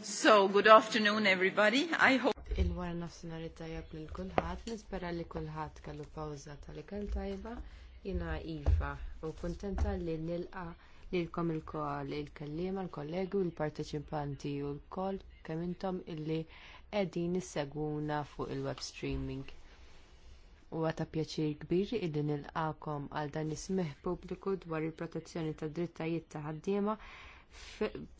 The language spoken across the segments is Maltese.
So, good afternoon everybody. I hope il-wara nafsinhar tajjeb lil kulħadd, nispera li kulħadd kellu pawża tal-ikel tajba. Jiena Iva u kontenta li nilqa lilkom il-kol il-kellima, l-kollegi u l-parteċipanti u l-kol kemm intom illi qegħdin issegwuna fuq il-web streaming. Huwa ta' pjaċir kbir illi nilqakom għal dan is publiku pubbliku dwar il-protezzjoni tad drittajiet ta' ħaddiema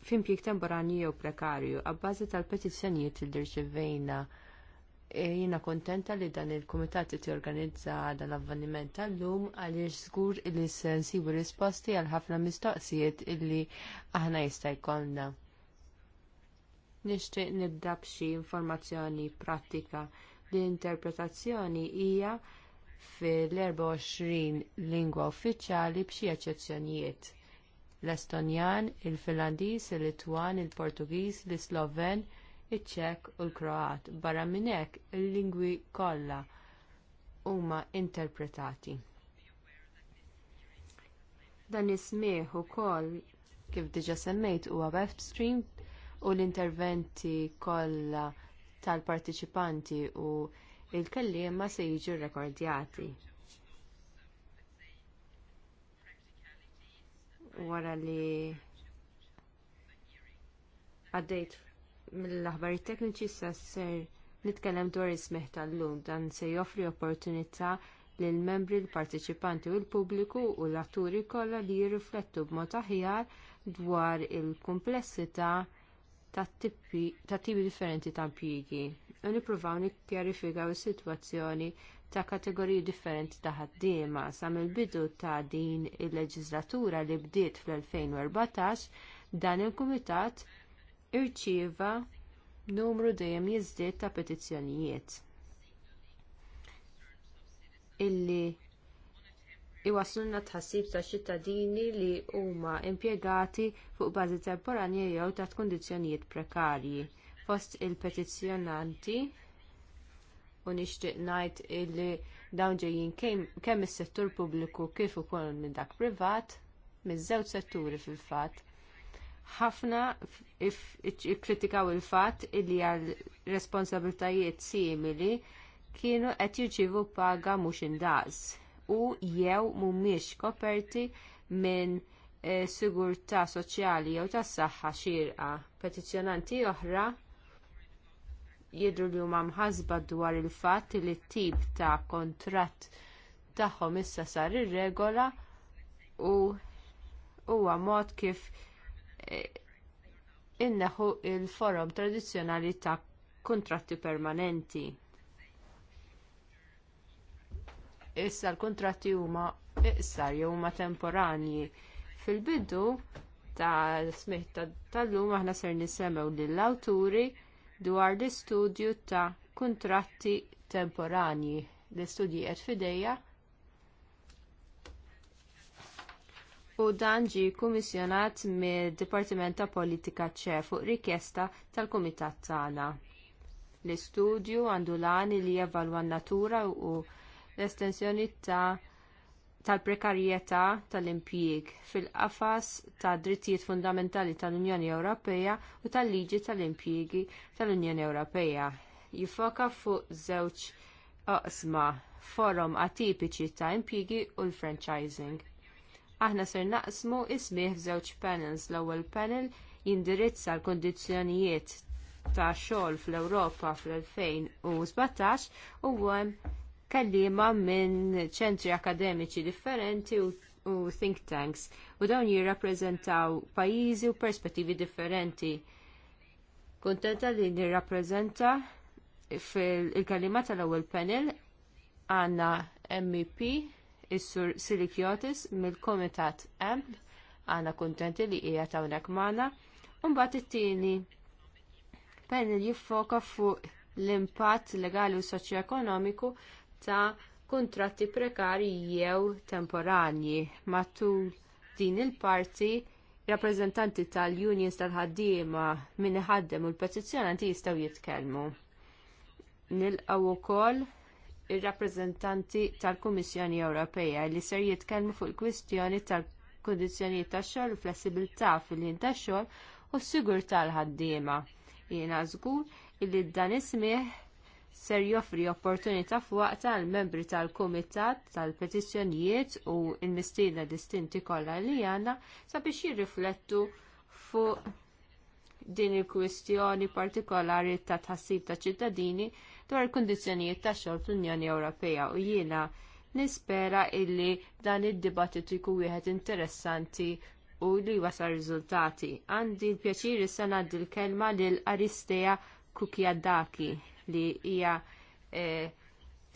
f'impjieg temporani jew prekarju. bażi tal-petizzjonijiet li rċivejna e, jiena kontenta li dan il-kumitat ti organizza dan avveniment tal-lum għaliex żgur li se nsibu risposti għal ħafna mistoqsijiet illi aħna jista' jkollna. Nixtieq nibda b'xi informazzjoni prattika l-interpretazzjoni hija fil-24 lingwa uffiċjali b'xi eċċezzjonijiet l-Estonjan, il-Finlandiż, il-Litwan, il-Portugiż, l-Sloven, iċ-Ċek u l-Kroat. Barra minn hekk il-lingwi kollha huma interpretati. Dan ismieħ ukoll kif diġà semmejt huwa stream u l-interventi kollha tal-partiċipanti u l kelliema se jiġu rrekordjati. wara li għaddejt mill-aħbarijiet tekniċi sa ser nitkellem dwar ismeħ tal-lum dan se joffri opportunità lill membri l-partiċipanti u l-pubbliku u l-atturi kollha li jirriflettu b'mod aħjar dwar il kumplessità tat-tipi differenti ta' impjiegi. U nippruvaw nikkjarifikaw is-sitwazzjoni ta' kategoriji differenti ta' ħaddiema sa mill-bidu ta' din il-leġislatura li bdiet fl-2014 dan il-kumitat irċieva numru dejjem jiżdied ta' petizzjonijiet illi iwaslunna tħassib ta' ċittadini li huma impjegati fuq bażi temporanja jew ta' kundizzjonijiet prekarji. Fost il-petizzjonanti u nixtieq ngħid illi dawn ġejjin kemm is-settur pubbliku kif ukoll minn dak privat, miż-żewġ setturi fil-fatt. Ħafna ikkritikaw il-fatt illi għal responsabiltajiet simili kienu qed jirċievu paga mhux indaqs u jew mhumiex koperti minn eh, sigurtà soċjali jew tas-saħħa xierqa. Petizzjonanti oħra jidru li huma mħasba dwar il-fatt li t-tip ta' kuntratt tagħhom issa sar ir-regola u huwa mod kif e, inneħu l forom tradizzjonali ta' kuntratti permanenti. Issa l kuntratti huma iqsar jew huma temporanji. Fil-bidu ta' smih tal-lum aħna ser nisemgħu lill-awturi dwar l-istudju ta' kuntratti temporanji. L-istudji qed fidejja u dan ġie kummissjonat mid-Dipartiment ta' Politika ċe fuq rikjesta tal-Kumitat tagħna. L-istudju għandu lani li jevalwa n-natura u l-estensjoni ta' tal-prekarjetà tal-impjieg fil-qafas ta' drittijiet fundamentali tal-Unjoni Ewropea u tal-liġi tal-impjiegi tal-Unjoni Ewropea. Jifoka fuq żewġ oqsma forum atipiċi ta' impjiegi u l-franchising. Aħna ser naqsmu ismih f'żewġ panels. L-ewwel panel jindirizza l kundizzjonijiet ta' xogħol fl-Ewropa fl-2017 u hemm kelliema minn ċentri akademiċi differenti u think tanks u dawn jirrappreżentaw pajjiżi u perspettivi differenti. Kuntenta li nirrappreżenta fil kelliema tal-ewwel panel għandna MEP is-sur Silikiotis mill-Komitat M. għandna kuntenti li hija hawnhekk magħna. Mbagħad it-tieni panel jiffoka fuq l-impatt legali u soċjoekonomiku ekonomiku ta' kuntratti prekarji jew temporanji. Matul din il-parti, rappreżentanti tal-unions tal-ħaddiema min ħaddem u l-petizzjonanti jistgħu jitkellmu. Nilqgħu wkoll ir-rappreżentanti tal-Kummissjoni Ewropea li ser jitkellmu fuq il-kwistjoni tal-kundizzjonijiet tax-xogħol u flessibilità fil-ħin tax-xogħol u s sigurtà tal-ħaddiema. Jiena żgur illi dan ismih ser joffri opportunità f'waqta għal membri tal-Kumitat tal-Petizzjonijiet u l-mistiedna distinti kollha li għandna sabiex jirriflettu fuq din il-kwistjoni partikolari ta' tħassib ta' ċittadini dwar il-kundizzjonijiet tax xogħol fl-Unjoni Ewropea u jiena nispera illi dan id-dibattitu jkun wieħed interessanti u li wasal riżultati. Għandi l-pjaċir issa ngħaddi l-kelma lil Aristea Kukiadaki li hija eh,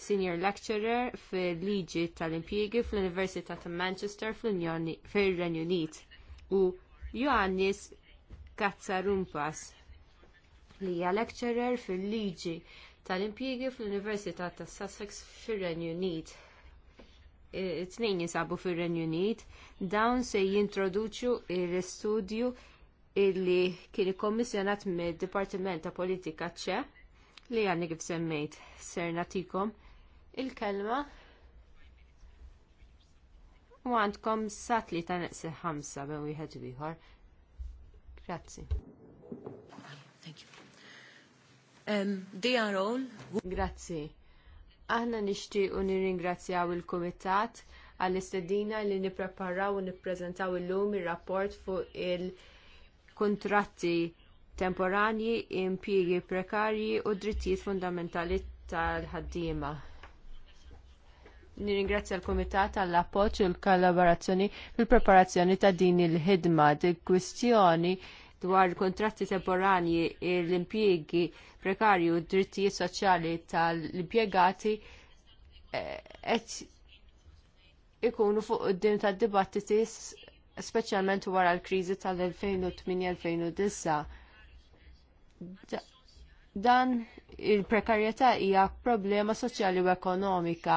senior lecturer fil-liġi tal-impjiegi fl-Università ta' Manchester fil-Renju Unit u Johannes Kazzarumpas li hija lecturer fil-liġi tal-impjiegi fl-Università ta' Sussex fir-Renju Unit it-tnejn eh, jinsabu fir-Renju Unit, dawn se jintroduċu l-istudju li illi kien ikkommissjonat mid-Dipartiment ta' Politika ċe li għanni kif semmejt ser natikom il-kelma u għandkom satli ta' neqse ħamsa be wieħed ieħor. Grazzi. Um, Grazzi. Aħna nixtiequ nirringrazzjaw il-Kumitat għall-istedina li nippreparaw u nippreżentaw illum ir-rapport fuq il-kontratti temporanji, impjiegi prekarji u drittijiet fundamentali tal-ħaddiema. Nirringrazzja l-Kumitat għall appoġġ u l-kollaborazzjoni fil-preparazzjoni ta' din il-ħidma. dik kwistjoni dwar il temporani temporanji l-impjiegi prekarji u drittijiet soċjali tal-impjegati eh, qed ikunu fuq id-din tad-dibattiti speċjalment wara l-kriżi tal-2008-2009 Dan il-prekarjetà hija problema soċjali u ekonomika.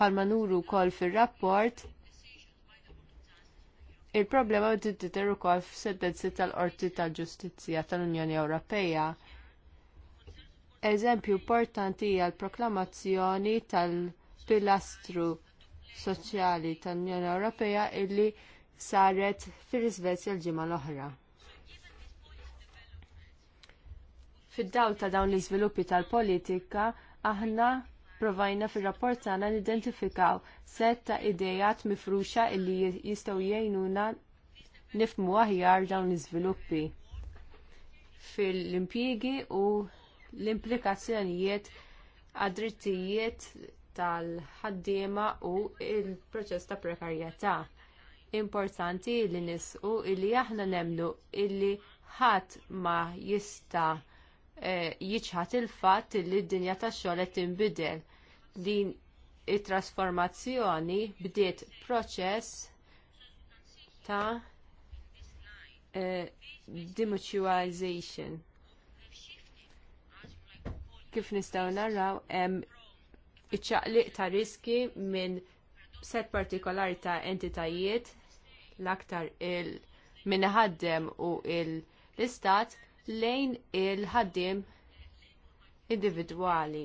Palma nuru kol fil-rapport, il-problema tittiter ukoll sentenzi tal-Qorti tal-Ġustizzja tal-Unjoni Ewropea. Eżempju importanti hija l-proklamazzjoni tal-pilastru soċjali tal-Unjoni Ewropea illi saret fil-Iżvezja l-ġimgħa l-oħra. Fid-dawl ta' dawn l-iżviluppi tal-politika, aħna provajna fir-rapport tagħna nidentifikaw set ta' idejat mifruxa illi jistgħu jgħinuna nifmu aħjar dawn l-iżviluppi fil-impjiegi u l-implikazzjonijiet għad-drittijiet tal-ħaddiema u l proċess ta' prekarjetà. Importanti li nisqu illi aħna nemlu illi ħadd ma jista' Eh, jiċħat il-fatt li d-dinja tax-xogħol qed tinbidel. Din it-trasformazzjoni bdiet proċess ta' eh, demutualization. Kif nistgħu naraw hemm iċċaqliq ta' riski minn set partikolari ta' entitajiet l-aktar il minħaddem u l-istat lejn il-ħaddim individwali.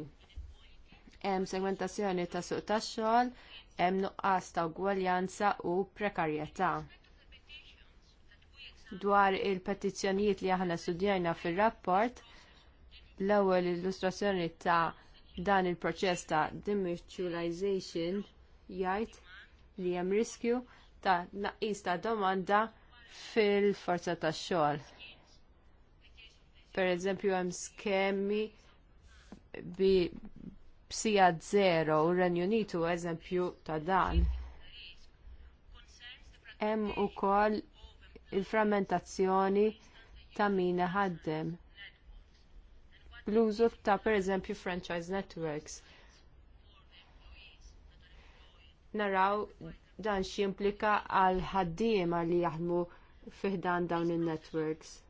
Hemm segmentazzjoni ta' suq tax-xogħol, hemm nuqqas ta' ugwaljanza u prekarjetà. Dwar il-petizzjonijiet li aħna studjajna fir-rapport, l-ewwel illustrazzjoni ta' dan il-proċess ta' demutualization jgħid li hemm riskju ta' naqis ta' domanda fil-forza tax xogħol pereżempju hemm skemi bi psija zero u r-Renju Unitu eżempju ta' dan. Hemm ukoll il-frammentazzjoni ta' min ħaddem. L-użu ta' pereżempju franchise networks. Naraw dan xi implika għal ħaddiema li jaħdmu fiħdan dawn in networks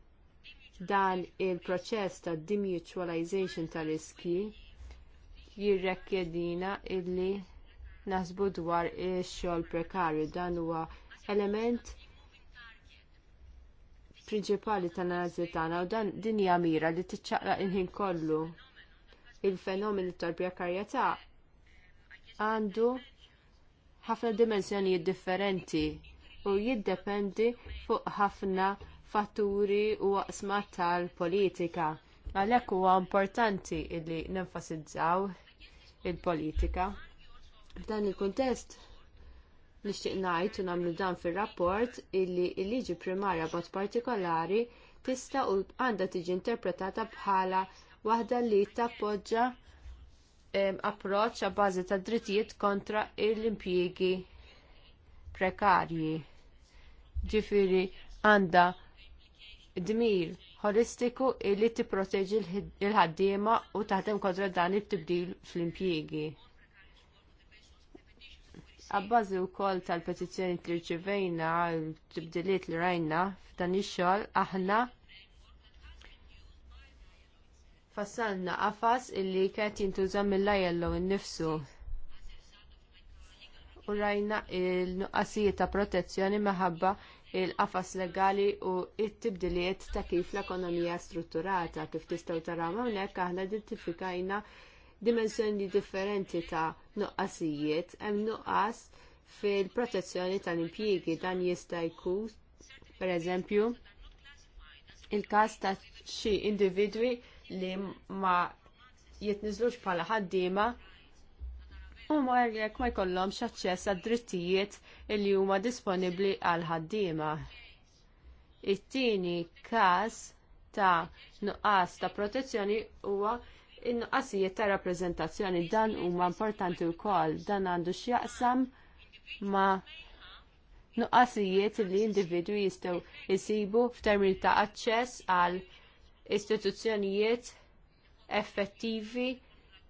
dan il-proċess ta' demutualization ta' riski jirrekjedina illi naħsbu dwar ix-xogħol prekarju dan huwa element prinċipali ta' tagħna u dan din hija mira li tiċċaqla il-ħin kollu il-fenomenu tal-prekarjetà għandu ħafna dimensjonijiet differenti u jiddependi fuq ħafna fatturi u waqsma tal-politika. Għalhekk huwa importanti li nenfasizzaw il-politika. F'dan il-kuntest nixtieq ngħid u nagħmlu dan fir-rapport illi l-liġi primarja b'mod partikolari tista' u għandha tiġi interpretata bħala waħda li tappoġġa approċċ għal bażi ta' drittijiet kontra l-impjiegi prekarji. Ġifieri għandha dmir holistiku illi tipproteġi l-ħaddiema u taħdem kontra dan it-tibdil fl-impjiegi. Abbażi wkoll tal-petizzjoni li rċivejna tibdiliet li rajna f'dan ix-xogħol aħna fassalna qafas illi kienet jintuża mill-ajello innifsu u rajna il-nuqqasijiet ta' protezzjoni minħabba il-qafas legali u t tibdiliet ta' kif l-ekonomija strutturata kif tistgħu taraw hawnhekk aħna identifikajna dimensjoni differenti ta' nuqqasijiet hemm nuqqas fil-protezzjoni tal-impjiegi dan jista' jkun pereżempju il-każ ta' xi individwi li ma jitniżlux bħala ħaddiema u ma jekk ma jkollhomx aċċess għad-drittijiet li huma disponibbli għal ħaddiema. It-tieni każ ta' nuqqas ta' protezzjoni huwa in-nuqqasijiet ta' rappreżentazzjoni dan huma importanti wkoll dan għandu x'jaqsam ma' nuqqasijiet li individwi jistgħu jsibu f'termini ta' aċċess għal istituzzjonijiet effettivi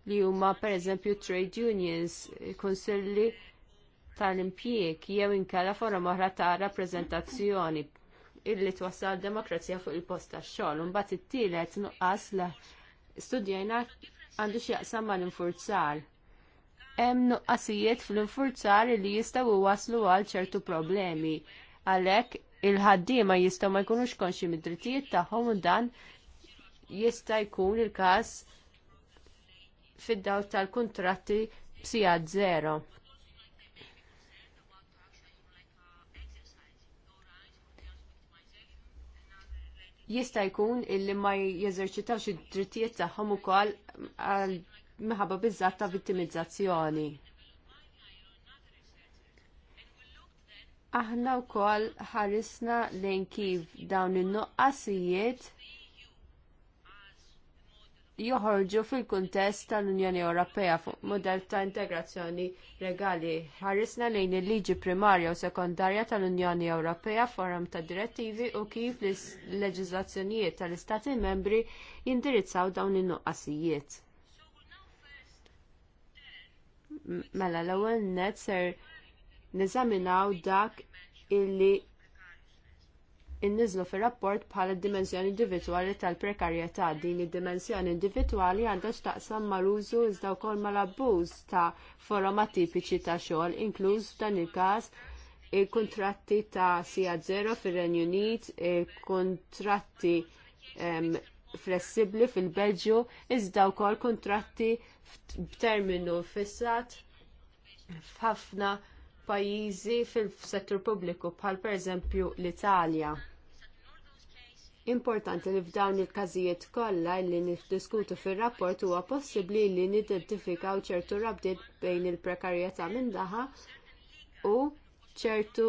li huma pereżempju trade unions, konsilli tal-impjieg jew inkella forma oħra ta' rappreżentazzjoni illi twassal demokrazija fuq il-post tax-xogħol. Imbagħad it-tielet nuqqas la studjajna għandu x'jaqsam mal-infurzar hemm nuqqasijiet fl-infurzar li jistgħu waslu għal ċertu problemi. Għalhekk il-ħaddiema jistgħu ma jkunux konxi mid-drittijiet tagħhom u dan jista' jkun il-każ fid-daw tal-kontratti psija zero. Jista' jkun illi ma jeżerċitawx id-drittijiet tagħhom ukoll għal minħabba biżgħat ta' vittimizzazzjoni. Aħna wkoll ħarisna lejn kif dawn in-nuqqasijiet joħorġu fil-kuntest tal-Unjoni Ewropea fuq mudell ta' integrazzjoni regali. Ħarrisna lejn il-liġi primarja u sekondarja tal-Unjoni Ewropea forum ta' direttivi u kif l-leġizlazzjonijiet tal-Istati membri jindirizzaw dawn in-nuqqasijiet. Mela l-ewwel net ser niżaminaw dak illi inniżlu fir-rapport bħala dimensjoni individwali tal-prekarjetà din id-dimensjoni individwali għandha x'taqsam mal-użu iżda wkoll mal-abbuż ta' forom atipiċi ta' xogħol inkluż f'dan il-każ il-kontratti ta' sija zero fir-Renju Unit, il-kontratti flessibbli fil-Belġju, iżda wkoll kontratti b'terminu fissat f'ħafna f'pajjiżi fil-settur pubbliku bħal pereżempju l-Italja. Importanti li f'dawn il-każijiet kollha li niddiskutu fir-rapport huwa possibbli li nidentifikaw ċertu rabdiet bejn il-prekarjetà minnaħa u ċertu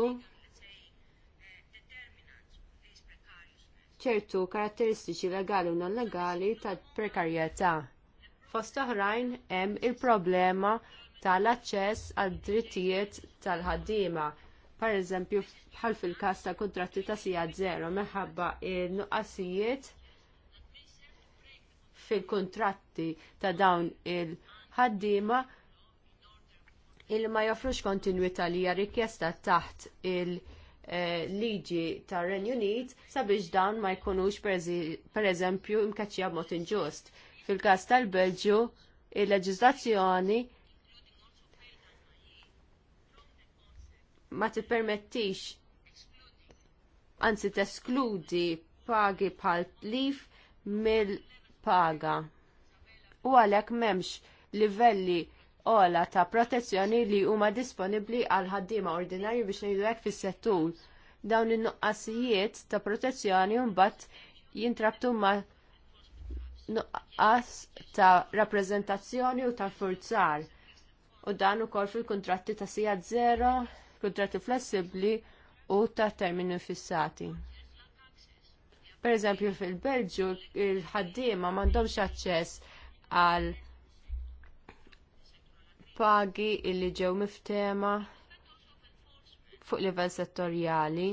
ċertu karatteristiċi legali u non legali tal prekarjetà. Fost oħrajn hemm il-problema tal-aċċess għad-drittijiet tal-ħaddiema. Pereżempju bħal fil każ ta' kuntratti ta' sija zero minħabba il-nuqqasijiet fil kuntratti ta' dawn il-ħaddiema il ma joffrux kontinwità li hija rikjesta taħt il-liġi tar Renju Unit sabiex dawn ma jkunux pereżempju imkaċċija b'mod inġust. fil każ tal-Belġju il-leġiżlazzjoni ma tippermettix anzi teskludi pagi bħal tlif mill-paga. U għalhekk m'hemmx livelli ola ta' protezzjoni li huma disponibbli għal ħaddiema ordinarju biex ngħidu hekk fis-settur. Dawn in-nuqqasijiet ta' protezzjoni mbagħad jintrabtu ma' nuqqas ta' rappreżentazzjoni u ta' forzar. U dan ukoll fil-kuntratti ta' sijad zero kuntratti flessibbli u ta' termini fissati. Per eżempju fil-Belġu il-ħaddiema m'għandhomx aċċess għal pagi illi ġew miftema fuq livell settorjali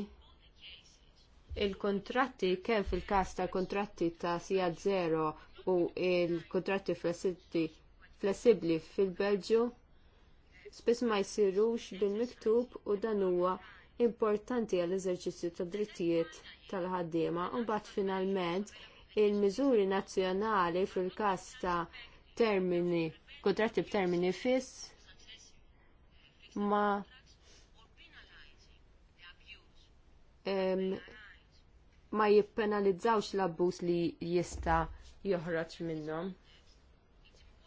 il kuntratti kemm fil każ ta' kuntratti ta' sija zero u l kuntratti flessibbli fil-Belġu spiss ma jsirux bil-miktub u dan huwa importanti għall eżerċizzju tad drittijiet tal-ħaddiema u mbagħad finalment il-miżuri nazzjonali fil-każ ta' termini kontratti b'termini fiss ma em, ma jippenalizzawx l-abbuż li jista joħroġ minnhom.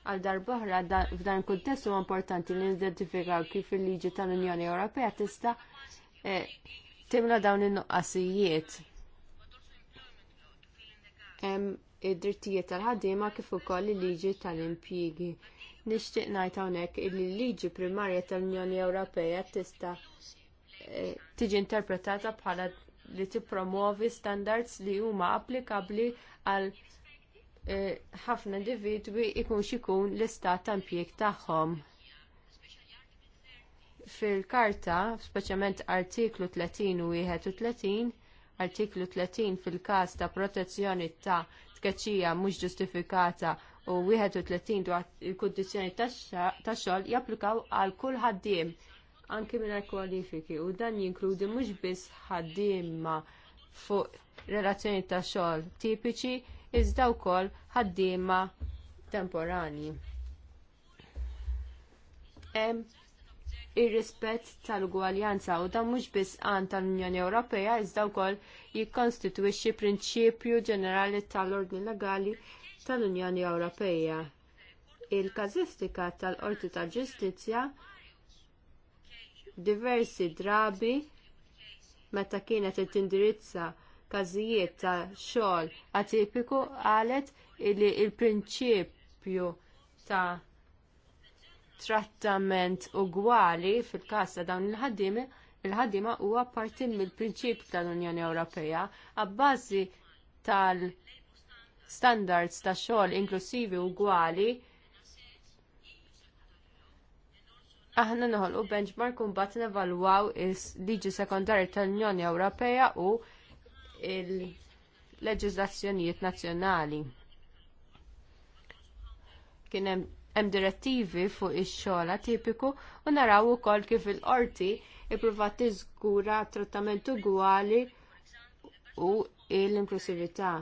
Għal darbohra f'dan kuntest huwa importanti li nidentifikaw kif il-liġi tal-Unjoni Ewropea tista' eh, timla dawn in-nuqqasijiet. Hemm id-drittijiet tal-ħaddiema kif ukoll il-liġi tal-impjiegi. Nixtieq ngħid hawnhekk li l-liġi primarja tal-Unjoni Ewropea tista' eh, tiġi interpretata bħala li tippromovi standards li huma applikabbli għal Eh, ħafna individwi ikun xikun l-istat ta' impjieg tagħhom. Fil-karta, speċjalment artiklu 30 u 31, artiklu 30 fil-każ ta' protezzjoni ta' tkeċċija mhux ġustifikata u 31 dwar il-kundizzjoni tax-xogħol japplikaw għal kull ħaddiem anke mingħajr kwalifiki u dan jinkludi mhux biss ħaddiema fuq relazzjoni tax xogħol tipiċi iżda wkoll ħaddiema temporani. Hemm ir-rispett tal-ugwaljanza u dan mhux biss għan tal-Unjoni Ewropea iżda wkoll jikkonstitwixxi prinċipju ġenerali tal-ordni legali tal-Unjoni Ewropea. Il-każistika tal-Qorti tal-Ġustizzja diversi drabi meta kienet tindirizza każijiet ta' xogħol atipiku qalet li l prinċipju ta' trattament ugwali fil-każ ta' dawn il ħaddimi il-ħaddiema huwa parti mill prinċipju tal-Unjoni Ewropea għabbażi tal-standards ta' xogħol inklusivi ugwali aħna noħolqu benchmark u mbagħad nevalwaw is-liġi sekondarji tal-Unjoni Ewropea u il-leġizlazzjonijiet nazzjonali. Kien hemm direttivi fuq ix-xogħol atipiku u naraw ukoll kif il-qorti ippruvat tiżgura trattament ugwali u l-inklusività.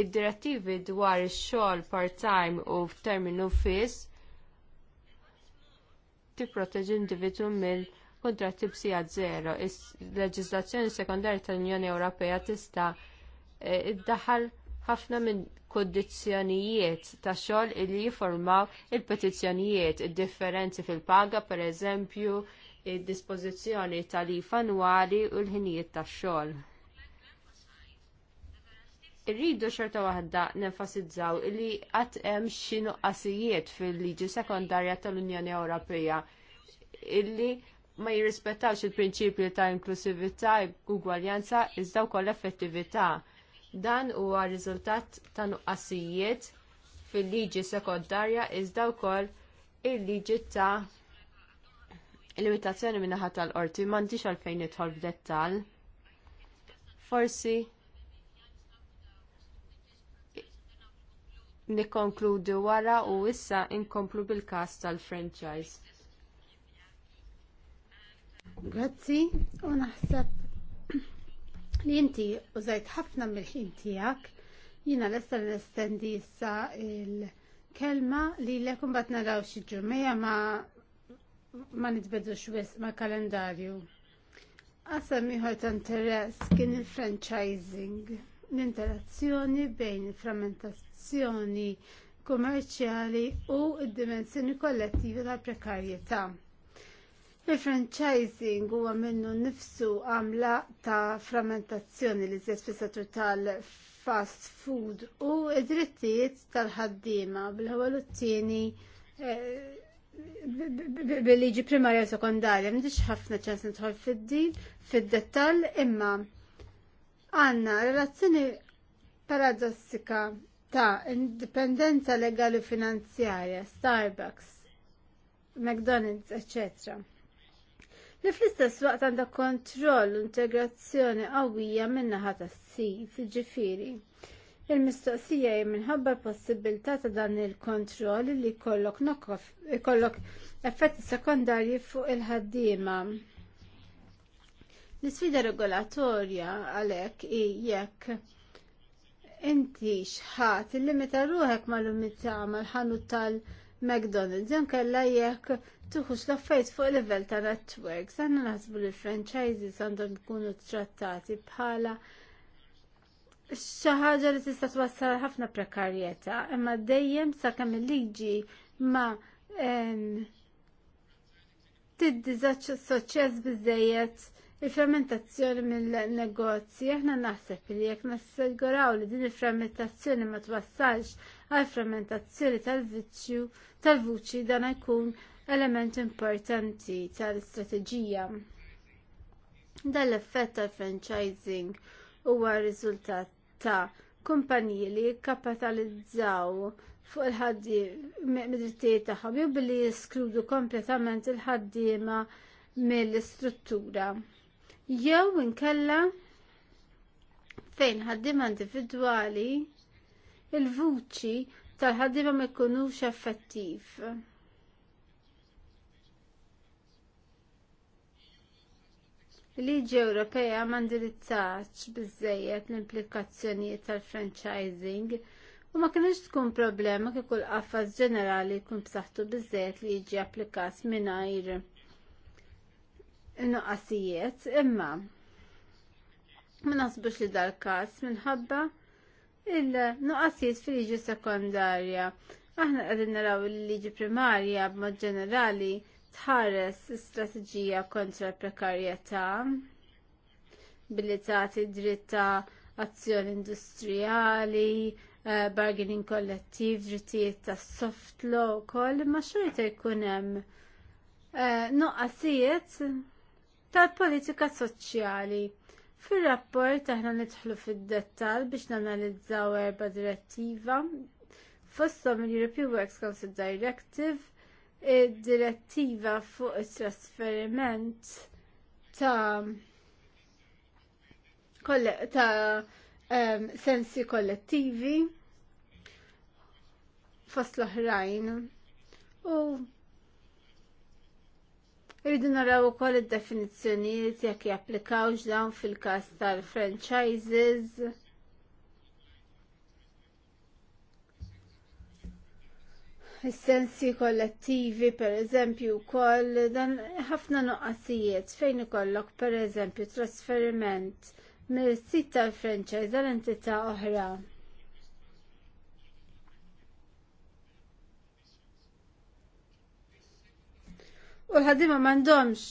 Id-direttivi dwar ix-xogħol part-time u f'terminu fiss. tipproteġi individwu mill- Kontra kontratti b'sija zero. Is-leġislazzjoni sekondarja tal-Unjoni Ewropea tista' eh, iddaħħal ħafna minn kundizzjonijiet ta' xogħol illi jiformaw il-petizzjonijiet, id-differenzi fil-paga, pereżempju, id-dispożizzjoni tal-IFA annwali u l-ħinijiet tax xogħol. Irridu xorta waħda nenfasizzaw li qatt hemm xi nuqqasijiet fil-liġi sekondarja tal-Unjoni Ewropea illi ma jirrispettawx il-prinċipju ta' u ugwaljanza, iżda wkoll effettività. Dan huwa riżultat ta' nuqqasijiet fil-liġi sekondarja iżda wkoll il-liġi ta' limitazzjoni min-naħa tal-qorti m'għandix għalfejn jidħol f'dettall. Forsi nikkonkludi wara u issa inkomplu bil każ tal-franchise. Grazzi, u naħseb li inti użajt ħafna mill-ħin tijak, jina l-essa l-estendi issa il-kelma li l-ekum bat naraw xieġumeja ma ma nitbedu xwis ma kalendarju. Qasam ieħor ta' interess kien il-franchising, l-interazzjoni bejn frammentazzjoni komerċjali u id dimensjoni kollettiva tal prekarjetà. Il-franchising huwa minnu nifsu għamla ta' frammentazzjoni li żjed fis tal-fast food u id-drittijiet tal-ħaddiema bil-ewwel u t-tieni eh, bil-liġi primarja u sekondarja, Mdix ħafna ċans nidħol fid-din, fid-dettall, imma għandna relazzjoni paradossika ta' indipendenza legali finanzjarja, Starbucks, McDonald's, etc li fl-istess waqt għandha kontroll u integrazzjoni qawwija min-naħa s sit ġifiri. Il-mistoqsija jem minħabba l-possibilità ta' dan il-kontroll li jkollok effetti sekondarji fuq il-ħaddiema. L-isfida regolatorja għalhekk i jekk inti xħat il-limita ruħek mal-umita mal-ħanut tal-McDonald's, jan kella jekk tuħux l fuq level ta' networks, għanna naħsbu li franchises għandhom ikunu trattati bħala xaħġa li tista' twassal ħafna prekarjetà, imma dejjem sakemm il-liġi ma tiddiżaċ soċċess il-fermentazzjoni mill-negozji, aħna naħseb li jekk nassiguraw li din il-fermentazzjoni ma twassalx għal fermentazzjoni tal-viċċju tal-vuċi dan jkun element importanti tal-istrateġija. Dan l-effett tal-franchising huwa riżultat ta' kumpaniji li jikkapitalizzaw fuq il-ħaddi mid-drittijiet tagħhom jew billi jeskludu kompletament il-ħaddiema mill-istruttura. Jew inkella fejn ħaddiema individwali il-vuċi tal-ħaddiema ma jkunux effettiv. liġi Ewropea ma ndirizzax biżżejjed l-implikazzjonijiet tal-franchising u ma kienx tkun problema kif kull qafas ġenerali jkun b'saħħtu biżżejjed li jiġi applikat mingħajr nuqqasijiet imma ma naħsbux li dal-każ minħabba il-nuqqasijiet fil-liġi sekondarja. Aħna qegħdin naraw il-liġi primarja b'mod ġenerali tħares istrateġija kontra l-prekarjetà billi tagħti dritt ta' azzjoni industrijali, eh, bargaining kollettiv, drittijiet ta' soft law ukoll, ma xorta jkun hemm eh, noqqasijiet tal-politika soċjali. Fir-rapport aħna nidħlu fid-dettal biex nanalizzaw erba' direttiva fosthom il-European Works Council Directive id-direttiva fuq it-trasferiment ta' ta' um, sensi kollettivi fost l-oħrajn u Rridu naraw ukoll id-definizzjonijiet jekk japplikawx dawn fil-każ tal-franchises. is-sensi kollettivi pereżempju wkoll dan ħafna nuqqasijiet fejn ikollok pereżempju trasferiment mill-sit tal-franchise għal entità oħra. U l-ħadima mandomx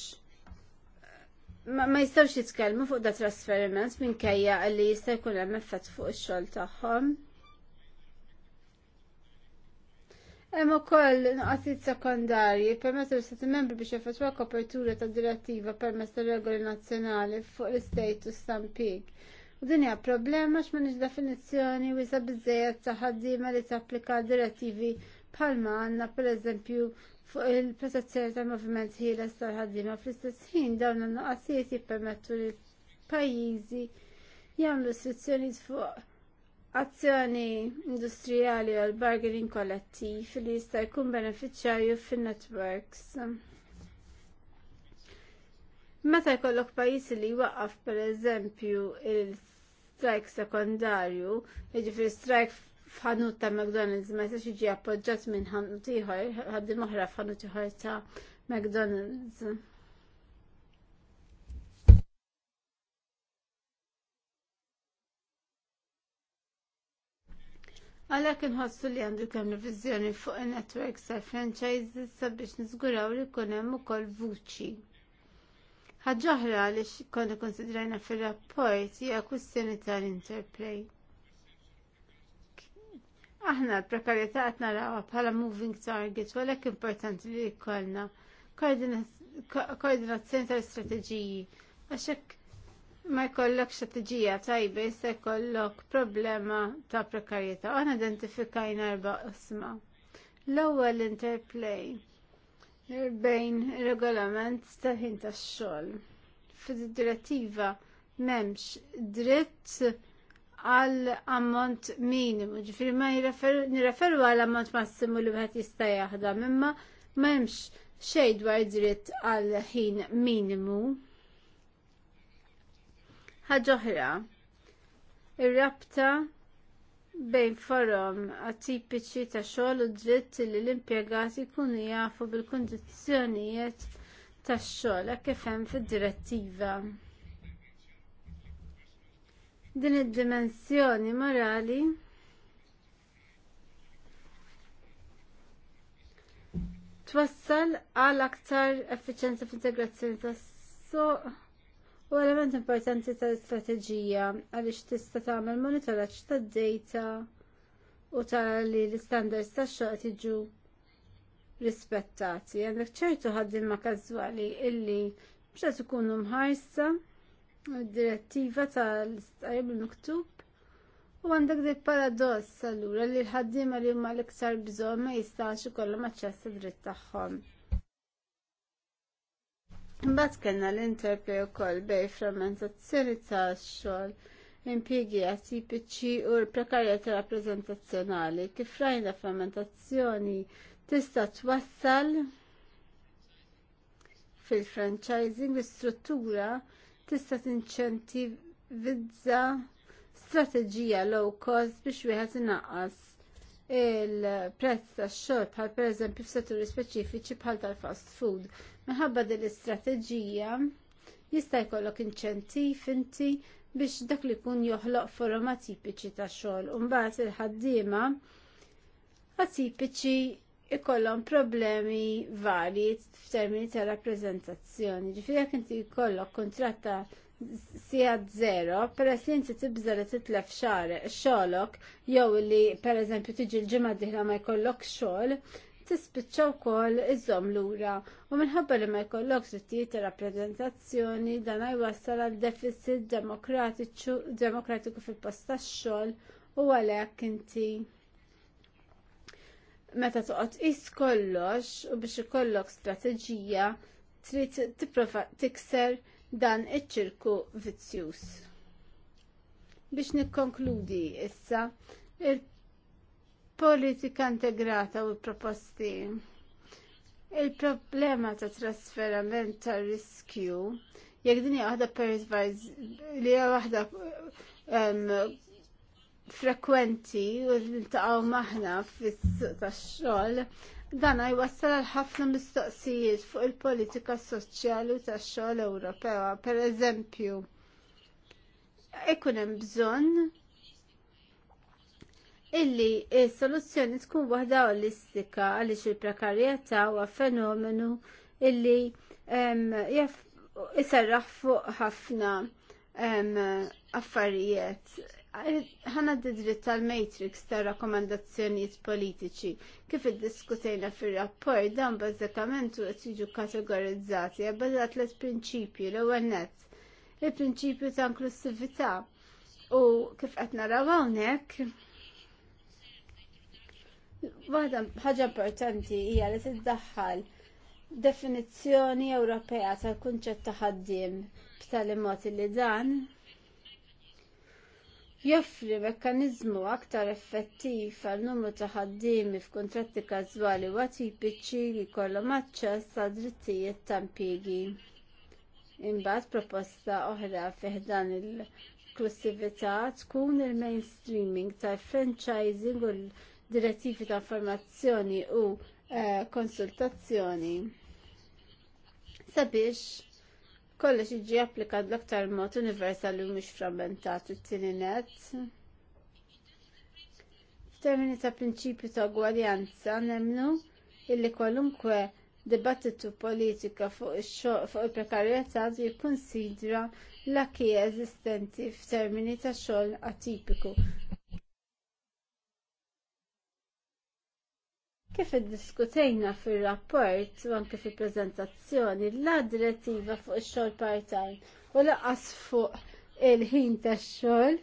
ma jistawx jitkellmu fuq da trasferiment minkejja li jista' jkun hemm effett fuq ix-xogħol tagħhom. Hemm ukoll nuqqasijiet sekondarji permezz l-Istati Membri biex jaffettwa kopertura ta' direttiva permezz tar-regoli nazzjonali fuq l u stamping. U din hija problema x'm'għandix definizzjoni wiesa biżejjed ta' ħaddiema li tapplika direttivi bħalma għandna pereżempju fuq il-protezzjoni tal-moviment ħieles tal-ħaddiema fl-istess ħin dawn in-nuqqasijiet jippermettu lil pajjiżi jagħmlu istruzzjonijiet fuq azzjoni industrijali għal bargaining kollettiv li jista' jkun benefiċjarju fin-networks. Meta jkollok pajjiżi li waqaf pereżempju il strike sekondarju, jiġifieri strike f'ħanut ta' McDonald's ma jistax jiġi appoġġjat minn ħanut ieħor, ħaddim oħra f'ħanut ieħor ta' McDonald's. Għalhekk inħossu li għandu kemm viżjoni fuq in-networks tal franchises sabiex niżguraw li jkun hemm ukoll vuċi. Ħaġoħra li konna konsidrajna fir-rapport hija kwistjoni tal-interplay. Aħna l-prekarjetà qed narawha bħala moving target, u għalhekk importanti li jkollna koordinazzjoni tal-istrateġiji għax hekk ma jkollok strategija tajba jista jkollok problema ta' prekarjetà. Għana identifikajna erba qisma. L-ewwel interplay bejn regolament tal-ħin tax-xogħol. Fid-direttiva m'hemmx dritt għal ammont minimu, ġifieri ma nirreferu għal ammont massimu li wieħed jista' jaħdem, imma m'hemmx xejn dwar dritt għal ħin minimu Ħaġoħra, ir-rabta bejn forum atipiċi ta' xogħol u dritt li l-impjegati jkunu jafu bil-kundizzjonijiet tax xogħol hekk kif hemm fid-direttiva. Din id-dimensjoni morali twassal għal aktar effiċenza fl-integrazzjoni tas-suq u element importanti tal-istrateġija għaliex tista' tagħmel monitoraġġ tad-data u tara li l-istandards tax-xogħol jiġu rispettati. Għandek ċertu ħaddiema każwali illi biex ikunu mħarsa id-direttiva tal-istajb miktub U għandek dik paradoss allura li l-ħaddiema li huma l-iktar bżonn ma jistax ikollhom aċċess id-dritt tagħhom. Mbagħad kellna l-interplay wkoll bej frammentazzjoni tax-xogħol impjiegi ATPC u l-prekarjetà rappreżentazzjonali kif rajna frammentazzjoni tista' twassal fil-franchising l struttura tista' tinċentivizza strateġija low cost biex wieħed inaqqas il-prezz tax-xogħol bħal pereżempju f'setturi speċifiċi bħal tal-fast food. Minħabba din l-istrateġija jista' jkollok inċentiv inti biex dak li jkun joħloq forma tipiċi ta' xogħol. u mbagħad il-ħaddiema atipiċi ikollhom problemi varji f'termini ta' rappreżentazzjoni. Ġifieri jekk inti jkollok kontratt ta' sijad zero, per esempio inti tibza li titlef xolok, jew li per eżempju tiġi l-ġimma diħla ma jkollok xol, tispiċċa wkoll iżom lura u minħabba li ma jkollok drittijiet ta' rappresentazzjoni, dan jwassal għal deficit demokratiku fil-post tax-xogħol u għalhekk inti meta toqgħod qis kollox u biex ikollok strateġija trid tipprova tikser dan iċ-ċirku vizzjus. Biex nikkonkludi issa, il-politika integrata u l-proposti. Il-problema ta' trasferament ta' riskju, jekk din hija waħda li hija waħda frekwenti u nintaqgħu maħna fis-suq tax-xogħol, Dan jwassal għal ħafna mistoqsijiet fuq il-politika soċjali u tax-xogħol Ewropew. Pereżempju, ikun hemm bżonn illi s-soluzzjoni tkun waħda olistika għaliex il-prekarjetà huwa fenomenu illi jaf iserraħ fuq ħafna affarijiet ħana d-dritt tal-matrix ta' rakkomandazzjonijiet politiċi kif iddiskutejna fir-rapport dan bażikament qed jiġu kategorizzati għabbażat l prinċipju l-ewwel nett. Il-prinċipju ta' inklusività u kif qed naraw hawnhekk waħda ħaġa importanti hija li tiddaħħal definizzjoni Ewropea tal-kunċett ta' ħaddiem b'tali mod li dan joffri mekkaniżmu aktar effettiv għal numru ta' ħaddiemi f'kuntratti każwali waqt atipiċi li jkollhom aċċess għal drittijiet ta' impjiegi. Imbagħad proposta oħra fiħdan il-klussività tkun il-mainstreaming tal-franchising u l-direttivi ta' informazzjoni u eh, konsultazzjoni sabiex kollox iġi applikat l-aktar mod universali u mhux frammentat it-tieni net. F'termini ta' prinċipju ta' gwaljanza nemnu illi kwalunkwe dibattitu politika fuq il-prekarjetà jikkonsidra l-akki eżistenti f'termini ta' xogħol atipiku Kif iddiskutejna fir-rapport u anke fil-preżentazzjoni la direttiva fuq ix-xogħol part-time u laqas fuq il-ħin tax-xogħol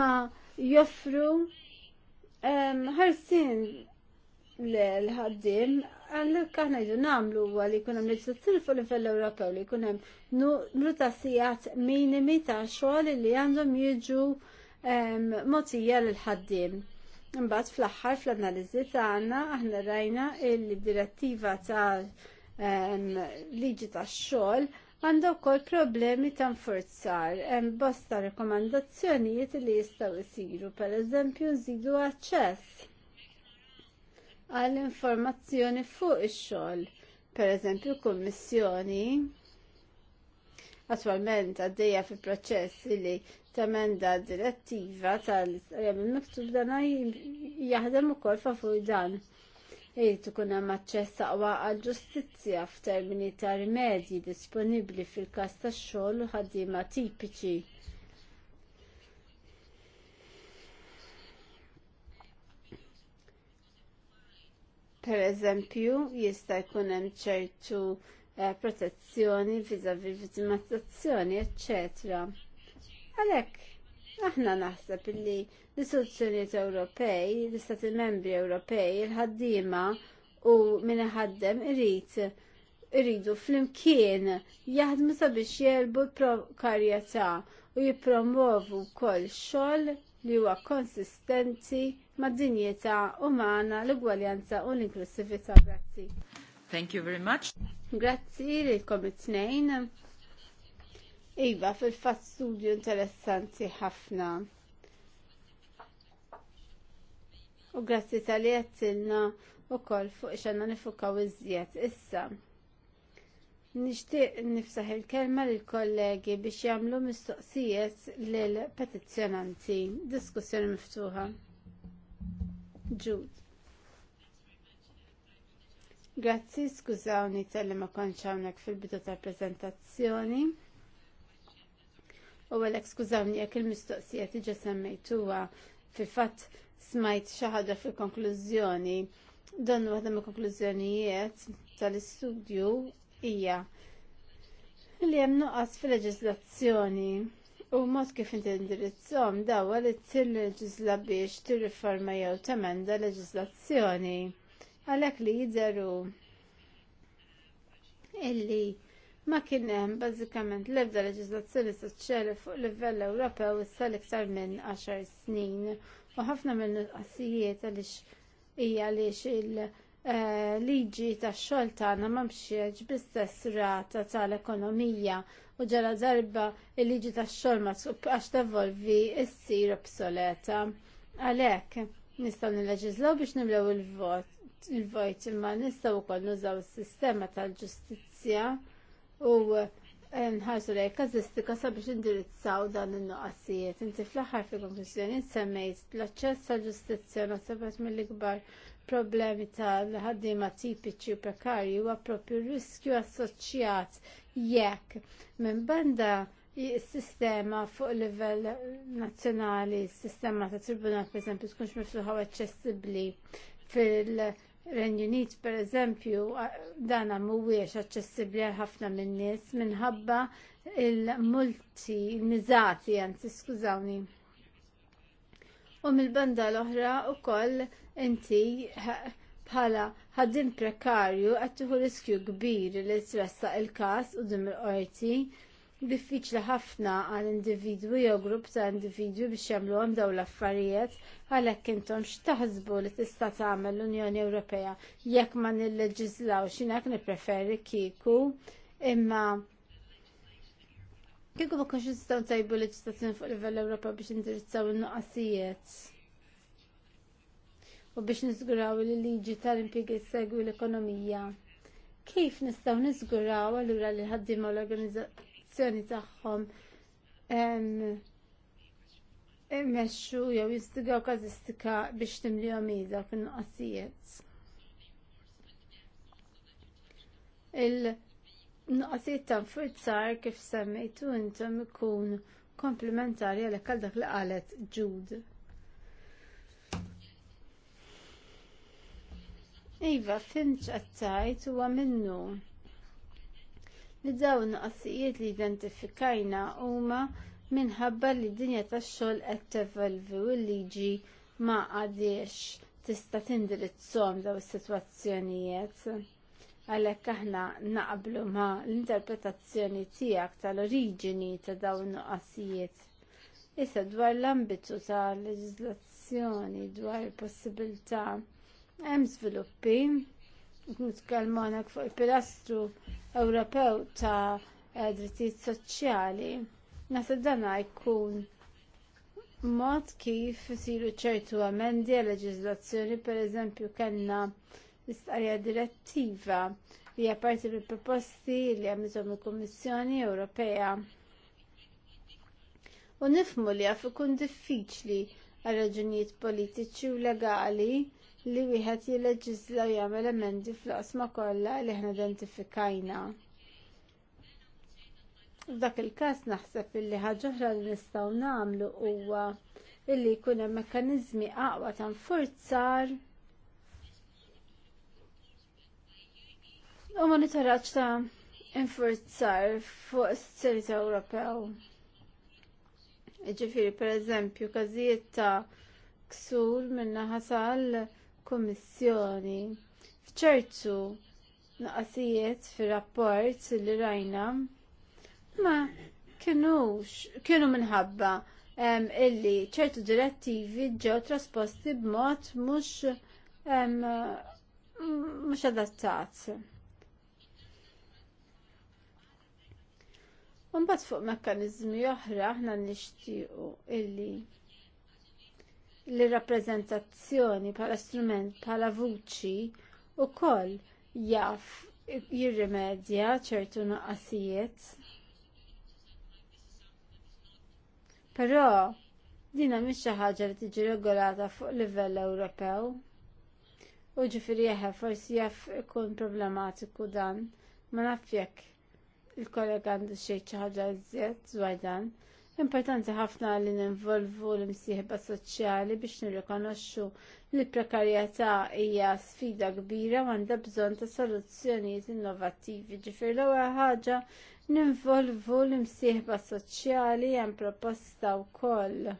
ma joffru ħarsin l-ħaddim għallek aħna jdu namlu għalli li jkun hemm fuq fuq livell Ewropew li jkun hemm tassijat minimi ta' xogħol li għandhom jiġu motija l-ħaddim. Imbagħad fl-aħħar fl-analiżi tagħna aħna rajna il-direttiva ta' liġi tax-xogħol għandha wkoll problemi ta' nfurzar hemm bosta rekomandazzjonijiet li jistgħu jsiru, pereżempju nżidu aċċess għall informazzjoni fuq ix-xogħol, pereżempju kummissjoni. Attualment għaddejja fi proċess li temenda direttiva tal-istarja mill-miktub dan jaħdem ukoll favur dan. Irid ikun hemm aċċess aqwa għal ġustizzja f'termini ta' rimedji disponibbli fil-każ tax-xogħol u ħaddiema tipiċi. Per eżempju, jista' jkun hemm ċertu eh, protezzjoni viżavi vittimizzazzjoni, eċċetera. Għalhekk, aħna naħseb li l-istituzzjonijiet Ewropej, l-Istati Membri Ewropej, l ħaddiema u min ħaddem irridu iridu flimkien jaħdmu sabiex jelbu l-prokarjetà u jippromovu wkoll xogħol li huwa konsistenti mad-dinjità umana, l-ugwaljanza u l-inklusività. Grazzi. Thank you very much. Grazzi lilkom it-tnejn. Iva, fil-fat studju interessanti ħafna. U grazzi tal-li għattilna u kol fuq xanna nifukaw iżjed issa. Nishtiq nifsaħ il-kelma l-kollegi biex jamlu mistoqsijiet l-petizjonanti. Diskussjoni miftuħa. Ġud. Grazzi, skużawni tal-li ma konċ fil-bidu tal-prezentazzjoni. U għalek skużawni jekk il-mistoqsija tiġa semmejtuha fil-fatt smajt xi ħaġa fil-konklużjoni. Dan waħda mill konklużjonijiet tal-istudju hija li hemm nuqqas fil-leġiżlazzjoni u mod kif inti indirizzhom dawwa li tilleġisla biex tirriforma jew temenda l-leġislazzjoni għalhekk li jidheru illi ma kien hemm bażikament l-ebda leġiżlazzjoni soċjali fuq livell Ewropew issa l-iktar minn 10 snin u ħafna minn nuqqasijiet għaliex hija għaliex il-liġi tax-xogħol tagħna ma mxiex bl-istess rata tal-ekonomija u ġara darba il-liġi tax-xogħol ma tqax tevolvi ssir obsoleta. Għalhekk nistgħu nilleġislaw biex nimlew il-vot il-vojt imma nistgħu wkoll nużaw is-sistema tal-ġustizzja u nħarsu lej kazistika sabiex indirizzaw dan il-nuqqassijiet. Inti fl-axar fi konklusjoni semmejt l-aċċess għal ġustizzja nasabat mill-ikbar problemi tal-ħaddima tipiċi u prekarji huwa proprju riskju assoċjat jekk minn banda sistema fuq livell nazzjonali, sistema ta' tribunal per esempio, tkunx miftuħa u aċċessibbli fil- Renjunit per eżempju dana mhuwiex aċċessibbli għal ħafna minnis nies minħabba il-multi miżati anzi skużawni. U mill-banda l-oħra wkoll inti bħala ħaddim prekarju qed tieħu riskju kbir li tressaq il-każ u dim il-qorti diffiċli ħafna għal individwi jew grupp ta' individwi biex jagħmluhom dawn l-affarijiet għalhekk intom x'taħsbu li tista' tagħmel l-Unjoni Ewropea jekk ma nilleġislawx hekk nippreferi kieku imma kieku ma kienx nistgħu ntajbu leġislazzjoni fuq livell Ewropa biex indirizzaw in-nuqqasijiet u biex niżguraw li liġi tal-impjiegi segwi l-ekonomija. Kif nistgħu niżguraw allura li ħaddiema l-organizzazzjoni l-azzjoni tagħhom immexxu jew jistigaw kazistika biex timlihom ida fin-nuqqasijiet. Il-nuqqasijiet ta' nfurzar kif semmejtu intom ikun komplementari għalhekk għal dak li qalet Jude. Iva, finċ għattajt u minnu li dawn qassijiet li identifikajna huma minħabba li d-dinja tax-xogħol qed tevolvi u l-liġi ma għadiex tista' tindirizzhom daw is-sitwazzjonijiet. Għalhekk aħna naqblu ma l-interpretazzjoni tiegħek tal-oriġini ta' dawn nuqqasijiet. Issa dwar l-ambitu ta' leġiżlazzjoni dwar il-possibilità hemm żviluppi nitkellmu fuq il-pilastru Ewropew ta' eh, drittijiet soċjali. Nasa dana jkun mod kif isiru ċertu amendi għal per pereżempju kellna l-istqarja direttiva li hija parti proposti li għamizom il-Kummissjoni Ewropea. U nifmu li għaf ikun diffiċli għal raġunijiet politiċi u legali li wieħed jilleġisla jagħmel emendi fl-qosma kollha li aħna identifikajna. F'dak il-każ naħseb illi ħaġa oħra li nistgħu nagħmlu huwa illi jkun hemm mekkaniżmi aqwa ta' nfurzar u monitoraġġ ta' infurzar fuq s-sirt Ewropew. Jiġifieri pereżempju każijiet ta' ksur minna ħasal kummissjoni fċertu naqasijiet fir-rapport li rajna ma kienux kienu minħabba um, illi ċertu direttivi ġew trasposti b'mod mhux um, U Mbagħad fuq mekkaniżmi oħra aħna nixtiequ illi l rappreżentazzjoni bħala strument, bħala vuċi u koll jaff jirrimedja ċertu nuqqasijiet. Però dina mhix xi ħaġa li tiġi regolata fuq livell Ewropew. U ġifieri eħe forsi jaf ikun problematiku dan, ma naf jekk il-kollega għandu xi ħaġa iżjed dwar dan, Importanti ħafna li ninvolvu l-imsieħba soċjali biex nirrikonoxxu li prekarjetà hija sfida kbira u għandha bżonn ta' soluzzjonijiet innovattivi. Ġifier l-ewwel ħaġa ninvolvu l-imsieħba soċjali hemm proposta wkoll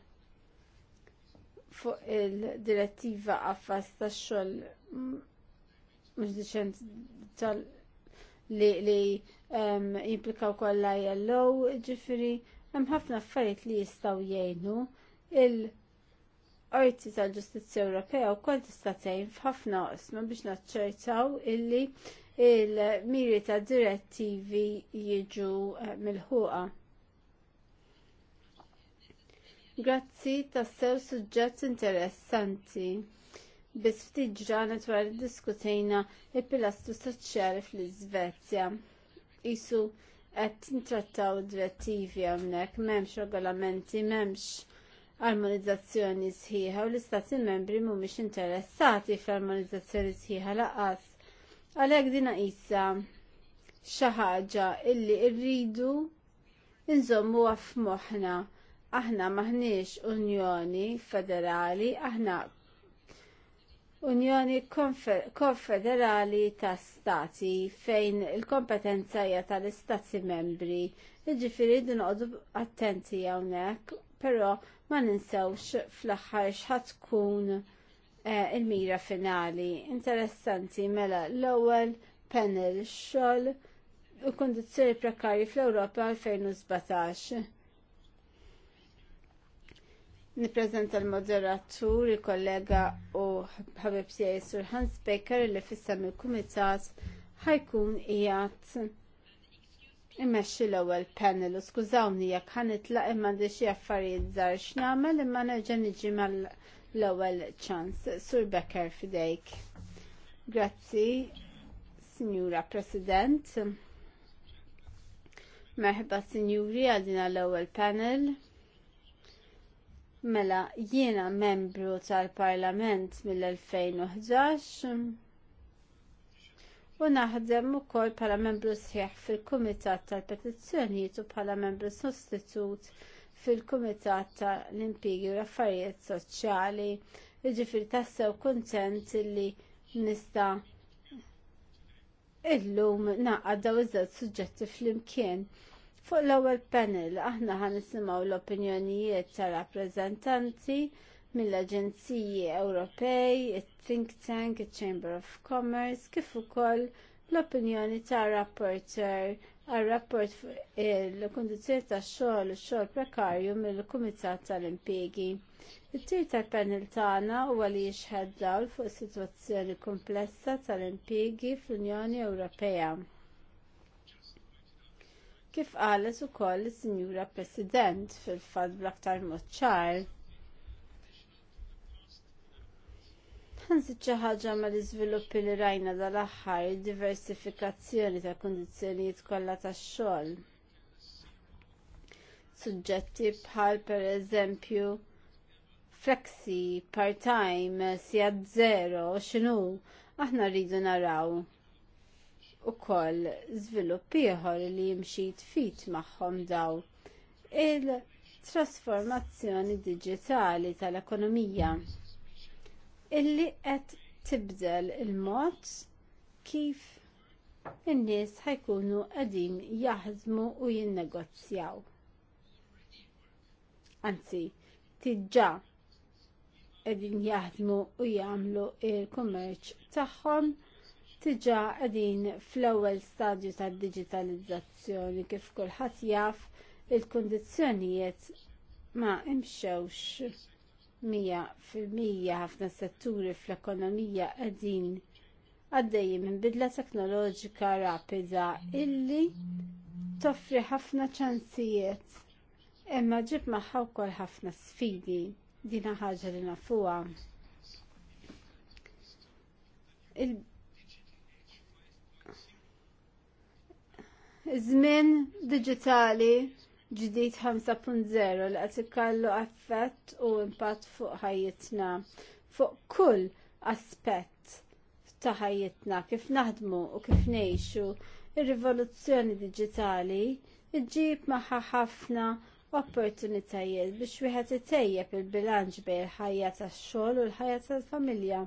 fuq il-direttiva għaffas tax xogħol mhux diċent li li jimplikaw ehm, kollha jellow ġifieri Hemm ħafna affarijiet li jistgħu jgħinu il-Qorti tal-Ġustizzja Ewropea wkoll tista' tgħin f'ħafna qosma biex naċċertaw illi il-miri ta' direttivi jiġu eh, milħuqa. Grazzi tassew suġġett interessanti. Bis ftit ġranet wara diskutejna il-pilastru soċjali fl-Iżvezja. Isu qed nittrattaw direttivi hawnhekk m'hemmx regolamenti, m'hemmx armonizzazzjoni sħiħa u l-istati membri mhumiex interessati fl-armonizzazzjoni sħiħa laqas. Għalhekk din qisha xi ħaġa illi rridu għaf f'moħħna. Aħna maħniex Unjoni Federali, aħna Unjoni Konfederali ta' Stati fejn il-kompetenza hija tal-Istati membri. Jiġifieri dinqodu attenti hawnhekk, però ma ninsewx fl-aħħar x'ħad tkun eh, il-mira finali. Interessanti mela l-ewwel panel xogħol u kundizzjoni prekarji fl-Ewropa 2017. Nipprezenta l-moderatur, il-kollega u ħabib tiegħi Sur Hans Becker li fissam il-kumitat ħajkun qiegħed imexxi l-ewwel panel u skużawni jekk ħanitlaq imma għandi xi affarijiet żgħar x'nagħmel imma nerġa' niġi mal-ewwel ċans. Sur Becker fidejk. Grazzi, Signora President. Merħba Sinjuri għadina l-ewwel panel. Mela, jiena membru tal-Parlament mill-2011 u naħdem ukoll bħala membru sħiħ fil-Kumitat tal-Petizzjonijiet u bħala membru sostitut fil-Kumitat tal-Impjigi u l-Affarijiet Soċjali. Jiġifieri tassew kuntent li nista' illum naqqa daw iż-żewġ suġġetti flimkien. Fuq l-ewwel panel aħna ħan nisimgħu l-opinjonijiet tal-rappreżentanti mill-Aġenziji Ewropej, it-Think Tank, il-Chamber of Commerce, kif ukoll l-opinjoni tar-rapporter għal-rapport il-kondizjoni tax-xogħol u xogħol prekarju mill-Kumitat tal-Impjegi. It-tir tal-panel tagħna huwa li jixħed dawl fuq is-sitwazzjoni komplessa tal-impjegi fl-Unjoni Ewropea. Kif qalet ukoll is-Sinjura President fil-fatt bl-aktar mod ċar. Ħansit xi ħaġa mal-iżviluppi li rajna dal-aħħar diversifikazzjoni ta' kundizzjonijiet kollha tax-xogħol suġġetti bħal pereżempju flexi, part-time, sijad zero, x'inhu aħna rridu naraw ukoll koll zviluppiħor li jimxi tfit magħhom daw il-trasformazzjoni diġitali tal-ekonomija illi qed tibdel il-mod kif in-nies ħajkunu qegħdin jaħdmu u jinnegozjaw. Anzi, tiġġa qegħdin jaħdmu u jagħmlu il-kummerċ tagħhom Tiġa għadin fl-ewwel stadju tad-digitalizzazzjoni kif kulħadd jaf il-kundizzjonijiet ma imxewx mija fil-mija ħafna setturi fl-ekonomija qegħdin għaddejjin minn bidla teknoloġika rapida illi toffri ħafna ċansijiet imma ġib magħha wkoll ħafna sfidi dina ħaġa li nafuha. żmien diġitali ġdid 5.0 li qed kallu effett u impatt fuq ħajjitna fuq kull aspett ta' ħajjitna kif naħdmu u kif ngħixu ir-rivoluzzjoni diġitali iġġib magħha ħafna opportunitajiet biex wieħed itejjeb il-bilanċ bejn il-ħajja tax-xogħol u l-ħajja tal-familja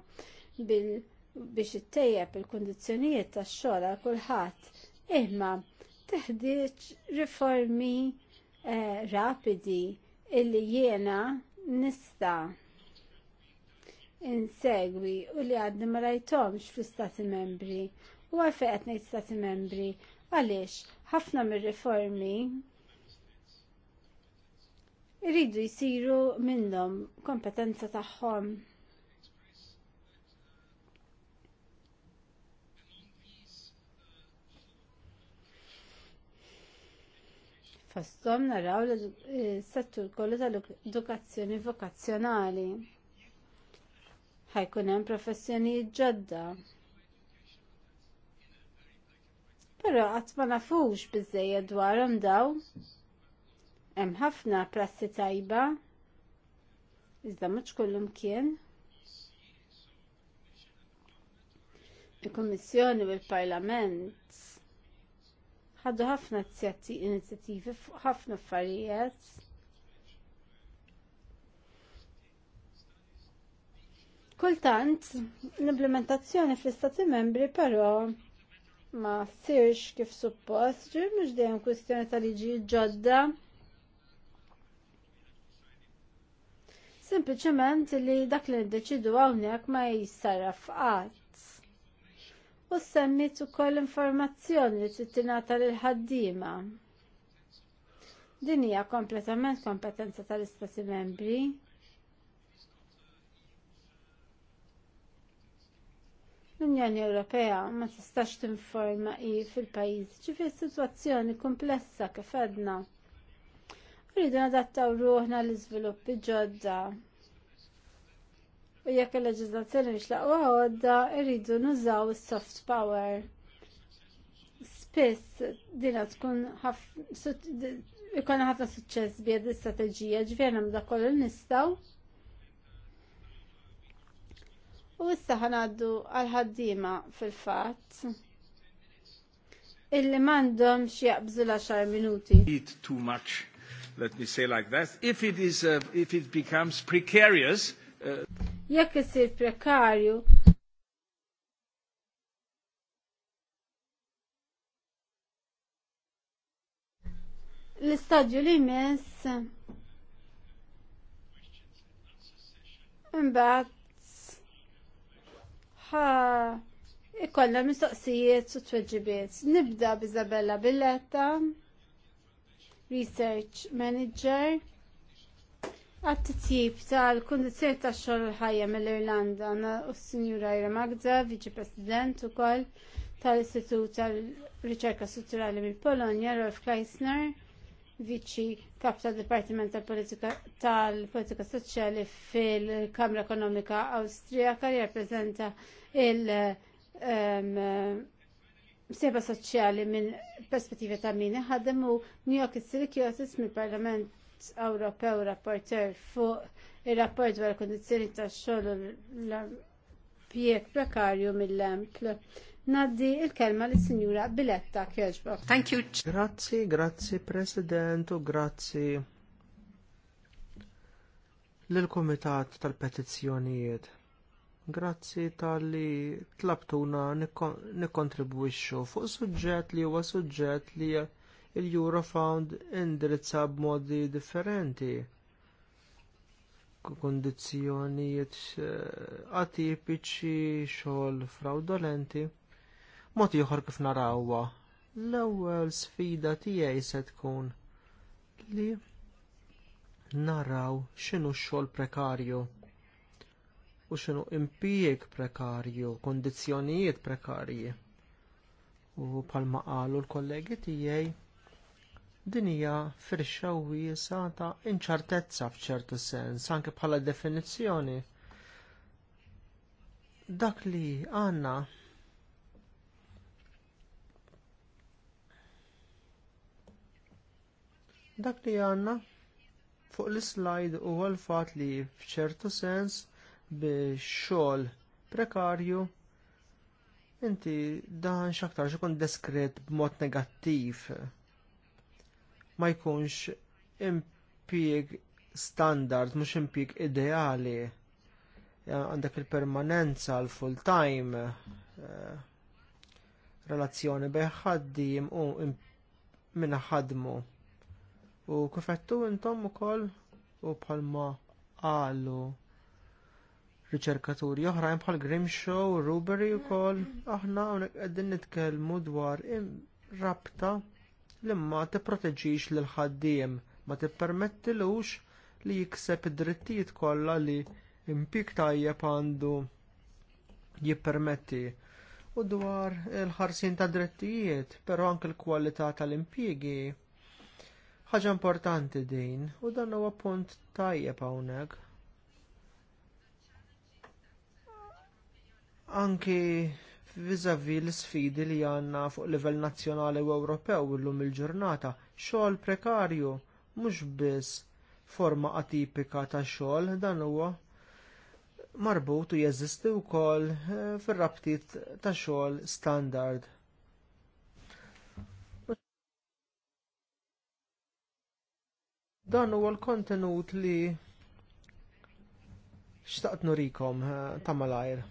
biex ittejjeb il-kundizzjonijiet tax-xogħol għal kulħadd. Imma teħdiċ riformi eh, rapidi illi jiena nista insegwi u li għaddi ma rajtomx fl-Stati membri u għalfej qed ngħid Stati membri għaliex ħafna mir-riformi irridu jisiru minnhom kompetenza tagħhom. fostom naraw l-settur kollu tal-edukazzjoni vokazzjonali. Ħajkun hemm professjonijiet ġodda. Però qatt ma nafux biżejjed dwarhom daw. Hemm ħafna prassi tajba. Iżda mhux kullum kien. Il-Kummissjoni u l-Parlament ħaddu ħafna inizjattivi fuq ħafna affarijiet. Kultant, l-implementazzjoni fl-Istati membri però ma sirx kif suppost, ġir mux dejjem kwistjoni ta' liġi ġodda. Sempliċement li dak li ndeċidu hawnhekk ma jissarraf għad u semmit ukoll informazzjoni li tittinata lill ħaddiema. Din hija kompletament kompetenza tal-Istati Membri. L-Unjoni Ewropea ma tistax tinforma i fil-pajjiż ġifier sitwazzjoni komplessa kif għedna. Rridu nadattaw ruħna l-iżviluppi ġodda u jekk il-leġizlazzjoni biex laqwa għodda irridu nużaw is-soft power. Spiss dina tkun ikon ħafna suċċess bi l-istrateġija ġvjerna mda kollu nistaw. U issa ħanaddu għal-ħaddima fil-fatt illi mandom xjaqbżu l-10 minuti. Eat too much, let me say like that. If it, is, uh, if it becomes precarious, jekk isir prekarju l-istadju li jmiss imbagħad ha ikollna mistoqsijiet u tweġibiet. Nibda b'Izabella Billetta, Research Manager għat-tip tal-kondizjoni ta' xogħol ħajja mill-Irlanda u s-Sinjura Ira Magda, Viċi President ukoll tal-Istitut tal-Riċerka Strutturali mill-Polonja, Rolf Kleisner, Viċi Kap tal-Dipartiment tal-Politika Soċjali fil-Kamra Ekonomika Awstrijaka li rappreżenta il- ehm, seba soċjali minn perspettiva ta' min ħadem u New York City Kiosis mill-Parlament Ewropew rapporter fuq ir-rapport dwar kundizzjoni tax-xogħol l pjek prekarju mill-empl. Naddi il-kelma lis sinjura Biletta Kjoġbok. Thank you. Grazzi, grazzi President u grazzi lill-Kumitat tal-Petizzjonijiet. Grazzi tal-li tlabtuna nikkontribwixxu fuq suġġett li huwa suġġett li il-Eurofound indirizza b'modi differenti kundizzjonijiet eh, atipiċi xogħol fraudolenti. Mod ieħor kif narawha. L-ewwel sfida tiegħi se tkun li naraw x'inhu x-xogħol prekarju u x'inhu impjieg prekarju, kundizzjonijiet prekarji. U bħalma qalu l-kollegi tiegħi Din hija firxa wiesa ta' inċertezza f'ċertu sens, anke bħala definizzjoni. Dak li għandna Dak li għandna fuq l-slide huwa l fatt li f'ċertu sens biex xogħol prekarju inti dan x'aktar ikun deskret b'mod negattiv ma jkunx impjieg standard, mhux impjieg ideali. Għandek il-permanenza, l-full time, eh, relazzjoni bej ħaddiem u minna ħadmu. U kifettu intom ukoll u bħalma qalu riċerkaturi oħrajn bħal Grimshaw, Rubery u koll, aħna għedin nitkelmu dwar rabta li ma tipproteġix lil ħaddiem ma tippermettilux li jikseb id-drittijiet kollha li impik tajjeb għandu jippermetti. U dwar il ħarsien tad drittijiet, però anke l-kwalità tal-impjiegi ħaġa importanti din u dan huwa punt tajjeb hawnhekk. Anki viżavi l-sfidi li għandna fuq livell nazzjonali u Ewropew illum il-ġurnata, xogħol prekarju, mhux biss forma atipika ta' xogħol dan huwa marbut u jeżisti wkoll eh, fir-rabtiet ta' xogħol standard. Dan huwa l-kontenut li xtaqt nurikom eh, ta' malajr.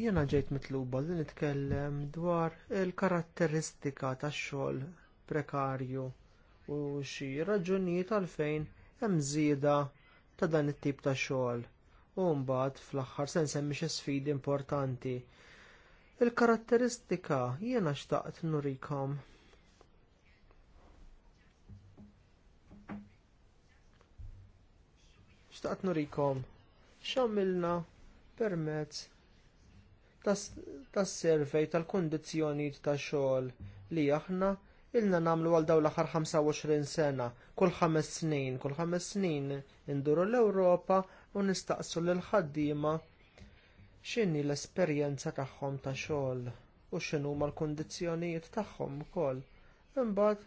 Jena ġejt mitluba li nitkellem dwar il-karatteristika tax xogħol prekarju u xi raġunijiet għalfejn hemm żieda ta' dan it-tip ta' xogħol. U mbagħad fl-aħħar se nsemmi xi sfidi importanti. Il-karatteristika jiena xtaqt nurikom. Xtaqt nurikom x'għamilna permezz tas-servej tal-kundizzjonijiet tax xogħol li aħna ilna nagħmlu għal dawn l-aħħar 25 sena, kull ħames snin, kull ħames snin induru l-Ewropa u nistaqsu lil ħaddiema x'inhi l-esperjenza tagħhom ta' xogħol u x'inhuma l-kundizzjonijiet tagħhom ukoll. Imbagħad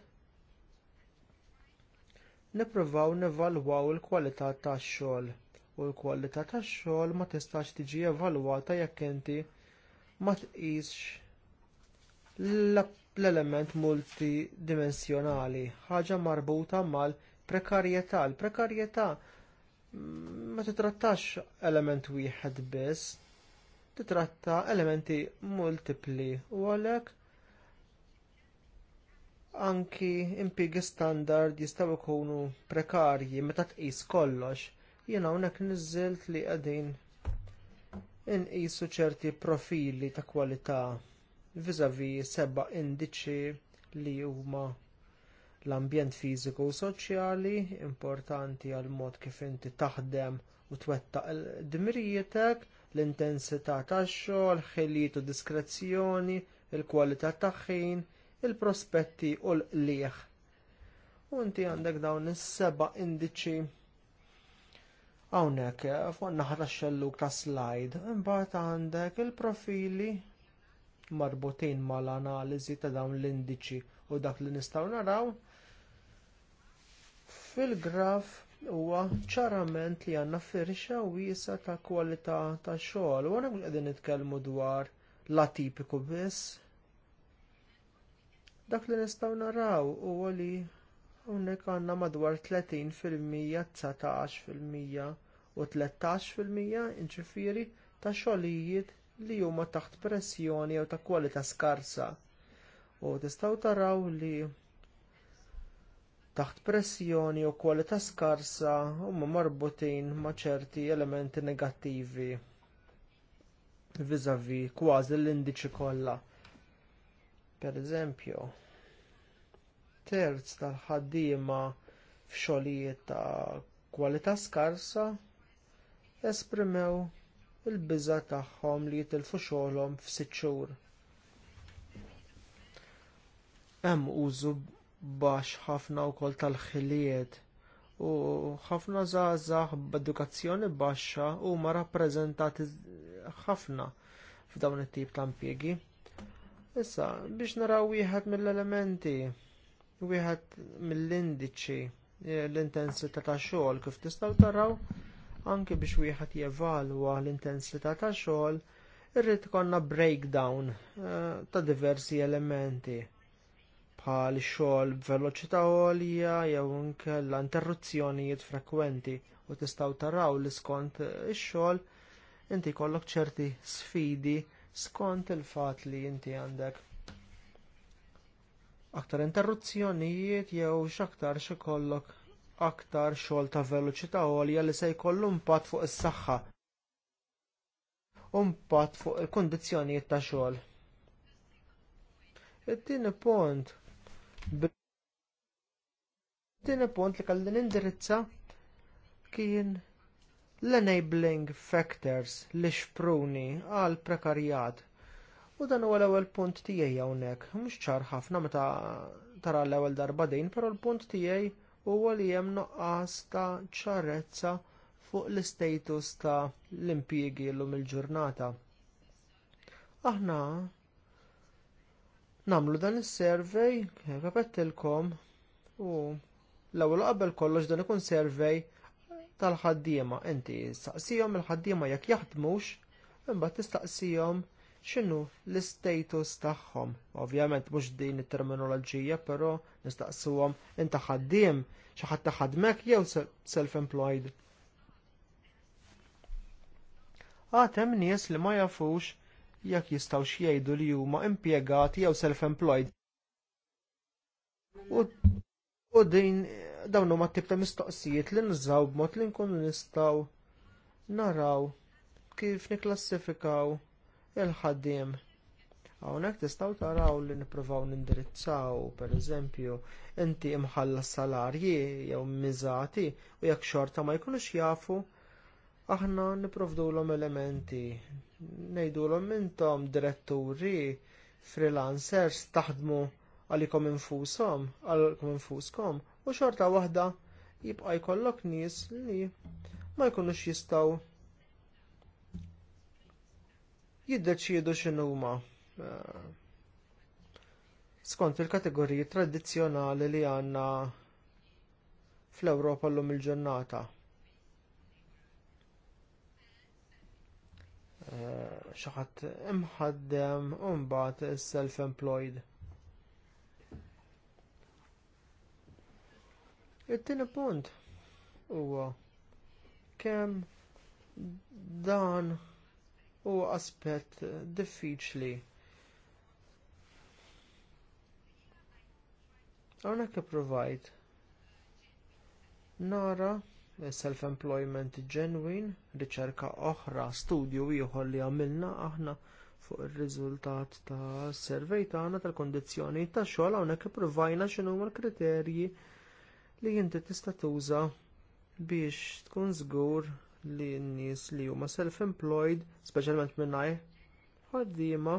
nippruvaw nevalwaw il-kwalità tax-xogħol u l-kwalità tax-xogħol ma tistax tiġi evalwata jekk inti ma tqisx l-element multidimensjonali, ħaġa marbuta mal-prekarjetà. L-prekarjetà ma titrattax element wieħed biss, titratta elementi multipli u għalhekk anki impjiegi standard jistgħu jkunu prekarji meta tqis kollox. Jiena hawnhekk niżilt li qegħdin inqisu ċerti profili ta' kwalità viżavi seba' indiċi li huma l-ambjent fiżiku u soċjali importanti għal mod kif inti taħdem u twettaq dmirietek, l-intensità tax-xogħol, ħiliet u diskrezzjoni, il-kwalità tax-ħin, il-prospetti u l-qlieħ. U inti għandek dawn is-seba' indiċi Hawnhekk eh, fonna naħa ta' slide, imbagħad għandek il-profili marbutin mal-analiżi ta' dawn l-indiċi u dak li nistgħu naraw fil-graf huwa ċarament li għandna firxa wiesa ta' kwalità tax xogħol u għandek qegħdin nitkellmu dwar l-atipiku biss. Dak li nistgħu naraw huwa li unnek għandna madwar 30% 19% u 13% inċifiri ta' xogħlijiet li huma taħt pressjoni jew ta' kwalità skarsa. U tistgħu taraw li taħt pressjoni u kwalità skarsa huma marbutin ma' ċerti elementi negattivi vizavi kważi l-indiċi kollha. Pereżempju, terz tal-ħaddiema f'xogħlijiet ta' kwalità skarsa esprimew il-biża' tagħhom li jitilfu xogħolhom f'sitt xhur. Hemm użu baxx ħafna wkoll tal-ħiliet u ħafna żgħażagħ b'edukazzjoni baxxa huma rappreżentati ħafna f'dawn it-tip ta' impjiegi. Issa, biex naraw wieħed mill-elementi wieħed mill-indiċi eh, l-intensità ta' xogħol kif tistgħu taraw anke biex wieħed jevalwa l-intensità ta' xogħol irrid ikollna breakdown eh, ta' diversi elementi bħal xogħol b'veloċità għolja jew inkella interruzzjonijiet frekwenti u tistgħu taraw li skont eh, ix-xogħol inti jkollok ċerti sfidi skont il fatt li inti għandek aktar interruzzjonijiet jew x'aktar xi kollok aktar xogħol ta' veloċità għolja li se jkollu impatt fuq is-saħħa. u Impatt fuq il-kundizzjonijiet ta' xogħol. It-tieni punt it-tieni punt li kalli nindirizza kien l-enabling factors li xpruni għal prekarjat U dan huwa l-ewwel punt tiegħi hawnhekk, mhux ċar ħafna meta tara l-ewwel darba din, però l-punt tiegħi huwa li hemm noqqas ta' ċarezza fuq l-istatus ta' l-impjiegi llum il-ġurnata. Aħna nagħmlu dan is-survey, repettilkom, u l-ewwel qabel kollox dan ikun survey tal-ħaddiema, inti saqsihom il-ħaddiema jekk jaħdmux, imbagħad tistaqsihom x'inhu l-istatus tagħhom. Ovvjament mhux din it-terminoloġija, però nistaqsuhom inta ħaddiem xi ħadd taħadmek jew self-employed. Għad hemm nies li ma jafux jekk jistgħu jgħidu li huma impjegati jew self-employed. U din dawn huma tip ta' mistoqsijiet li nżaw b'mod li nkunu nistgħu naraw kif niklassifikaw il-ħaddiem. Hawnhekk tistgħu taraw li nippruvaw nindirizzaw, pereżempju, inti imħallas salarji jew miżati u jekk xorta ma jkunux jafu, aħna nipprovdulhom elementi, ngħidulhom intom diretturi, freelancers taħdmu għalikom infushom, għalikom infuskom, u xorta waħda jibqa' jkollok nies li ma jkunux jistgħu jiddeċiedu x'inhuma eh, skont il-kategoriji tradizzjonali li għandna fl-Ewropa llum il-ġurnata. Eh, xi ħadd imħaddem u mbagħad is self-employed. It-tieni punt huwa kemm dan u aspett diffiċli. Għonek provajt nara self-employment ġenwin, riċerka oħra, studju ieħor li għamilna aħna fuq ir-riżultat ta' servej tagħna tal-kondizzjoni tax xogħol hawnhekk ippruvajna x'inhuma l-kriterji li inti tista' tuża biex tkun żgur li n-nies li huma self-employed, speċjalment minnaj, ħaddiema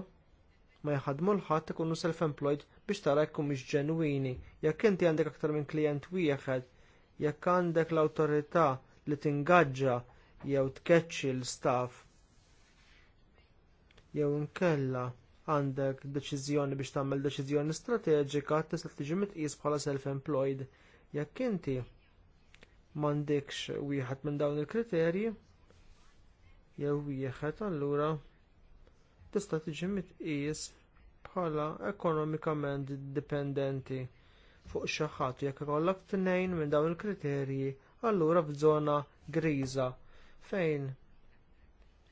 ma jħadmu l-ħadd ikunu self-employed biex tara jekk mhux ġenwini. Jekk inti għandek aktar minn klijent wieħed, jekk għandek l-awtorità li tingaġġa jew tkeċċi l-staff jew inkella għandek deċiżjoni biex tagħmel deċiżjoni strateġika tista' tiġi mitqies bħala self-employed. Jekk inti m'għandekx wieħed minn dawn il-kriterji, jew wieħed allura tista' tiġi mitqies bħala ekonomikament dipendenti fuq xi ħadd jekk ikollok tnejn minn dawn il-kriterji allura f'żona griża fejn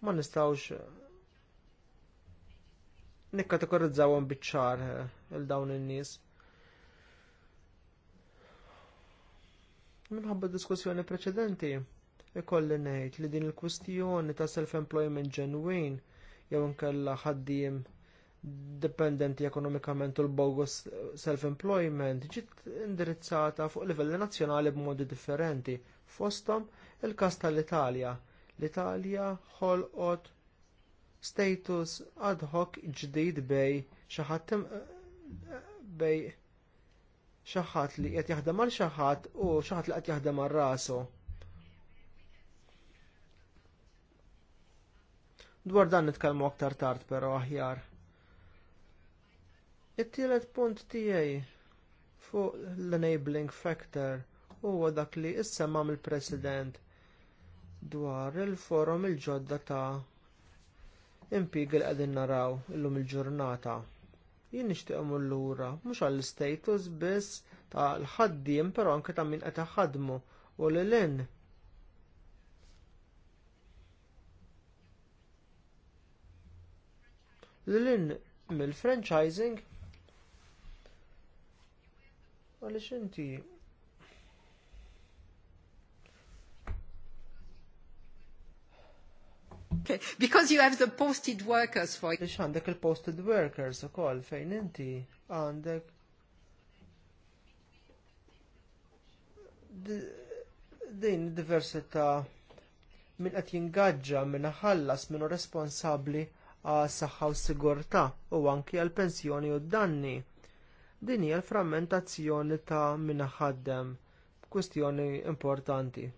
ma nistgħux nikkategorizzawhom biċ-ċar eh, il dawn in-nies. Minħabba diskussjoni preċedenti, ikolli ngħid li din il-kwistjoni ta' self-employment ġenwin jew inkella ħaddiem dipendenti ekonomikament u l-bogus self-employment ġiet indirizzata fuq livelli nazzjonali b'modi differenti. Fosthom il każ tal-Italja. L-Italja ħolqot status ad hoc ġdid bej xi ħadd bej xi ħadd li qed jaħdem għal xi ħadd u xi ħadd li qed jaħdem għal rasu. Dwar dan nitkellmu aktar tard però aħjar. It-tielet punt tiegħi fuq l-enabling factor huwa dak li issa mam il-President dwar il-forum il-ġodda ta' impigi li qegħdin naraw illum il-ġurnata. il ġurnata jien nixtieq imur lura mhux għall-status biss tal-ħaddiem però anke ta' min qed ħadmu u lil hinn. Lilin mill-franchising għaliex inti Okay. Because you have the posted workers for Biex għandek il-posted workers u koll fejn inti għandek din diversità min qed jingaġġa minn ħallas minnu responsabbli għas saħħa u sigurtà u anki għall pensjoni u danni Din hija l-frammentazzjoni ta' min ħaddem kwistjoni importanti.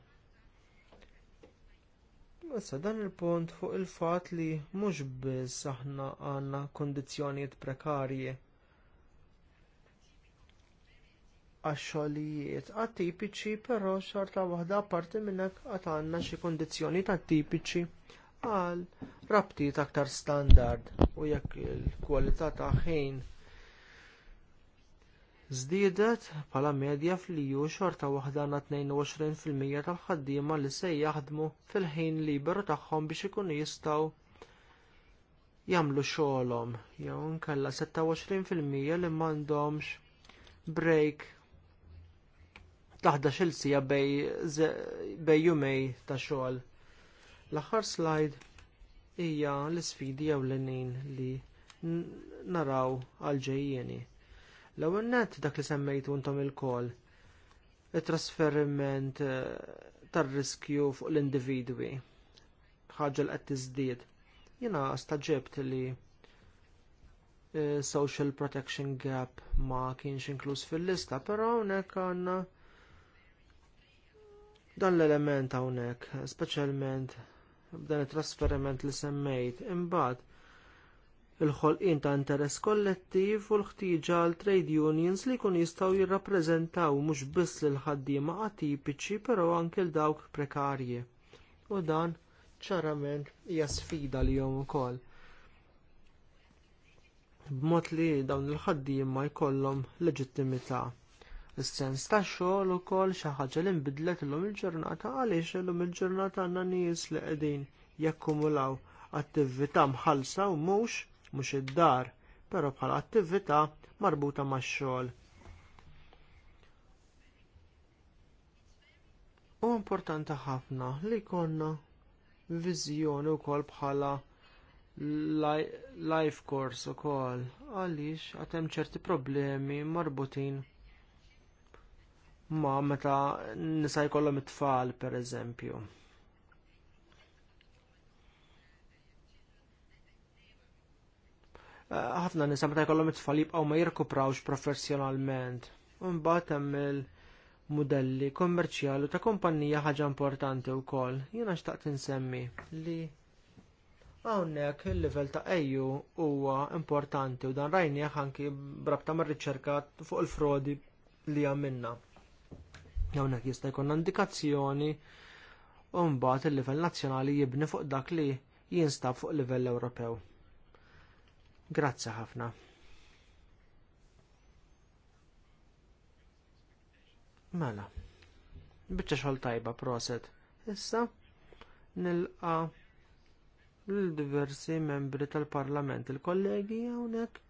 Issa dan il-punt fuq il fatt li mhux biss aħna għandna kundizzjonijiet prekarji għax-xogħlijiet atipiċi, però xorta waħda apparti minn hekk qatt għandna xi kundizzjonijiet atipiċi għal rabtiet aktar standard u jekk il-kwalità ta' ħin Żdiedet bħala medja fl-EU xorta waħda għandna 22% tal-ħaddiema li se jaħdmu fil-ħin liberu tagħhom biex ikunu jistgħu jagħmlu xogħolhom jew inkella 26% li m'għandhomx break taħda xilsija bej jumej ta' xogħol. L-aħħar slide hija l-isfidi ewlenin li naraw għal ġejjieni. L-ewwel nett dak li semmejtu intom il-kol. It-trasferiment eh, tar-riskju fuq l-individwi. Ħaġa li qed tiżdied. Jiena staġibt li eh, social protection gap ma kienx inkluż fil-lista, però hawnhekk għandna dan l-element hawnhekk, speċjalment b'dan it-trasferiment li semmejt, imbagħad il-ħolqien ta' interess kollettiv u l-ħtieġa għal trade unions li jkun jistgħu jirrappreżentaw mhux biss lil ħaddiema atipiċi però anke l dawk prekarji. U dan ċarament hija sfida li jom ukoll. B'mod li dawn il-ħaddiema jkollhom leġittimità. Is-sens tax xogħol ukoll xi ħaġa li nbidlet illum il-ġurnata għaliex illum il-ġurnata għandna nies li qegħdin jakkumulaw attività mħallsa u mhux mhux id-dar, però bħala attività marbuta max-xogħol. U importanti ħafna li jkollna viżjoni wkoll bħala life course ukoll għaliex għad hemm ċerti problemi marbutin ma meta nisa jkollhom it-tfal pereżempju. ħafna nisa meta jkollhom it-tfal jibqgħu ma jirkuprawx professjonalment. Imbagħad hemm il-mudelli kommerċjali ta' kumpanija ħaġa importanti wkoll. Jiena xtaqt insemmi li hawnhekk il-livell ta' EU huwa importanti u dan rajnieh anki brabta mar-riċerka fuq il-frodi li għamilna. Hawnhekk jista' jkollna indikazzjoni u mbagħad il-livell nazzjonali jibni fuq dak li jinstab fuq livell Ewropew. Grazzi ħafna. Mela, bieċa xol tajba proset. Issa, nilqa l-diversi membri tal-parlament il-kollegi hawnhekk.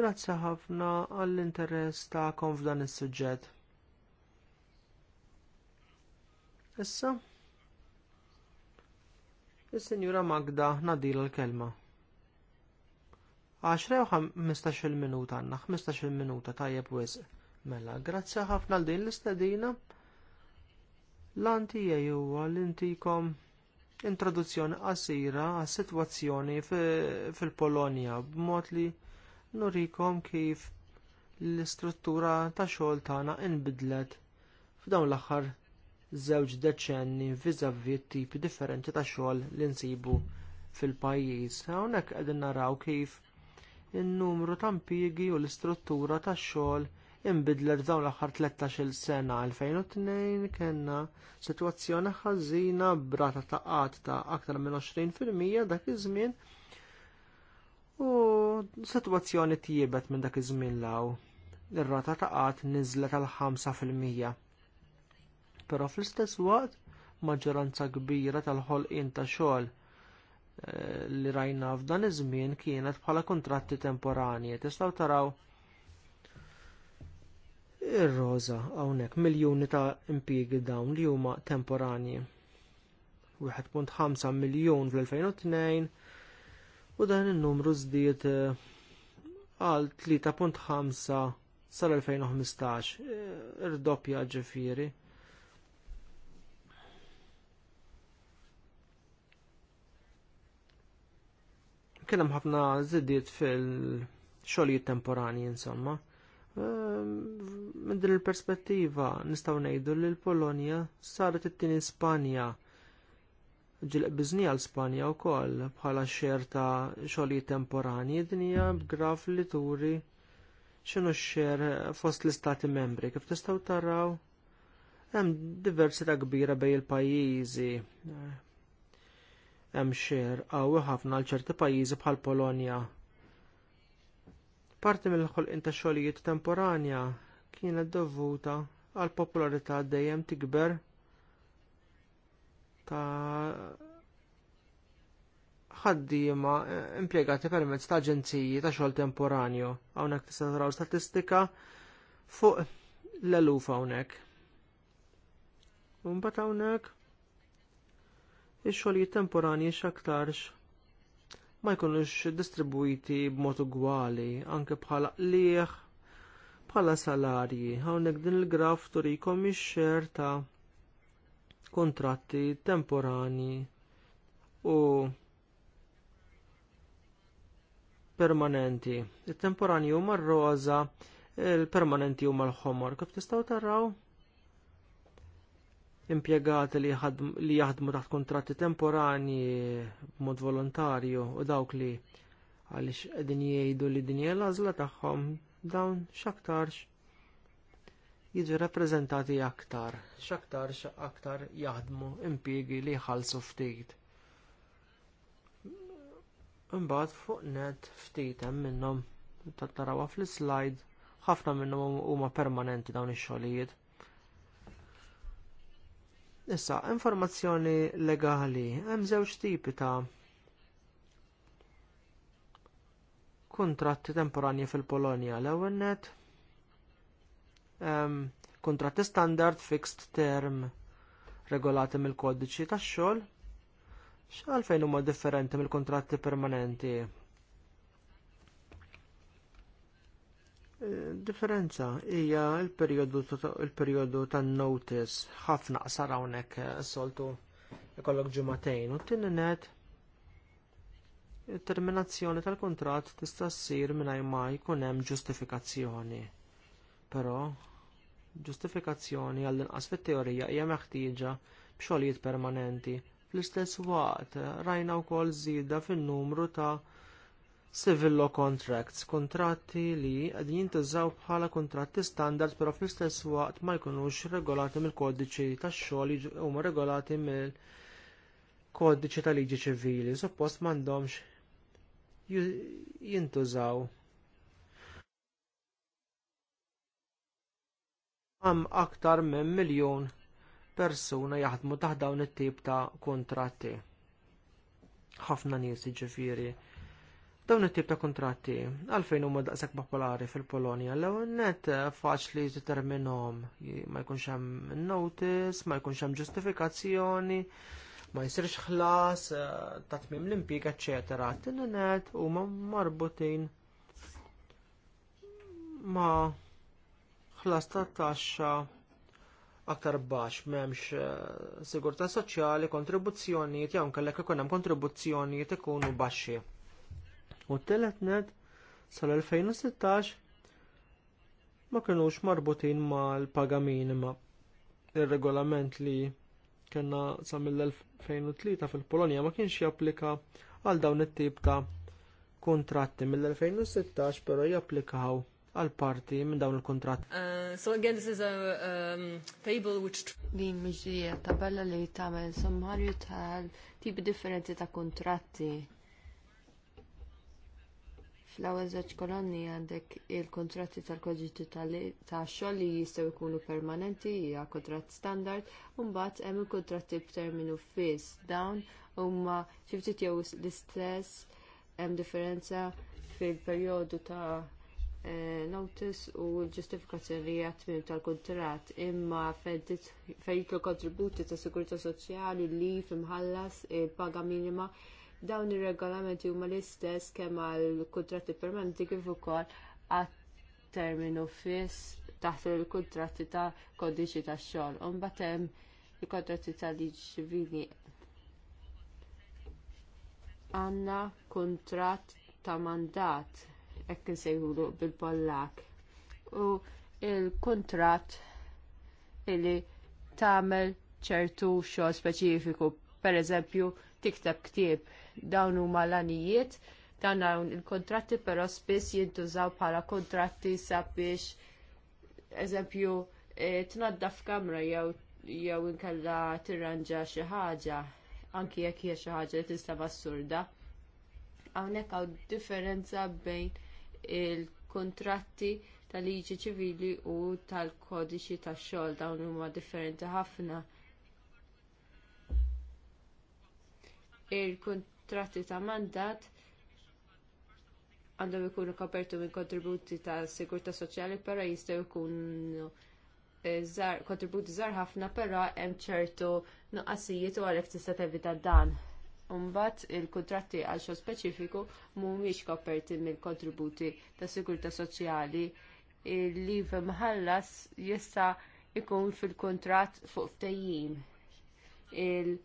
Grazzi ħafna għall-interess tagħkom f'dan is-suġġett. Issa, is-Sinjura Magda nadil l-kelma. 10 u 15 minuta għandna, 15 minuta tajjeb wisq. Mela, grazzi ħafna għal din l-istedina. l anti juwa l-intikom introduzzjoni qasira għas sitwazzjoni fil polonia b'mod li nurikom kif l-istruttura tax xogħol tagħna inbidlet f'dawn l-aħħar żewġ deċenni viżavi tipi differenti ta' xogħol li nsibu fil-pajjiż. Hawnhekk qegħdin naraw kif in-numru ta' impjiegi u l-istruttura tax-xogħol inbidlet f'dawn l-aħħar 13-il sena 2002 kellna sitwazzjoni ħażina brata ta' qatt ta' aktar minn 20% dak iż-żmien u sitwazzjoni tjiebet minn dak iż-żmien law. Ir-rata ta' qatt niżlet għal 5%. Però fl-istess waqt maġġoranza kbira tal-ħolqien ta' xogħol Eh, li rajna f'dan iż-żmien kienet bħala kontratti temporani. Tistgħu taraw ir-roża hawnhekk miljuni ta' impjiegi dawn li huma temporani. 1.5 miljun fl-2002 u dan in-numru żdied eh, għal 3.5 sal-2015 eh, ir-doppja ġifieri. kellem ħafna zidiet fil-xogħlijiet temporani insomma. Ehm, minn din il-perspettiva nistgħu ngħidu li l-Polonja saret it-tieni Spanja biznija l Spanja wkoll bħala xer ta' temporani din hija b'graf li turi xinu xer fost l-istati membri kif tistgħu taraw hemm diversità kbira bejn il-pajjiżi hemm xejn qawwi ħafna għal ċerti pajjiżi bħal Polonja. Parti mill-ħolqien ta' xogħlijiet temporanja kienet dovuta għal popolarità dejjem tikber ta' ħaddiema impjegati permezz ta' aġenziji ta' xogħol temporanju. Hawnhekk tista' taraw statistika fuq l-eluf hawnhekk. Mbagħad hawnhekk ix-xogħlijiet temporani x'aktarx ma jkunux distribwiti b'mod ugwali anke bħala qlieħ bħala salarji. Hawnhekk din il-graf turikom ix-xer ta' kontratti temporani u permanenti. it temporani huma r-roża, il-permanenti huma l-ħomor. Kif tistgħu taraw? impjegati li jaħdmu taħt kontratti temporani b'mod volontarju u dawk li għaliex qegħdin jgħidu li din hija l-għażla tagħhom dawn x'aktarx jiġu rappreżentati aktar, x'aktarx aktar jaħdmu impjiegi li jħallsu ftit. Imbagħad fuq net ftit hemm minnhom tarawha fl-slide ħafna minnhom huma permanenti dawn ix-xogħlijiet Issa, informazzjoni legali, hemm żewġ tipi ta' kontratti temporanji fil-Polonja l-ewwel net kontratti standard fixed term regolati mill-kodiċi tax-xogħol x'għalfejn huma differenti mill-kontratti permanenti differenza hija l-perjodu tan-notice ħafna qasar hawnhekk eh, soltu ikollok ġumatejn u t-tieni net it-terminazzjoni tal kuntratt tista' ssir mingħajr ma jkun hemm ġustifikazzjoni. Però ġustifikazzjoni għall-inqas fit-teorija hija meħtieġa b'xogħlijiet permanenti. Fl-istess waqt rajna wkoll żieda fin-numru ta' civil law contracts, kuntratti li qegħdin jintużaw bħala kuntratti standard però fl-istess waqt ma jkunux regolati mill-kodiċi tax-xogħol huma regolati mill-kodiċi tal-liġi ċivili, suppost m'għandhomx jintużaw. Hemm aktar minn miljun persuna jaħdmu taħt dawn it-tip ta' kuntratti. Ħafna nies jiġifieri Dawn it-tip ta' kontratti għalfejn huma daqshekk popolari fil-Polonja l net eh, faċli determinhom ma jkunx hemm notice, ma jkunx hemm ġustifikazzjoni, ma jsirx ħlas eh, ta' tmim l-impjieg, eċetera. Tin net huma marbutin ma ħlas ta' taxxa aktar baxx m'hemmx eh, sigurtà soċjali, kontribuzzjonijiet jew kellek ikun hemm kontribuzzjonijiet ikunu baxxi. U t-telet sal-2016 ma kinux marbutin mal-paga minima. Ir-regolament li kena sa mill-2003 fil-Polonja ma kienx japplika għal dawn it-tip ta' kontratti mill-2016 però japplikaw għal parti minn dawn il-kontratti. Uh, so again this is a um, table which din miġrija tabella li tagħmel sommarju tal tipi differenti ta' kontratti Fl-ewwel żewġ kolonni għandek il-kontratti tal-koġiti tax-xogħol li jistgħu jkunu permanenti hija kontratt standard, u mbagħad hemm il-kontratti b'terminu fiss dawn huma xi ftit jew l-istess hemm differenza fil-perjodu ta' eh, notice u l-ġustifikazzjoni li għatmim tal kuntratt imma fejt il-kontributi ta' sigurtà soċjali li fimħallas il-paga minima Dawn ir-regolamenti huma l-istess kemm għall kuntratti permanenti kif ukoll għat-terminu fiss taħt il-kuntratti ta' kodiċi tax-xogħol. U mbagħad hemm il-kontratti ta' liġi ċivili għandna kuntratt ta' mandat hekk insejħulu bil-Pollak. U il kuntratt illi tagħmel ċertu xogħol speċifiku, pereżempju tikteb ktieb dawn huma l-anijiet dan dawn il-kontratti però spiss jintużaw bħala kontratti sabiex eżempju e, tnaddaf kamra jew jew inkella tirranġa xi ħaġa anki jekk hija xi ħaġa li tista' assurda. Hawnhekk hawn differenza bejn il-kontratti tal-liġi ċivili u tal-kodiċi tax-xogħol dawn huma differenti ħafna. il-kontratti Tratti ta' mandat għandhom ikunu kopertu minn kontributi ta' sigurtà soċjali, però jistgħu jkunu eh, kontributi żgħar ħafna, però hemm ċertu nuqqasijiet u għalhekk tista' tevita dan. Umbat il-kontratti għal xogħol speċifiku mhumiex koperti mill-kontributi ta' sigurtà soċjali li mħallas jista' jkun fil kuntratt fuq ftehim. il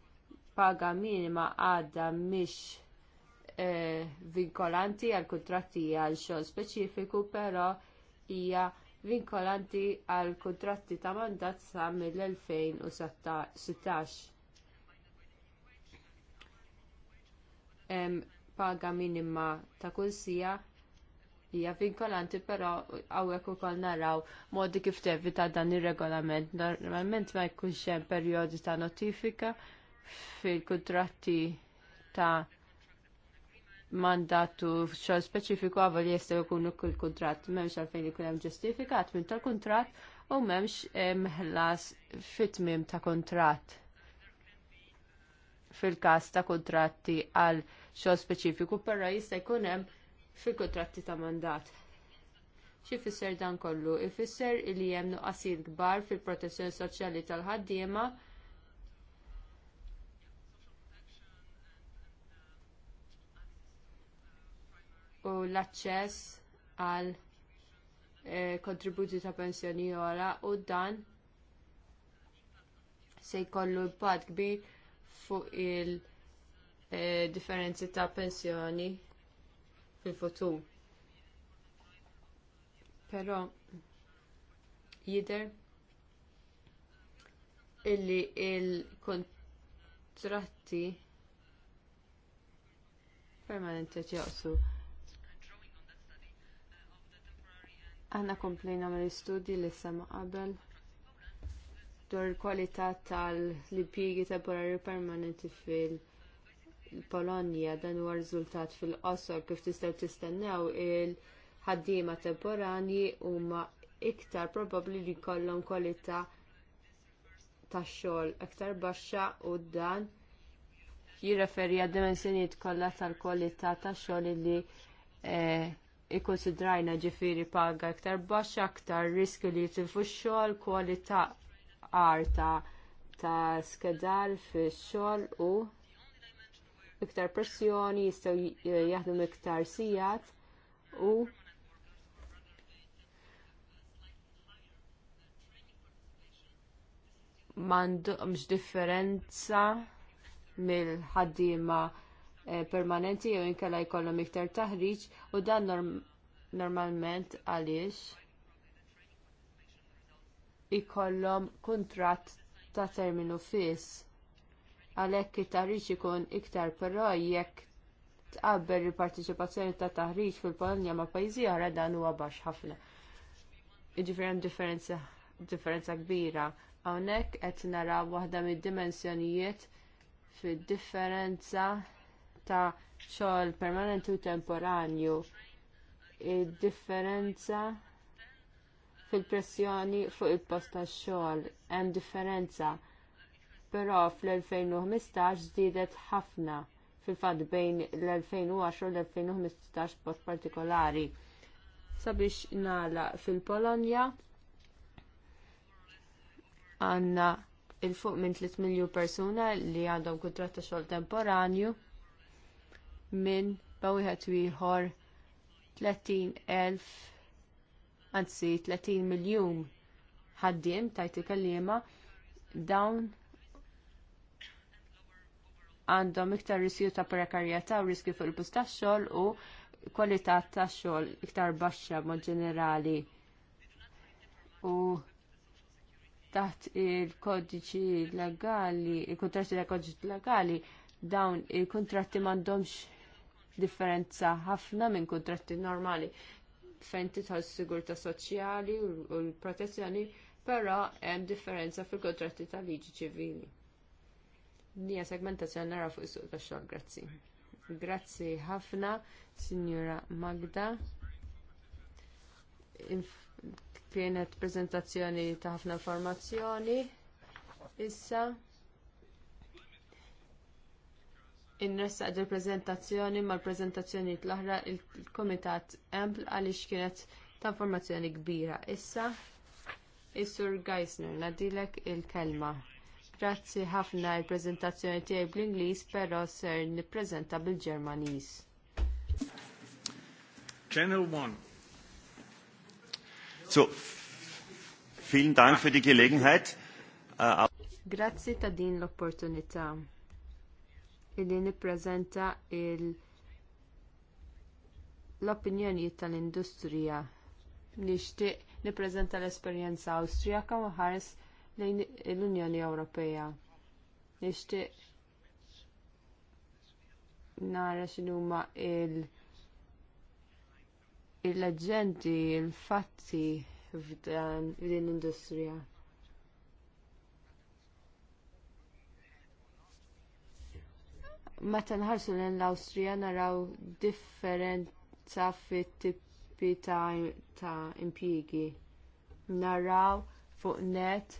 paga minima għadha mhix e, vinkolanti għal kuntratti għal xogħol speċifiku, però hija vinkolanti għal kuntratti ta' mandat sa mill-2016. paga minima ta' kull hija vinkolanti però hawnhekk ukoll naraw modi kif tevita dan ir-regolament. Normalment ma jkunx hemm perjodi ta' notifika fil-kontratti ta' mandatu xogħol speċifiku għaval jeste jkunu kull kuntratt m'hemmx għalfejn ikun hemm ġustifikat minn tal-kuntratt u m'hemmx eh, mħlas fit-tmiem ta' kuntratt. Fil-każ ta' kuntratti għal xogħol speċifiku però jista' jkun hemm fil-kontratti ta' mandat. Xi fisser dan kollu? Ifisser li hemm nuqqasijiet kbar fil-protezzjoni soċjali tal-ħaddiema u l-aċċess għal eh, kontributi ta' pensjoni ora u dan se jkollu impatt kbir fuq il-differenzi eh, ta' pensjoni fil-futur. Però jidher illi il-kontratti permanenti ġeqsu Għanna komplejna mal istudji li sema qabel dwar il-kwalità tal-impjiegi temporari permanenti fil- Polonja dan huwa riżultat fil-qosor kif tistgħu tistennew il-ħaddiema temporani huma iktar probabbli li jkollhom kwalità tax-xogħol iktar baxxa u dan jirreferi għad dimensjonijiet kollha tal-kwalità tax-xogħol li eh, ikkonsidrajna ġifiri paga iktar baxxa, aktar riskju li jitilfu x-xogħol, kwalità arta ta' skedal fix-xogħol u iktar pressjoni jistgħu jaħdmu iktar sigħat u m'għandhomx differenza mill-ħaddiema Eh, permanenti jew inkella jkollhom iktar taħriġ u dan normalment għaliex ikollhom kuntratt ta' terminu fiss. Għalhekk it-taħriġ ikun iktar però jekk tqabbel il parteċipazzjoni ta' taħriġ fil-Polonja ma' pajjiżi oħra dan huwa baxx ħafna. Jiġifieri hemm differenza, differenza kbira. Hawnhekk qed naraw waħda mid-dimensjonijiet fid-differenza ta' xogħol permanenti u temporanju. Id-differenza fil-pressjoni fuq il-post tax-xogħol hemm differenza, però fl-2015 żdiedet ħafna fil-fatt bejn l-2010 u l-2015 post partikolari. Sabiex nagħlaq fil-Polonja għandna il-fuq minn 3 milju persuna li għandhom kuntratt ta' xogħol temporanju minn bawieħed ieħor 30,000 anzi 30 miljun ħaddiem tajt il-kellima dawn għandhom iktar riskju ta' prekarjetà u riskju fuq il-post tax-xogħol u kwalità tax-xogħol iktar baxxa mod ġenerali. U taħt il-kodiċi legali, il-kontratti tal kodiċi legali, dawn il-kontratti m'għandhomx differenza ħafna minn kuntratti normali fejn titħol sigurta soċjali u l-protezzjoni, però hemm differenza fil-kontratti ta' liġi ċivili. Nija segmentazzjoni nara fuq is-suq tax-xogħol, grazzi. Grazzi ħafna, Sinjura Magda. Kienet prezentazzjoni ta' ħafna informazzjoni. Issa. innressaq il ma' mal prezentazzjoni l laħra il-Komitat Ampl għaliex kienet ta' informazzjoni kbira. Issa, is-Sur Geisner, nadilek il-kelma. Grazzi ħafna il preżentazzjoni tiegħi bl-Ingliż, però ser nippreżenta bil-Ġermaniż. Channel 1. So, vielen Dank für die Gelegenheit. Äh, Grazzi ta' din l-opportunità illi nippreżenta il l-opinjonijiet tal-industrija nixtieq nippreżenta l-esperjenza Awstrijaka u ħares lejn l-Unjoni Ewropea. Nixtieq nara x'inhuma il- il-leġendi, il-fatti f'dan l-industrija. meta nħarsu l l-Awstrija naraw differenza fit tipi ta', ta impjiegi. Naraw fuq net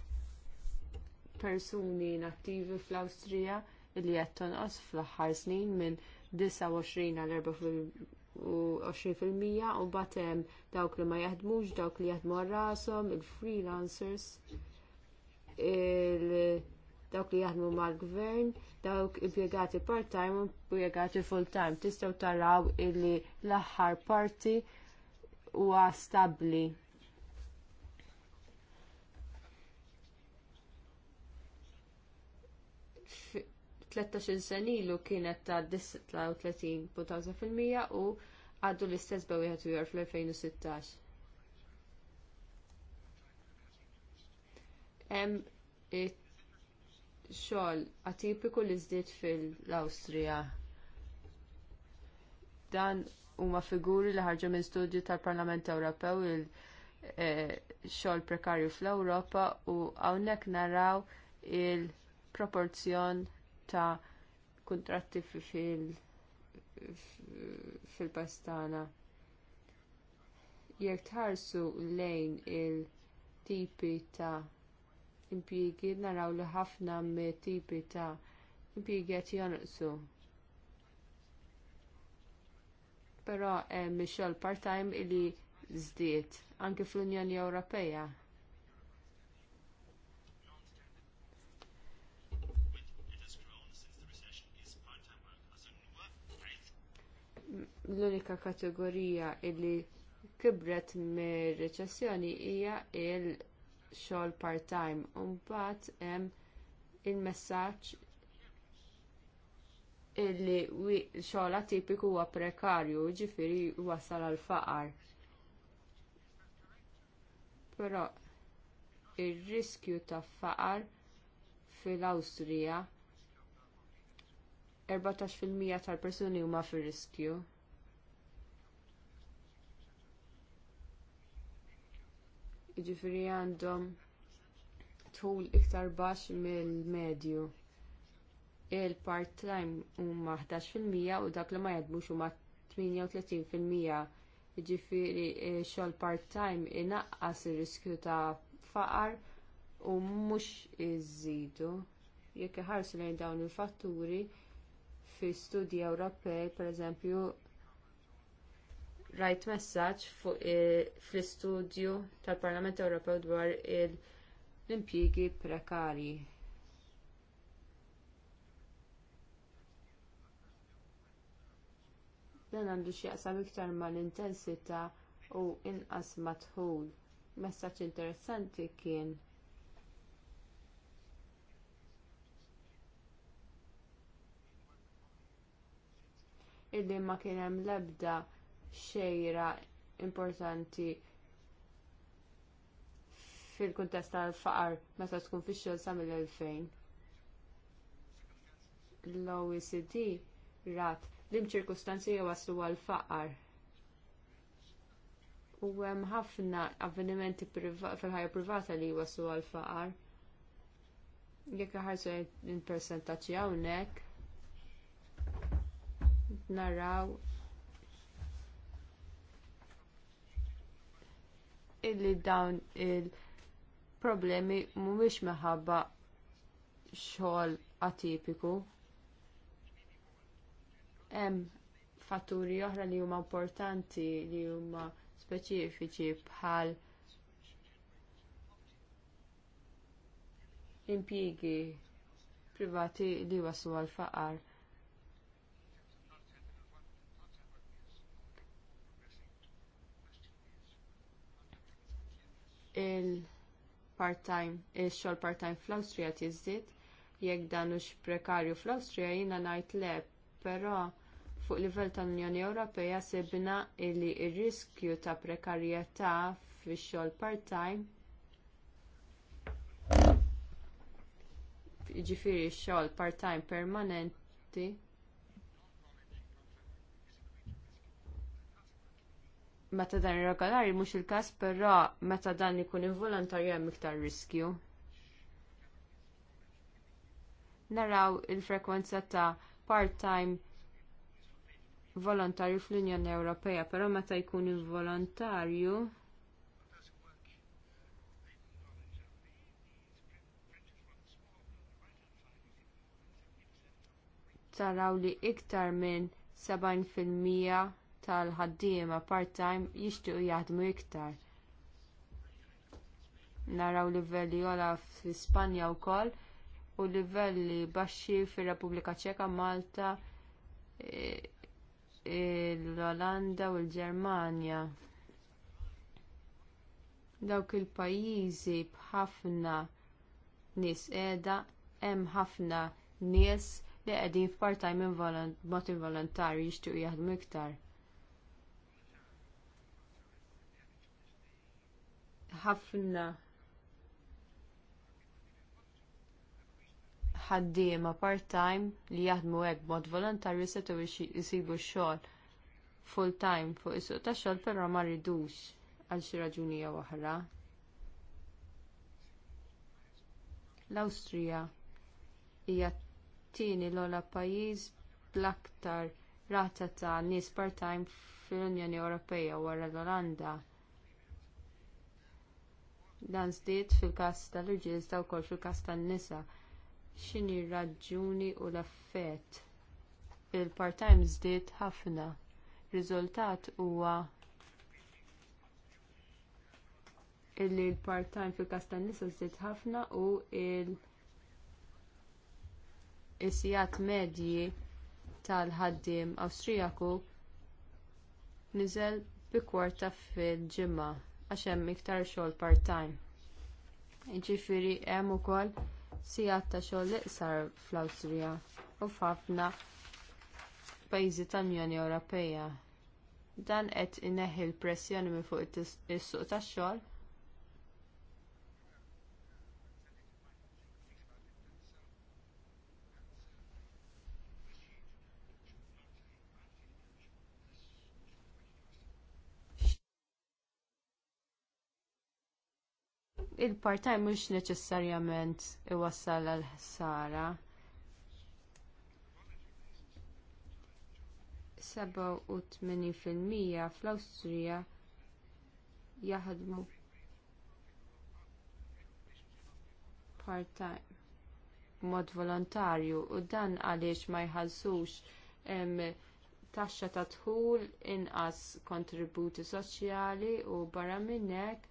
persuni nattivi fl-Awstrija li qed tonqos fl-aħħar snin minn 29 għal 24% u mbagħad hemm dawk li ma jaħdmux, dawk li jaħdmu rasom, il-freelancers, il-, -freelancers, il dawk li jaħdmu mal-gvern, dawk impjegati part-time u impjegati full-time. Tistgħu taraw illi l-aħħar parti huwa stabbli. Tlettax-il sen ilu kienet ta' 33.5% u għaddu l-istess bewieħed u fl-2016 xogħol atipiku li żdied fil-Awstrija. Dan huma figuri li ħarġu minn studju tal-Parlament Ewropew il e, xogħol prekarju fl-Ewropa u hawnhekk naraw il-proporzjon ta' kuntratti fil-pastana. Jekk tħarsu lejn il-tipi ta' impjiegi naraw li ħafna tipi ta' impjiegi qed jonqsu. Però hemm xogħol part-time illi żdied anke fl-Unjoni Ewropea. L-unika kategorija illi kibret mir reċessjoni hija l xogħol part-time. u mbagħad hemm il-messaġġ illi xogħol atipiku huwa prekarju, ġifieri wasal għal faqar. Però r riskju ta' faqar fil-Awstrija 14% tal-persuni huma fir-riskju. jiġifieri għandhom tul iktar baxx mill-medju. Il-part-time huma 11% u dak li ma jadmux huma 38%. Jiġifieri xogħol part-time inaqqas ir-riskju ta' faqar u mhux iżidu. Jekk iħarsu lejn dawn il-fatturi fi studji Ewropej, pereżempju, rajt messaġġ fuq fl-istudju tal-Parlament Ewropew dwar l-impjiegi prekarji. Dan għandu x'jaqsam iktar mal-intensità u inqas madħul. Messaġġ interessanti kien illi ma kien hemm l-ebda xejra importanti fil-kuntest tal-faqar meta tkun fix-xogħol sa mill-2000. L-OECD rat l ċirkustanzi waslu għal faqar. U hemm ħafna avvenimenti fil-ħajja privata li waslu għal faqar. Jekk ħarsu in-persentaċċji hawnhekk naraw illi dawn il-problemi mhumiex minħabba xogħol atipiku. Hemm fatturi oħra li huma importanti li huma speċifiċi bħal impjiegi privati li waslu għal faqar il-part-time, il-xol part-time fl-Austria tiżdied, jekk dan hux prekarju fl-Austria jiena ngħid le, però fuq livell tal-Unjoni Ewropea sibna li r riskju ta' prekarjetà fix-xogħol part-time jiġifieri x-xogħol part-time permanenti meta dan irregolari mhux il-każ, però meta dan ikun involontarju hemm iktar riskju. Naraw il-frekwenza ta' part-time volontarju fl-Unjoni Ewropea, però meta jkun involontarju taraw li iktar minn 70% tal-ħaddiema part-time jixtiequ jaħdmu iktar. Naraw livelli jola fl-Ispanja wkoll u livelli baxxi fir-Repubblika Ċeka, Malta, l-Olanda u l-Ġermanja. Dawk il-pajjiżi b'ħafna nies qiegħda hemm ħafna nies li qegħdin f'part-time mod involontarju jixtiequ jaħdmu iktar. ħafna ħaddiema part-time li jaħdmu hekk b'mod volontarju setgħu jsibu x-xogħol full-time fuq is-suq tax-xogħol però ma rridux għal xi raġuni jew oħra. L-Awstrija hija t-tieni l-ogħla pajjiż bl-aktar rata ta' nies part-time fl-Unjoni Ewropea wara l-Olanda Dan żdied fil-każ tal-irġiel iżda wkoll fil-każ tan-nisa. X'inhi raġuni u l-affett? Il-part-time żdied ħafna. Riżultat huwa illi l-part-time fil-każ tan-nisa żdied ħafna u il- is medji tal-ħaddiem Awstrijaku niżel bi kwarta fil-ġimgħa għax hemm iktar xogħol part-time. Jiġifieri hemm ukoll sigħat ta' xogħol iqsar fl-Awstrija u f'ħafna pajjiżi tal-Unjoni Ewropea. Dan qed ineħħi l-pressjoni minn fuq is-suq tax-xogħol il-part-time mhux neċessarjament iwassal għal ħsara. fil-mija fl-Awstrija jaħdmu part-time b'mod volontarju u dan għaliex ma jħallsux taxxa ta' dħul inqas kontributi soċjali u barra minn hekk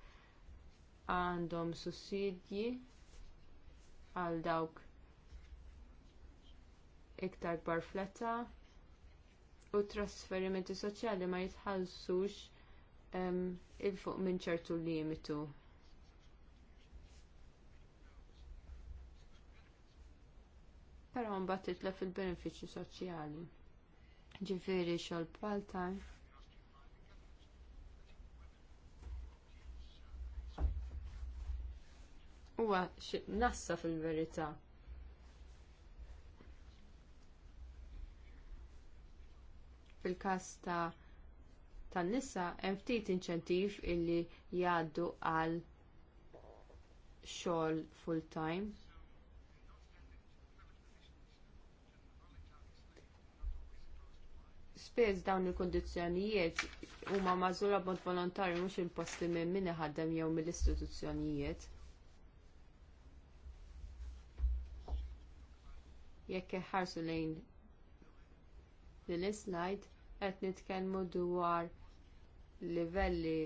għandhom sussidji għal dawk iktar kbar fletta u t trasferimenti soċjali ma jitħallsux ehm, il-fuq minn ċertu limitu. Però mbagħad titlef il benefiċċju soċjali. Ġifieri xogħol part-time huwa nassa fil-verità. Fil-każ ta' tan-nisa hemm ftit inċentiv illi jaddu għal xogħol full-time. Spez dawn il kundizzjonijiet huma magħżula b'mod volontarju mhux il-posti minn min iħaddem jew mill-istituzzjonijiet. jekk ħarsu lejn din l-slide qed nitkellmu dwar livelli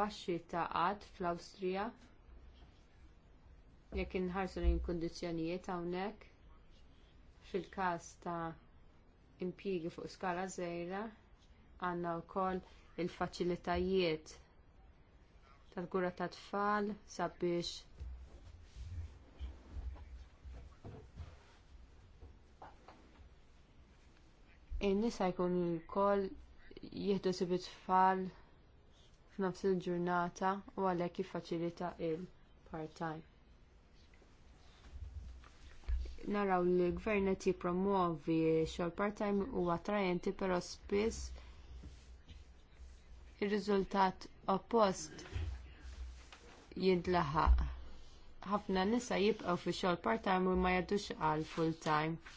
baxxi ta' qatt fl-Awstrija jekk inħarsu lejn kundizzjonijiet hawnhekk fil-każ ta' impjiegi fuq skala żgħira għandna wkoll il-faċilitajiet tal-kura tat-tfal sabiex in-nisa jkunu wkoll jieħdu sibi tfal f'nofs il-ġurnata u għalhekk jiffaċilita il-part-time. Naraw li l-gvern qed jippromovi xogħol part-time huwa attrajenti però spiss ir-riżultat oppost jintlaħaq. Ħafna nisa jibqgħu fi xogħol part-time u ma jgħaddux għal full-time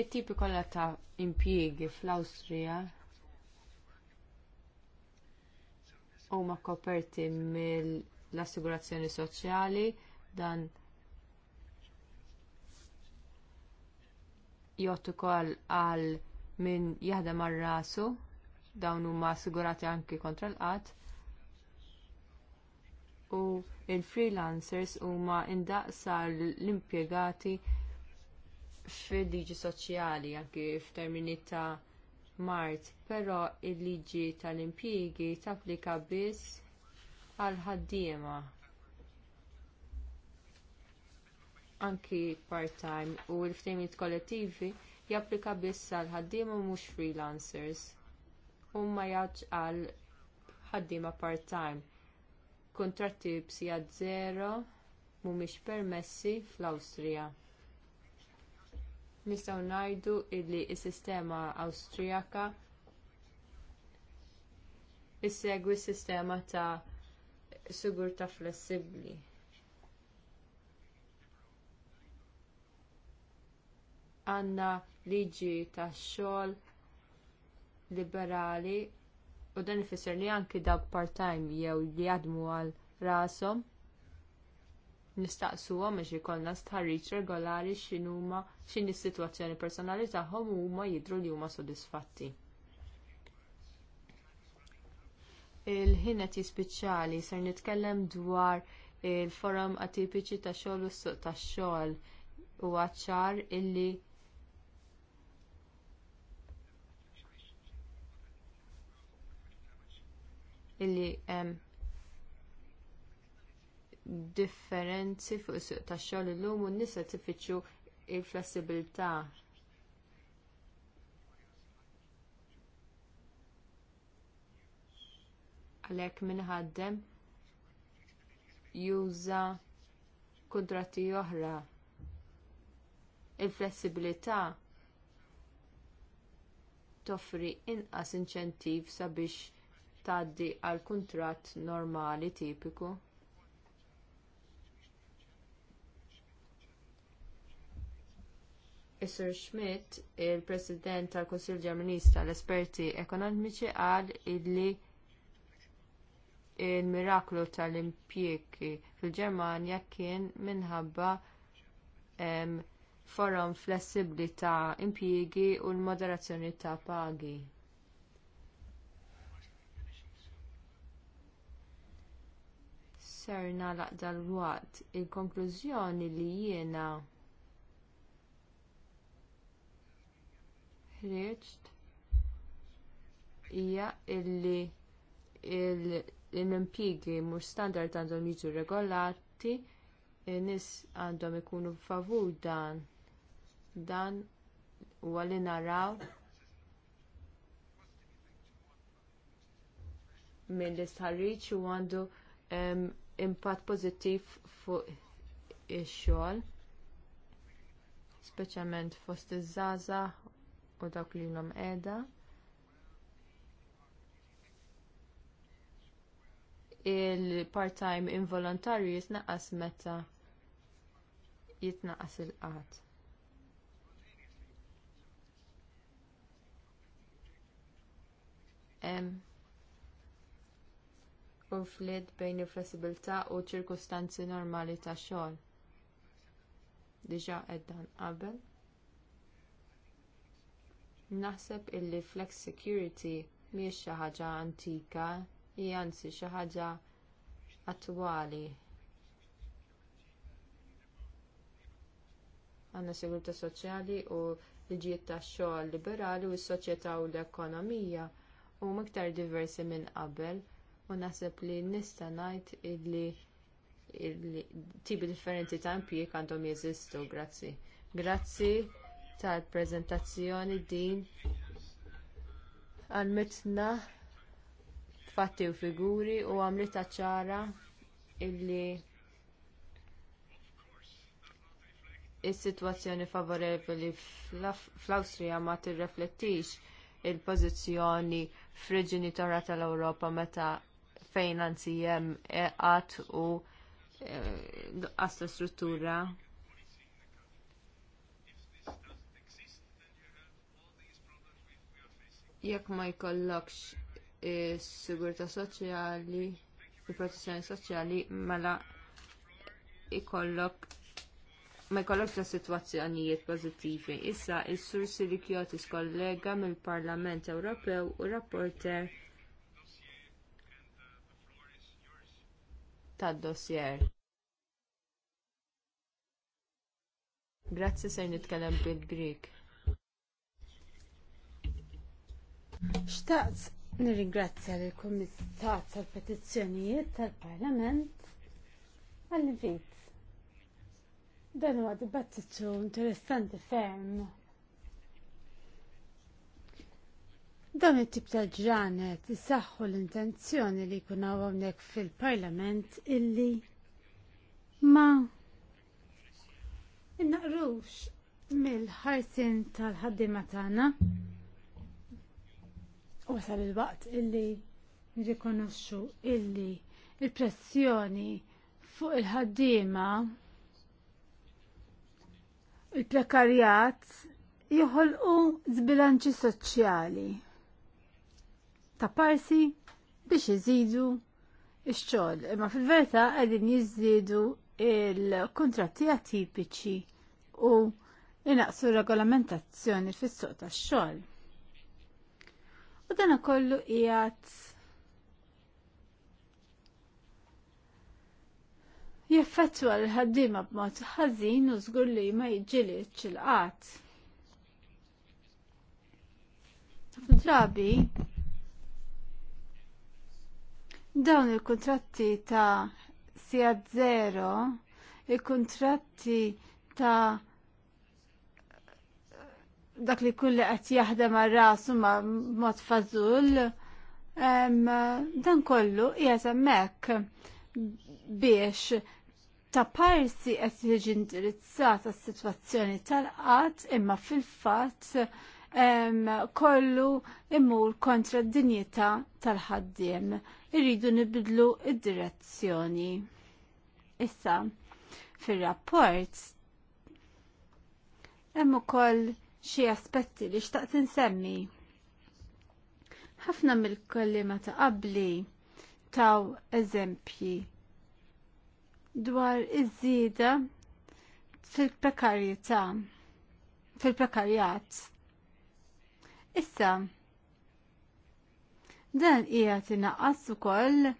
it-tipi kollha ta' impjiegi fl-Awstrija huma koperti mill-assigurazzjoni soċjali dan jgħottu ukoll għal min jaħdem ar rasu dawn huma assigurati anki kontra l-qatt u l freelancers huma indaqsa l-impjegati fil-liġi soċjali anki f'termini ta' mart, però il-liġi tal-impjiegi tapplika biss għal ħaddiema anki part-time u l-ftehimiet kollettivi japplika biss għal ħaddiema mhux freelancers huma ma għal ħaddiema part-time. Kuntratti b'sijad zero mhumiex permessi fl-Awstrija nistgħu ngħidu li s-sistema Awstrijaka issegwi s-sistema ta' sigurtà flessibbli. Għandna liġi tax-xogħol liberali u dan ifisser li anki dawk part-time jew li jaħdmu għal rashom Nistaqsuhom biex ikollna stħarriġ regolari x'inhuma x'inhi s-sitwazzjoni personali tagħhom u huma jidhru li huma sodisfatti. Il-ħinet jispiċċali ser nitkellem dwar il-forum atipiċi ta' xogħol u s-suq tax xogħol u ċar illi illi hemm differenzi fuq is-suq tax-xogħol illum u n-nisa tifittxu l flessibilità għalhekk minħaddem juża kuntratti oħra. Il-flessibilità toffri inqas inċentiv sabiex tgħaddi għal kuntratt normali tipiku. Isur Schmidt, il-President tal-Konsil Ġermaniż tal-Esperti Ekonomiċi, qal illi il-miraklu tal-impjeki fil-Ġermanja kien minħabba forum flessibbli ta' impjiegi u l-moderazzjoni ta' pagi. Serna nagħlaq waqt il-konklużjoni li jiena ħriġt hija illi l-impjiegi mhux standard għandhom jiġu regolati, nies għandhom ikunu favur dan. Dan huwa li naraw mill-istħarriġ u għandu impatt pożittiv fuq ix-xogħol speċjalment fost iż-żaża u dawk li l-om edha. Il-part-time involontarju jitnaqqas meta jitnaqqas il-qat. konflitt bejn il-flessibilità u ċirkustanzi normali tax xogħol. Diġà qed qabel. Naħseb illi flex security mhijiex xi ħaġa antika, hija anzi xi ħaġa attwali. Għandna sigurtà soċjali u liġijiet tax-xogħol liberali u s-soċjetà u l-ekonomija huma iktar diversi minn qabel u naħseb li nista' ngħid illi tibi differenti ta' impjieg għandhom jeżistu, grazzi. Grazzi tal-prezentazzjoni din għalmetna fatti u figuri u għamlita ċara illi is-sitwazzjoni favorevoli fl-Awstrija ma tirreflettix il-pożizzjoni friġini torra tal-Ewropa meta fejn anzi hemm qatt u e, għasta struttura jekk ma jkollokx is-sigurtà eh, soċjali, il-protezzjoni soċjali mela ikollok ma jkollokx la sitwazzjonijiet pożittivi. Issa is-Sur Silikjotis kollega mill-Parlament Ewropew u rapporter tad-dossier. Grazzi se nitkellem bil-Grik. Xtaqt nirringrazzja lill kumitat tal-Petizzjonijiet tal-Parlament għall-invit. Dan huwa dibattitu interessanti ferm. Dan it-tip ta' ġranet isaħħu l-intenzjoni li jkun hawnhekk fil-Parlament illi ma innaqrux mill-ħarsin tal-ħaddiema tagħna wasal il-waqt illi nirrikonoxxu illi il-pressjoni fuq il-ħaddiema il-prekarjat jħolqu zbilanċi soċjali ta' parsi biex iżidu x xogħol imma fil-verità qegħdin jiżidu il-kuntratti atipiċi u inaqsu regolamentazzjoni fis-suq tax-xogħol. U dan kollu ijat jaffettwa l-ħaddima b'mod ħażin u żgur li ma il-qat. Drabi, dawn il-kontratti ta' sijad zero, il-kontratti ta' dak li kulli qed jaħdem għal rasu ma' mod fażul, dan kollu qiegħed hemmhekk biex ta' parsi qed jiġi indirizzata s-sitwazzjoni tal-qatt imma fil-fatt kollu imur kontra d-dinjità tal-ħaddiem. Irridu nibidlu id-direzzjoni. Issa, fil-rapport, hemm ukoll xi aspetti li xtaqt insemmi. Ħafna mill-kollima ta' qabli taw eżempji dwar iż-żieda fil-prekarjetà, fil-prekarjat. Issa, dan hija inaqqas ukoll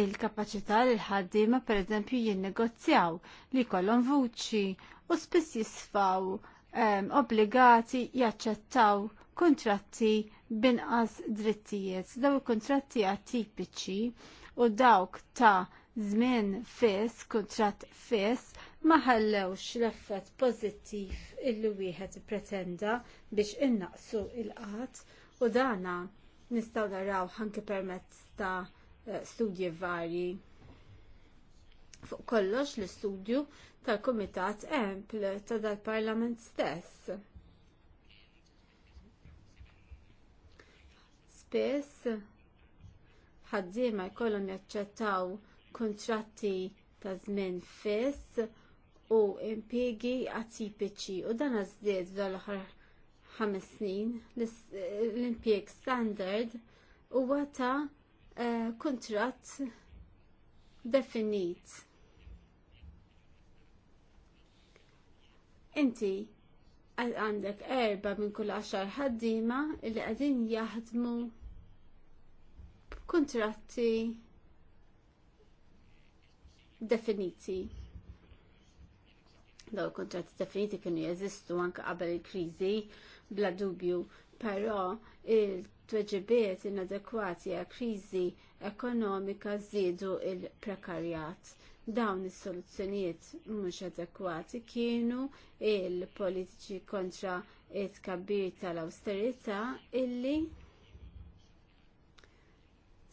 il-kapaċità li l-ħaddiema pereżempju jinnegozjaw li jkollhom vuċi u spiss jisfaw obbligati jaċċettaw kuntratti binqas drittijiet. Daw il-kontratti atipiċi u dawk ta' żmien fis, kuntratt fis, ma ħallewx l-effett pożittiv illi wieħed pretenda biex innaqsu il-qat u dana nistgħu naraw ħanki permezz ta' eh, studji varji. Fuq kollox l-istudju tal-Kumitat Empl ta' dal-Parlament stess. Spess ħaddiema jkollhom jaċċettaw kuntratti ta' żmien fess u impjiegi atipiċi u dan għazdiet dal-aħħar ħames snin l impieg standard huwa ta' eh, kuntratt definit Inti għandek erba minn kull għaxar ħaddiema li qegħdin jaħdmu kontratti definiti. Daw kontratti definiti kienu jeżistu anke qabel il-kriżi bla dubju, però il-tweġibiet inadekwati għal kriżi ekonomika żiedu il-prekarjat Dawn is-soluzzjonijiet mhux adekwati kienu il-politiċi kontra it-kabbir tal-austerità illi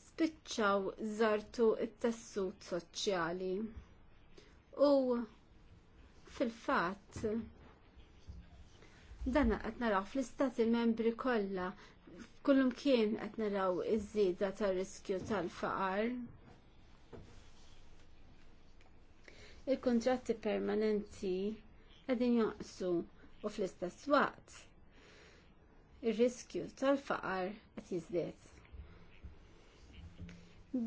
spiċċaw żartu it-tessut soċjali. U fil-fatt dan qed naraw fl-istati membri kollha kullum kien qed naraw iż-żieda tar-riskju tal-faqar. il kuntratti permanenti qegħdin jonqsu u fl-istess waqt ir-riskju tal-faqar qed jiżdied.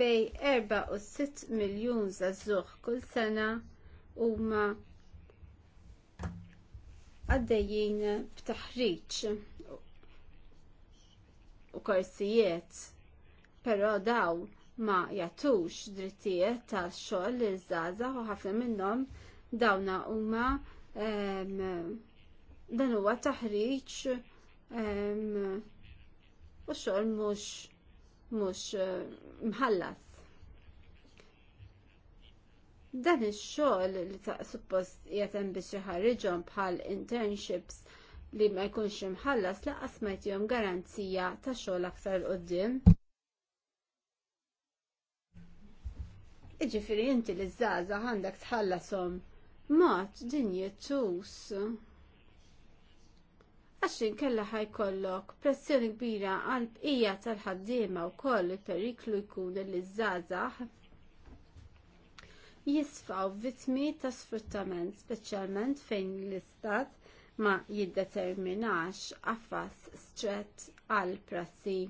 Bej 4 u 6 miljun żagħżugħ kull sena huma għaddejjin b'taħriġ u korsijiet, però daw ma jagħtux drittijiet tax xogħol li żgħażagħ u ħafna minnhom dawna huma dan huwa taħriġ u xogħol mhux mhux eh, mħallas. Dan ix-xogħol li ta' suppost qiegħed hemm biex iħarriġhom bħal internships li ma jkunx imħallas laqas ma jtihom garanzija ta' xogħol aktar l qudiem Iġifiri inti li zaza għandek tħallasom mat din jittus. Għaxin kella kollok, pressjoni kbira għal bqija tal-ħaddiema u koll il-periklu jkun li zazax jisfaw vittmi ta' sfruttament, speċjalment fejn l-istat ma jiddeterminax għafas stret għal prassi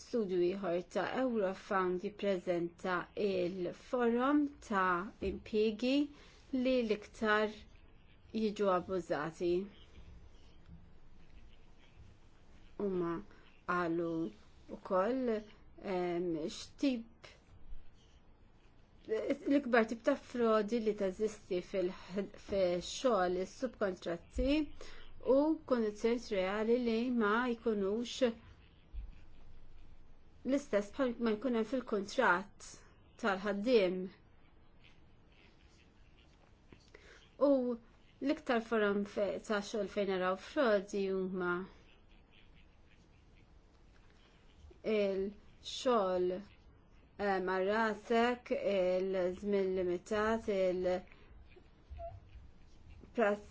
studju ieħor ta' Eurofound jippreżenta il-forum ta' impjiegi li l-iktar jiġu abbużati. Huma qalu wkoll x'tip l-ikbar tip ta' frodi li tażisti fil-xogħol is-subkontratti u kundizzjonijiet reali li ma jkunux l-istess bħal ma jkun hemm fil-kuntratt tal-ħaddiem. U l-iktar forum ta' xogħol fejn naraw frodi huma il-xogħol eh, mar il-żmien limitat, il-prazz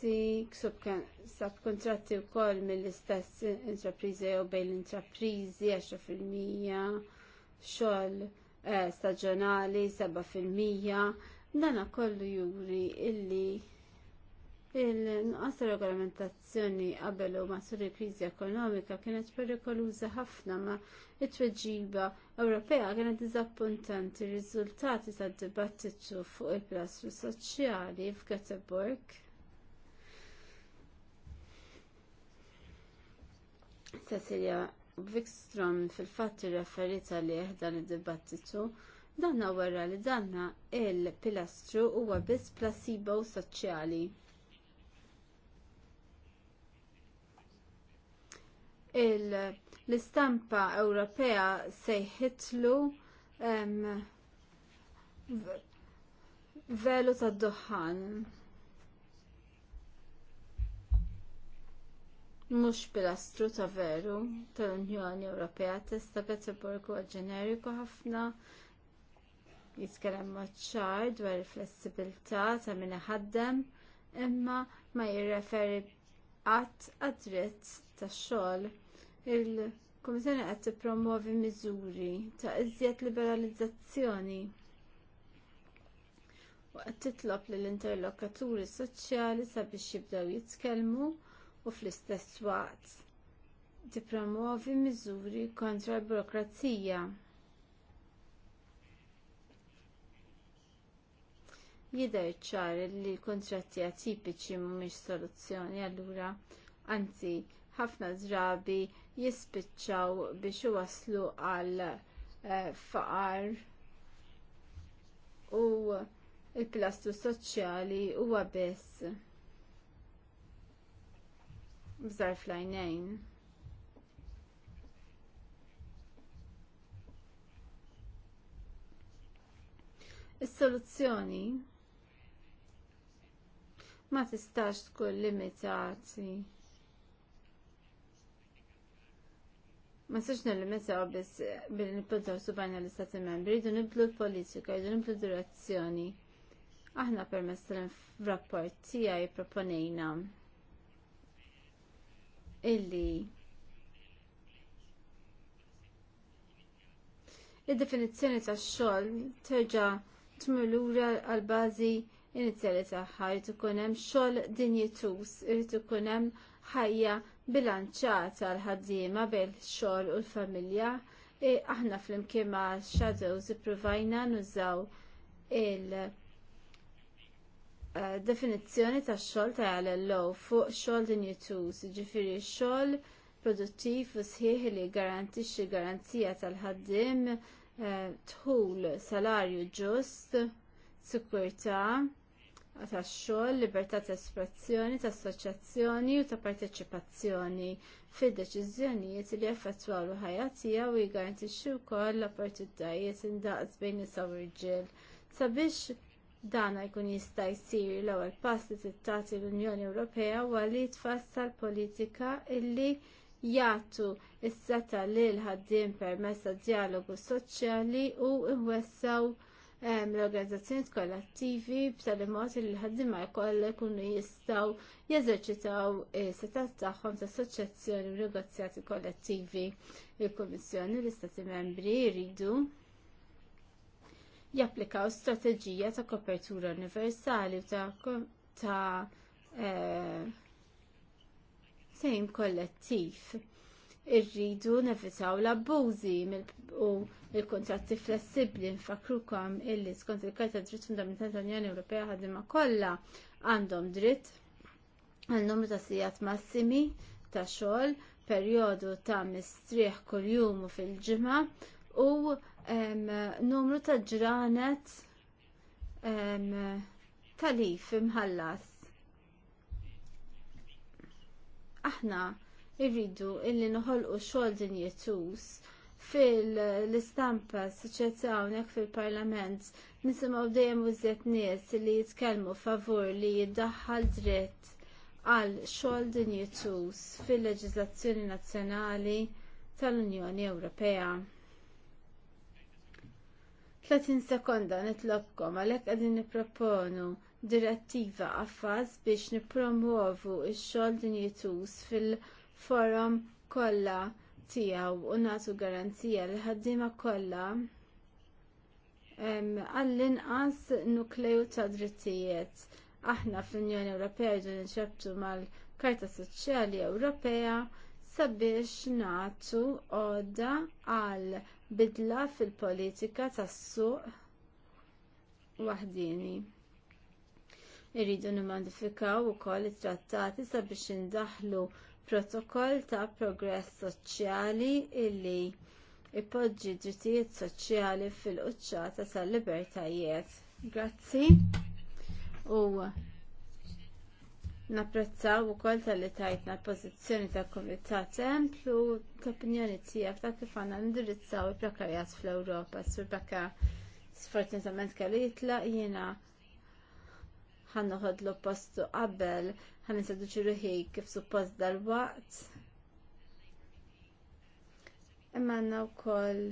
servizzi, subkontratti wkoll mill-istess intrapriżi jew bejn l-intrapriżi 10% xogħol eh, staġjonali 7% dana kollu juri illi il nqas regolamentazzjoni qabel u matul il-kriżi ekonomika kienet perikoluża ħafna ma it-tweġiba Ewropea kienet diżappuntanti r-riżultati tad-dibattitu fuq il-plastru soċjali f'Göteborg Cecilia Wikstrom fil-fatt referita li dan id-dibattitu danna wera li danna il-pilastru huwa biss placebo soċjali. l-istampa Ewropea sejħitlu velu tad-duħan. mhux pilastru ta' veru tal-Unjoni Ewropea testa Göteborg ġeneriku ħafna jitkellem maċ-ċar dwar il-flessibilità ta' min ħaddem imma ma jirreferi qatt għad-dritt tax-xogħol. Il-Kummissjoni qed tippromuovi miżuri ta' iżjed liberalizzazzjoni u qed titlob lill interlokaturi soċjali sabiex jibdew jitkellmu u fl-istess waqt tippromovi miżuri kontra l-burokrazija. Jidher ċar li l-kontratti atipiċi mhumiex soluzzjoni allura, anzi ħafna drabi jispiċċaw biex iwasslu għal eh, faqar u l pilastru soċjali huwa biss bżar flajnejn. Is-soluzzjoni ma tistax tkun limitati. Ma tistax nil-limitaw biss bil-nippuntaw subajna l-istati membri, jridu nibdlu l-politika, jridu nibdlu direzzjoni. Aħna permess l-rapport tiegħi proponejna illi id-definizzjoni tax-xogħol terġa' tmur lura għal bażi inizjali tagħha jrid ikun hemm xogħol dinjitus, irid ikun hemm ħajja bilanċata l ħaddiema bejn xogħol u l-familja. E, aħna flimkien ma' shadows ippruvajna nużaw il- Eh, definizzjoni ta' xogħol ta' għal fuq xogħol dinjitus, ġifiri xogħol produttiv u sħiħ li garantixxi garanzija tal-ħaddim eh, tħul salarju ġust, sikurtà tax xogħol, libertà ta' espressjoni, ta' assoċjazzjoni u ta' parteċipazzjoni fid-deċiżjonijiet li jaffettwaw l-ħajja tiegħu u jgarantixxi wkoll l-opportunitajiet indaqs bejn is u sabiex Dana jkun jista' jsir l-ewwel pass li tittati l-Unjoni Ewropea huwa li tfassal politika illi jagħtu s-seta lil ħaddiem permezz dialogu soċjali u mwessaw ehm, l-organizzazzjoni kollattivi b'tali mod li l-ħaddiema jkollha jkunu jistgħu jeżerċitaw is seta tagħhom ta' soċjazzjoni u negozjati kollettivi. Il-Kummissjoni l-Istati Membri jridu japplikaw strateġija ta' kopertura universali u ta', ta eh, sejm kollettiv. Irridu nevitaw l-abbużi u l-kontratti flessibli nfakrukom illi skont il-Karta Dritt Fundamentali tal-Unjoni Ewropea ħadima kollha għandhom dritt għal numru ta' sigħat massimi ta' xogħol perjodu ta' mistrieħ kuljum u fil-ġimgħa u numru ta' ġranet talif imħallas. Aħna irridu illi noħolqu xogħol din jitus fil-istampa soċjetà hawnhekk fil-Parlament nisimgħu dejjem użiet nies li jitkellmu favur li jiddaħħal dritt għal xogħol din fil-leġiżlazzjoni nazzjonali tal-Unjoni Ewropea. 30 sekonda nitlobkom għalhekk qegħdin nipproponu direttiva għaffaz biex nippromuovu x-xogħol dinjitus fil-forum kollha tiegħu u nagħtu garanzija li ħaddiema kollha għall-inqas nukleju ta' drittijiet. Aħna fl-Unjoni Ewropea jidu nċebtu mal-Karta Soċjali Ewropea sabiex nagħtu għodda għal bidla fil-politika tas-suq waħdini. Irridu nimodifikaw ukoll it-trattati sabiex indaħlu protokoll ta' progress soċjali illi ipoġġi drittijiet soċjali fil-quċċata tal-libertajiet. Grazzi. U Napprezzaw ukoll tal-li tajtna l-pożizzjoni tal kumitat Emplu u l-opinjoni tiegħek ta' kif għandna nindirizzaw il-prekarjat fl-Ewropa. Sur b'aka sfortunatament kellu jitlaq jiena ħannoħodlu postu qabel ħan introduċi ruħi kif suppost dal-waqt. Imma għandna wkoll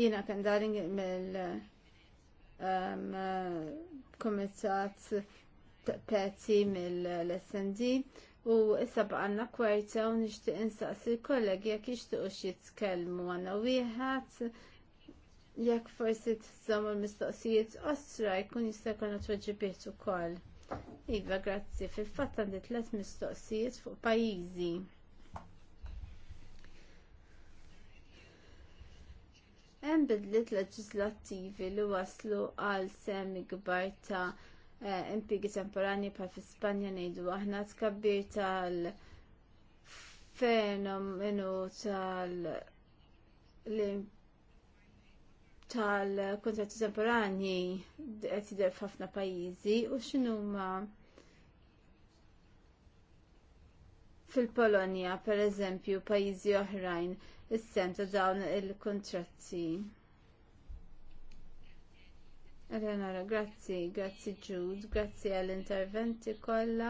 jiena kan il mill um, uh, komitat Pezzi mill-SND u issa għanna kwarta u nixtieq insaqsi l-kollegi jekk jixtiequx jitkellmu u wieħed jekk forsi tżommu l-mistoqsijiet ostra jkun jista' jkollna tweġibiet ukoll. Iva, grazzi. Fil-fatt għandi let mistoqsijiet fuq pajjiżi. Hemm bidliet leġislattivi li waslu għal semi kbar ta' Eh, għisem temporani pa' fi Spanja nejdu aħna tkabbir tal fenomenu tal tal kontrati temporani qed jidher f'ħafna pajjiżi u x'inhuma fil-Polonja pereżempju pajjiżi oħrajn is-sem ta' dawn il-kontratti. Eleonora, grazzi, grazzi Jude, grazzi għall-interventi kollha.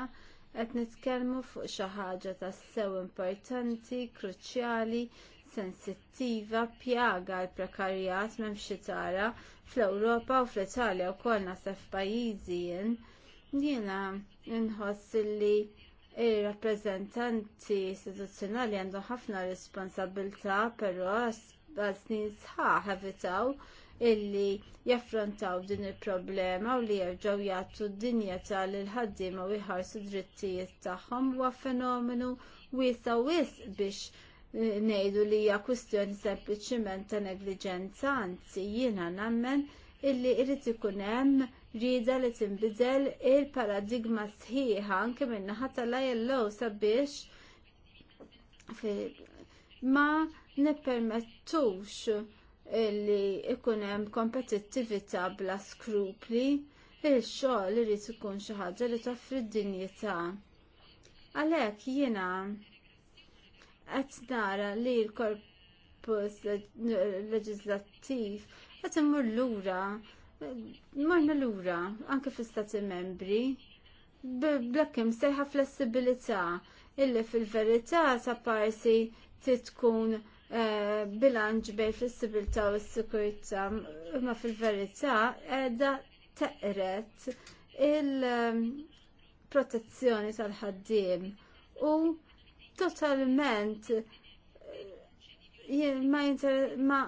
Qed nitkellmu fuq xi ħaġa tassew importanti, kruċjali, sensittiva, pjaga l prekarjat m'hemm xitara tara fl-Ewropa u fl-Italja kol nasef pajizi jen. Jiena nħoss li ir-rappreżentanti istituzzjonali għandu ħafna responsabilità, però għal snin sħaħ evitaw illi jaffrontaw din il-problema u li jerġgħu jagħtu d-dinjeta lil ħaddiema u jħarsu drittijiet tagħhom huwa fenomenu wiesa wisq biex eh, ngħidu li hija kwistjoni sempliċiment ta' negliġenza, anzi jiena nammen illi jrid ikun hemm rieda li tinbidel il-paradigma sħiħa anke min-naħa tal-ILO sabiex ma nippermettux li ikun hemm kompetittività bla skrupli il-xogħol irid ikun xi ħaġa li toffri d-dinjità. Għalhekk jiena qed nara li l-korpus leġislattiv qed immur lura morna lura anke fl-istati membri bl-ekkim sejħa flessibilità illi fil-verità sa parsi tkun Eh, bilanċ bej fis-sibilità u s-sikurità imma fil-verità qiegħda teqret il-protezzjoni ehm, tal-ħaddiem u totalment eh, ma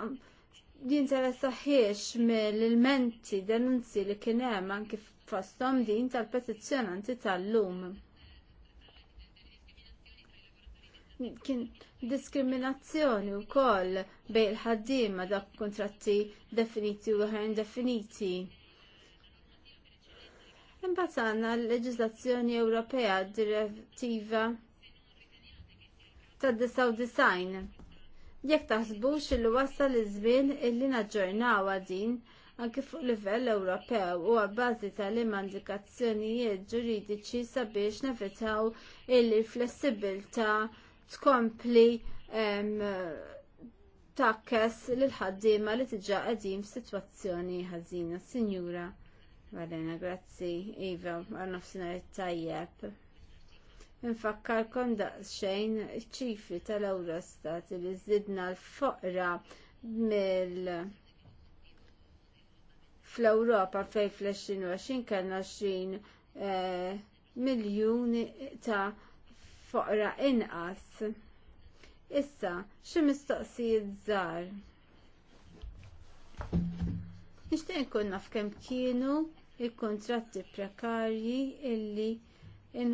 jinteressaħiex mill-menti denunzi li kien hemm anke fosthom din tal-petizzjonanti tal-lum. kien diskriminazzjoni wkoll bejn il-ħaddiema dak kontratti definiti u oħrajn definiti. Imbagħad għandna l-leġiżlazzjoni Ewropea direttiva ta' disaw design. Jekk taħsbux li wassal l żmien illi naġġornawha din anke fuq livell Ewropew u għabbażi tal-imma indikazzjonijiet ġuridiċi sabiex nevitaw illi flessibilta' tkompli takkes lil ħaddiema li tġa qegħdin f'sitwazzjoni ħażina, Sinjura. Valena, grazzi, Iva, għal-nofsinar it-tajjeb. Infakkarkom daqsxejn ċifri tal-Eurostat li zidna l-foqra mill fl-Ewropa fejn fl-2020 kellna 20 eh, miljuni ta' foqra inqas. Issa, xi mistoqsijiet żgħar. Nixtieq nkun naf kemm kienu il-kontratti prekarji illi u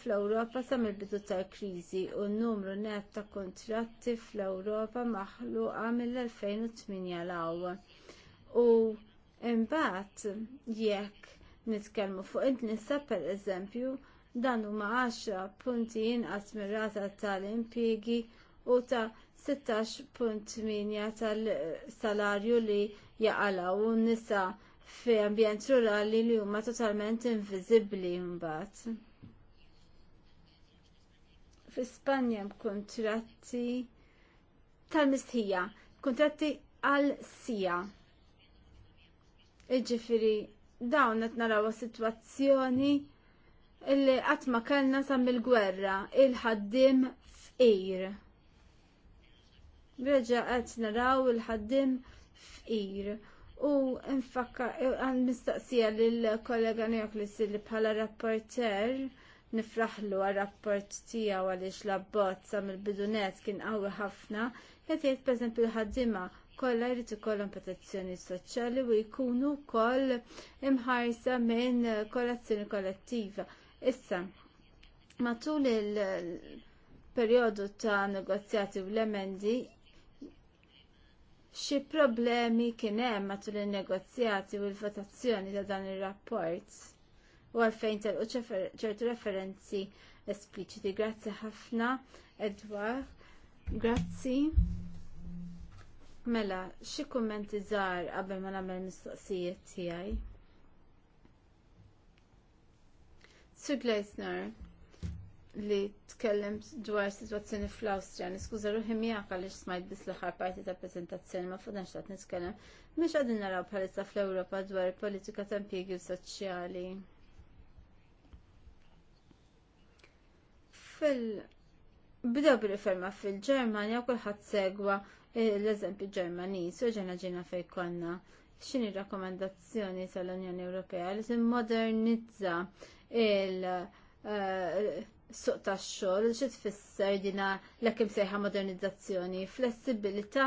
fl-Ewropa sa mill-bidu tal-kriżi u n-numru net ta' kuntratti fl-Ewropa maħluqa mill-2008 l U imbagħad jekk nitkellmu fuq id-nisa pereżempju Dan huma 10 punti inqas mir-rata tal-impjiegi u ta' 16.8 tal-salarju li jaqalaw u nisa fi ambjent rurali li huma totalment inviżibbli mbagħad. Fi Spanja hemm kuntratti tal-mistħija, kuntratti għal sija. Iġifiri, dawn qed naraw sitwazzjoni illi għatma kellna sam il-gwerra il-ħaddim f'ir. Reġa qed naraw il-ħaddim f'ir. U nfakka e, għan mistaqsija lill-kollega Neoklis li bħala rapporter nifraħlu għal rapport tiegħu għaliex l-abbozza mill-bidunet kien qawwi ħafna, qed jgħid pereżempju l ħaddima kollha jrid ikollhom protezzjoni soċjali u jkunu wkoll imħarsa minn kolazzjoni kollettiva. Issa, matul il-periodu ta' negozjati u l-emendi, xi problemi kien hemm matul in-negozjati u l-votazzjoni ta' dan ir-rapport u għalfejn telqu ċertu referenzi espliċiti. Grazzi ħafna, Edward. Grazzi. Mela, xi kummenti żgħar qabel ma nagħmel mistoqsijiet tiegħi? Sir Gleisner li tkellem dwar situazzjoni fl-Awstrija, niskuża ruħi miegħek għaliex smajt bis l-aħħar parti ta' preżentazzjoni ma fudan xtaqt nitkellem. Miex għadin naraw bħalissa fl-Ewropa dwar il-politika ta' impjiegi soċjali. Fil bidew bil-riforma fil-Ġermanja u kulħadd segwa l-eżempju Ġermaniż u ġina fejn konna x'inhi rakkomandazzjoni tal-Unjoni Ewropea li timmodernizza il eh, suq tax-xogħol xi tfisser dina l-ekim sejħa modernizzazzjoni, flessibilità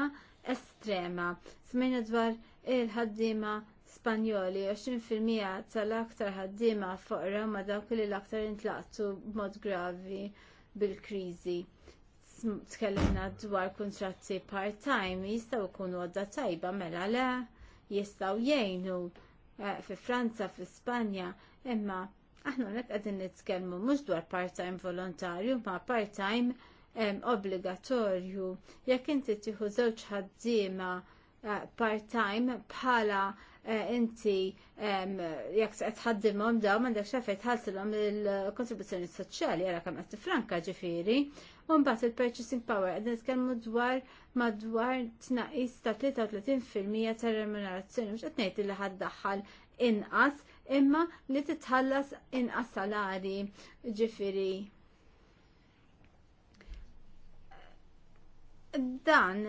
estrema. Smejna dwar il-ħaddiema Spanjoli, 20% tal-aktar ħaddiema foqra ma dawk li l-aktar intlaqtu b'mod gravi bil-kriżi tkellimna dwar kuntratti part-time jistgħu jkunu għadda tajba mela le jistgħu jgħinu eh, fi Franza, fi Spanja, imma aħna nek qegħdin nitkellmu mhux dwar part-time volontarju, ma part-time obbligatorju. Jekk inti tieħu żewġ ħaddiema eh, part-time bħala eh, inti jekk se tħaddimhom daw m'għandek xafet tħallsilhom il-kontribuzzjoni soċjali jara kam qed tifranka ġifieri, bat il-purchasing power għedin nitkellmu dwar madwar tnaqis ta' 33% ta' remunerazzjoni, mux għetnejt li ħaddaħħal inqas, imma li titħallas inqas salari ġifiri. Dan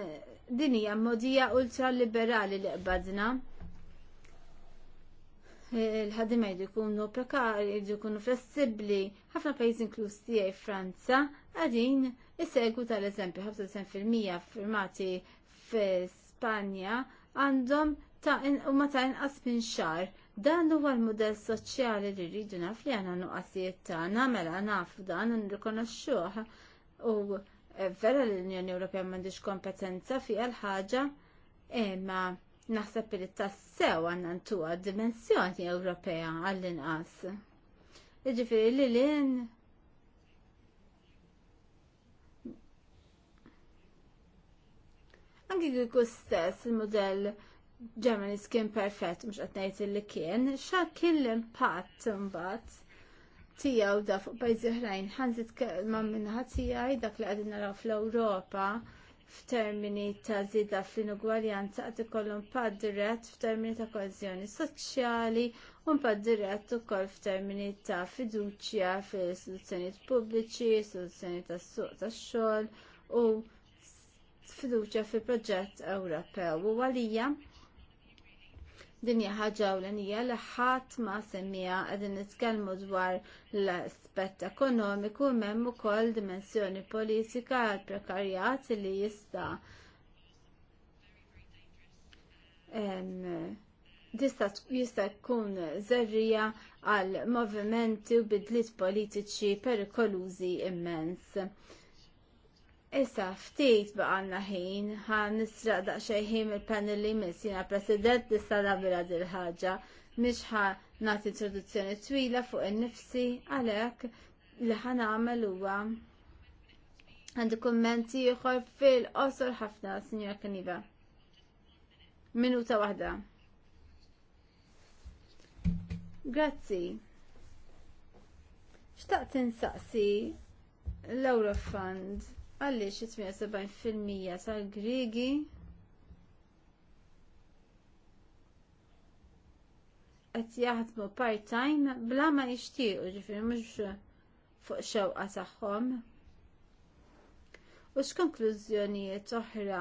dinija modija ultra liberali li qbadna il-ħadima jkunu prekari, jkunu flessibli, ħafna pajjiż inkluż għaj Franza għadin isegwu tal-eżempju 95% firmati Spanja għandhom ta' u ma ta' inqas minn xar, Dan huwa l-mudell soċjali li rridu naf li għandna nuqqasijiet tagħna mela nafu dan nirrikonoxxuh u eh, vera l-Unjoni Ewropea m'għandix kompetenza fiha l-ħaġa imma e naħseb li tassew għanna ntuwa dimensjoni Ewropea għall-inqas. Iġifiri li l-in Anki kiku stess il-modell Germany's skin perfect mux għatnejt li kien, xa kien l-impatt mbat tijaw da fuq pajzi ħrajn, ħanżit ma minna ħatijaj dak li għadin naraw fl-Europa, f'termini ta' zida fl-inugwaljanza għad ikollhom pad dirett f'termini ta' koeżjoni soċjali u mpad dirett ukoll f'termini ta' fiduċja fil-istituzzjonijiet pubbliċi, istituzzjonijiet tas-suq tax-xogħol u fiduċja fil proġett Ewropew u għalija dinja ħaġa u l-nija li ħadd ma semmija qegħdin nitkellmu dwar l aspett ekonomiku m'hemm ukoll dimensjoni politika għal prekarjat li jista' jista' jkun żerrija għal movimenti u bidliet politiċi perikolużi immens. Issa, ftit baqanna ħin, ħan nisraq daqxej ħin il-panel li jmiss jina president nista' nagħmilha dil ħaġa ħa nagħti introduzzjoni twila fuq in-nifsi għalhekk li ħan għamel huwa għandi kummenti ieħor fil-qosor ħafna, Sinjora Kaniva. Minuta waħda. Grazzi. Xtaqt tinsaqsi l-Eurofund għalli 78% sal-Grigi qed jaħdmu part-time bla ma jixtiequ ġifieri mhux fuq xewqa tagħhom. U x'konklużjonijiet oħra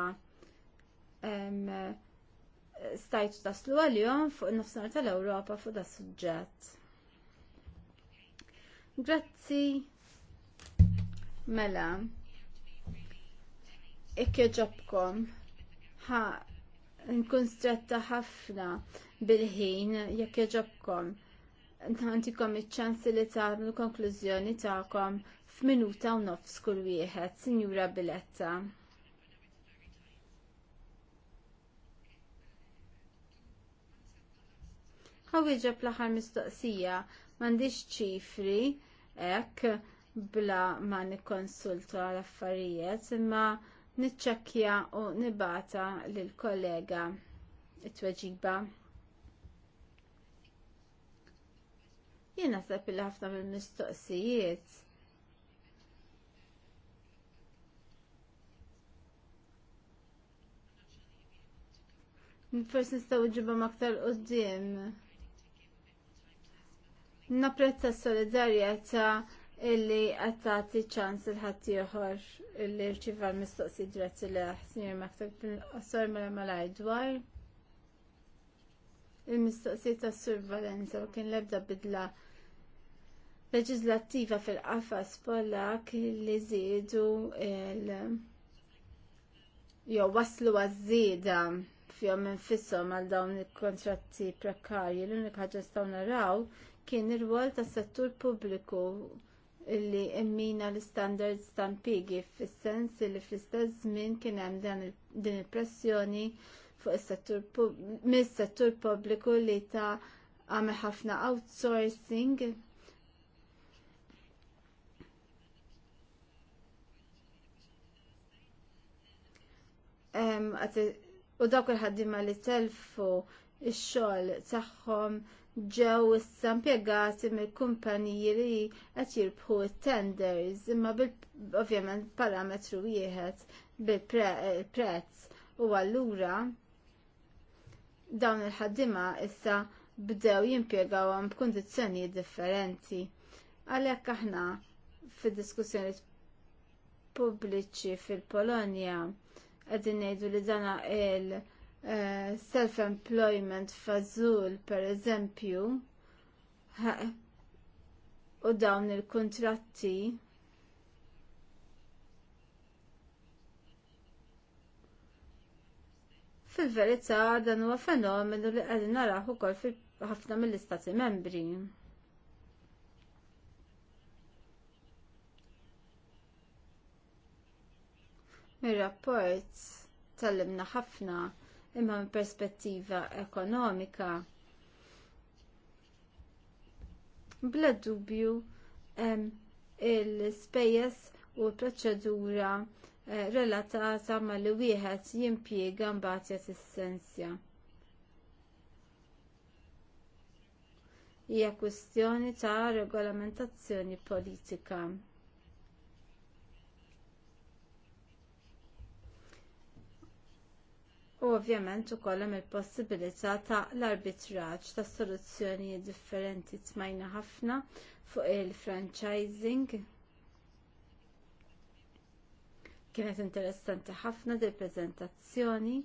stajtu taslu għalihom fuq nofsinhar tal-Ewropa fuq da suġġett. Grazzi mela. Ikke ġobkom. Ha' nkun stretta ħafna bil-ħin jekk jaġobkom. Nħantikom iċ-ċans li tagħmlu konklużjoni tagħkom f'minuta u nofs kull wieħed, Sinjura Biletta. Ħaw iġab l-aħħar mistoqsija m'għandix ċifri hekk bla ma nikkonsulta għal affarijiet imma niċċekkja u nibata lill kollega it-tweġiba. Jien naħseb il ħafna mill-mistoqsijiet Forse nistaw ġibam aktar qoddim. Napprezza s-solidarjeta illi qed tagħti ċans il-ħadd ieħor illi rċiva l-mistoqsi diretti li ħsinir maktub qosor mela malaj dwar. Il-mistoqsi tas Sur Valenza u kien l-ebda bidla leġislattiva fil-qafas Pollak li żiedu il- jew waslu għaż-żieda fihom infisshom għal dawn il-kontratti prekarji l-unika ħaġa nistgħu naraw kien ir-rwol tas-settur pubbliku illi immina l istandards tan pigi fis-sens li fl-istess żmien kien hemm din il-pressjoni fuq is-settur mis-settur pubbliku li ta' għamel ħafna outsourcing u dawk il-ħaddima li telfu ix-xogħol tagħhom ġew issa impjegati mill-kumpaniji li qed jirbħu t-tenders imma ovvjament parametru wieħed bil-prezz u allura dawn il-ħaddima issa bdew jimpjegawhom b'kundizzjonijiet differenti. Għalhekk aħna fid-diskussjoni pubbliċi fil-Polonja qegħdin ngħidu li dana il- Eh, self-employment fażul per eżempju u dawn il kuntratti fil-verità dan huwa fenomenu li qegħdin narah ukoll fil-ħafna mill-istati membri. mir rapport tal ħafna imma minn perspettiva ekonomika. Bla dubju il-spejjeż u l-proċedura eh, relatata ma li wieħed jimpjega mbagħad jagħti Hija kwistjoni ta' regolamentazzjoni politika. u ovvjament ukoll hemm il-possibilità ta' l-arbitraġġ ta' soluzzjonijiet differenti tmajna ħafna fuq il-franchising. Kienet interessanti ħafna dil preżentazzjoni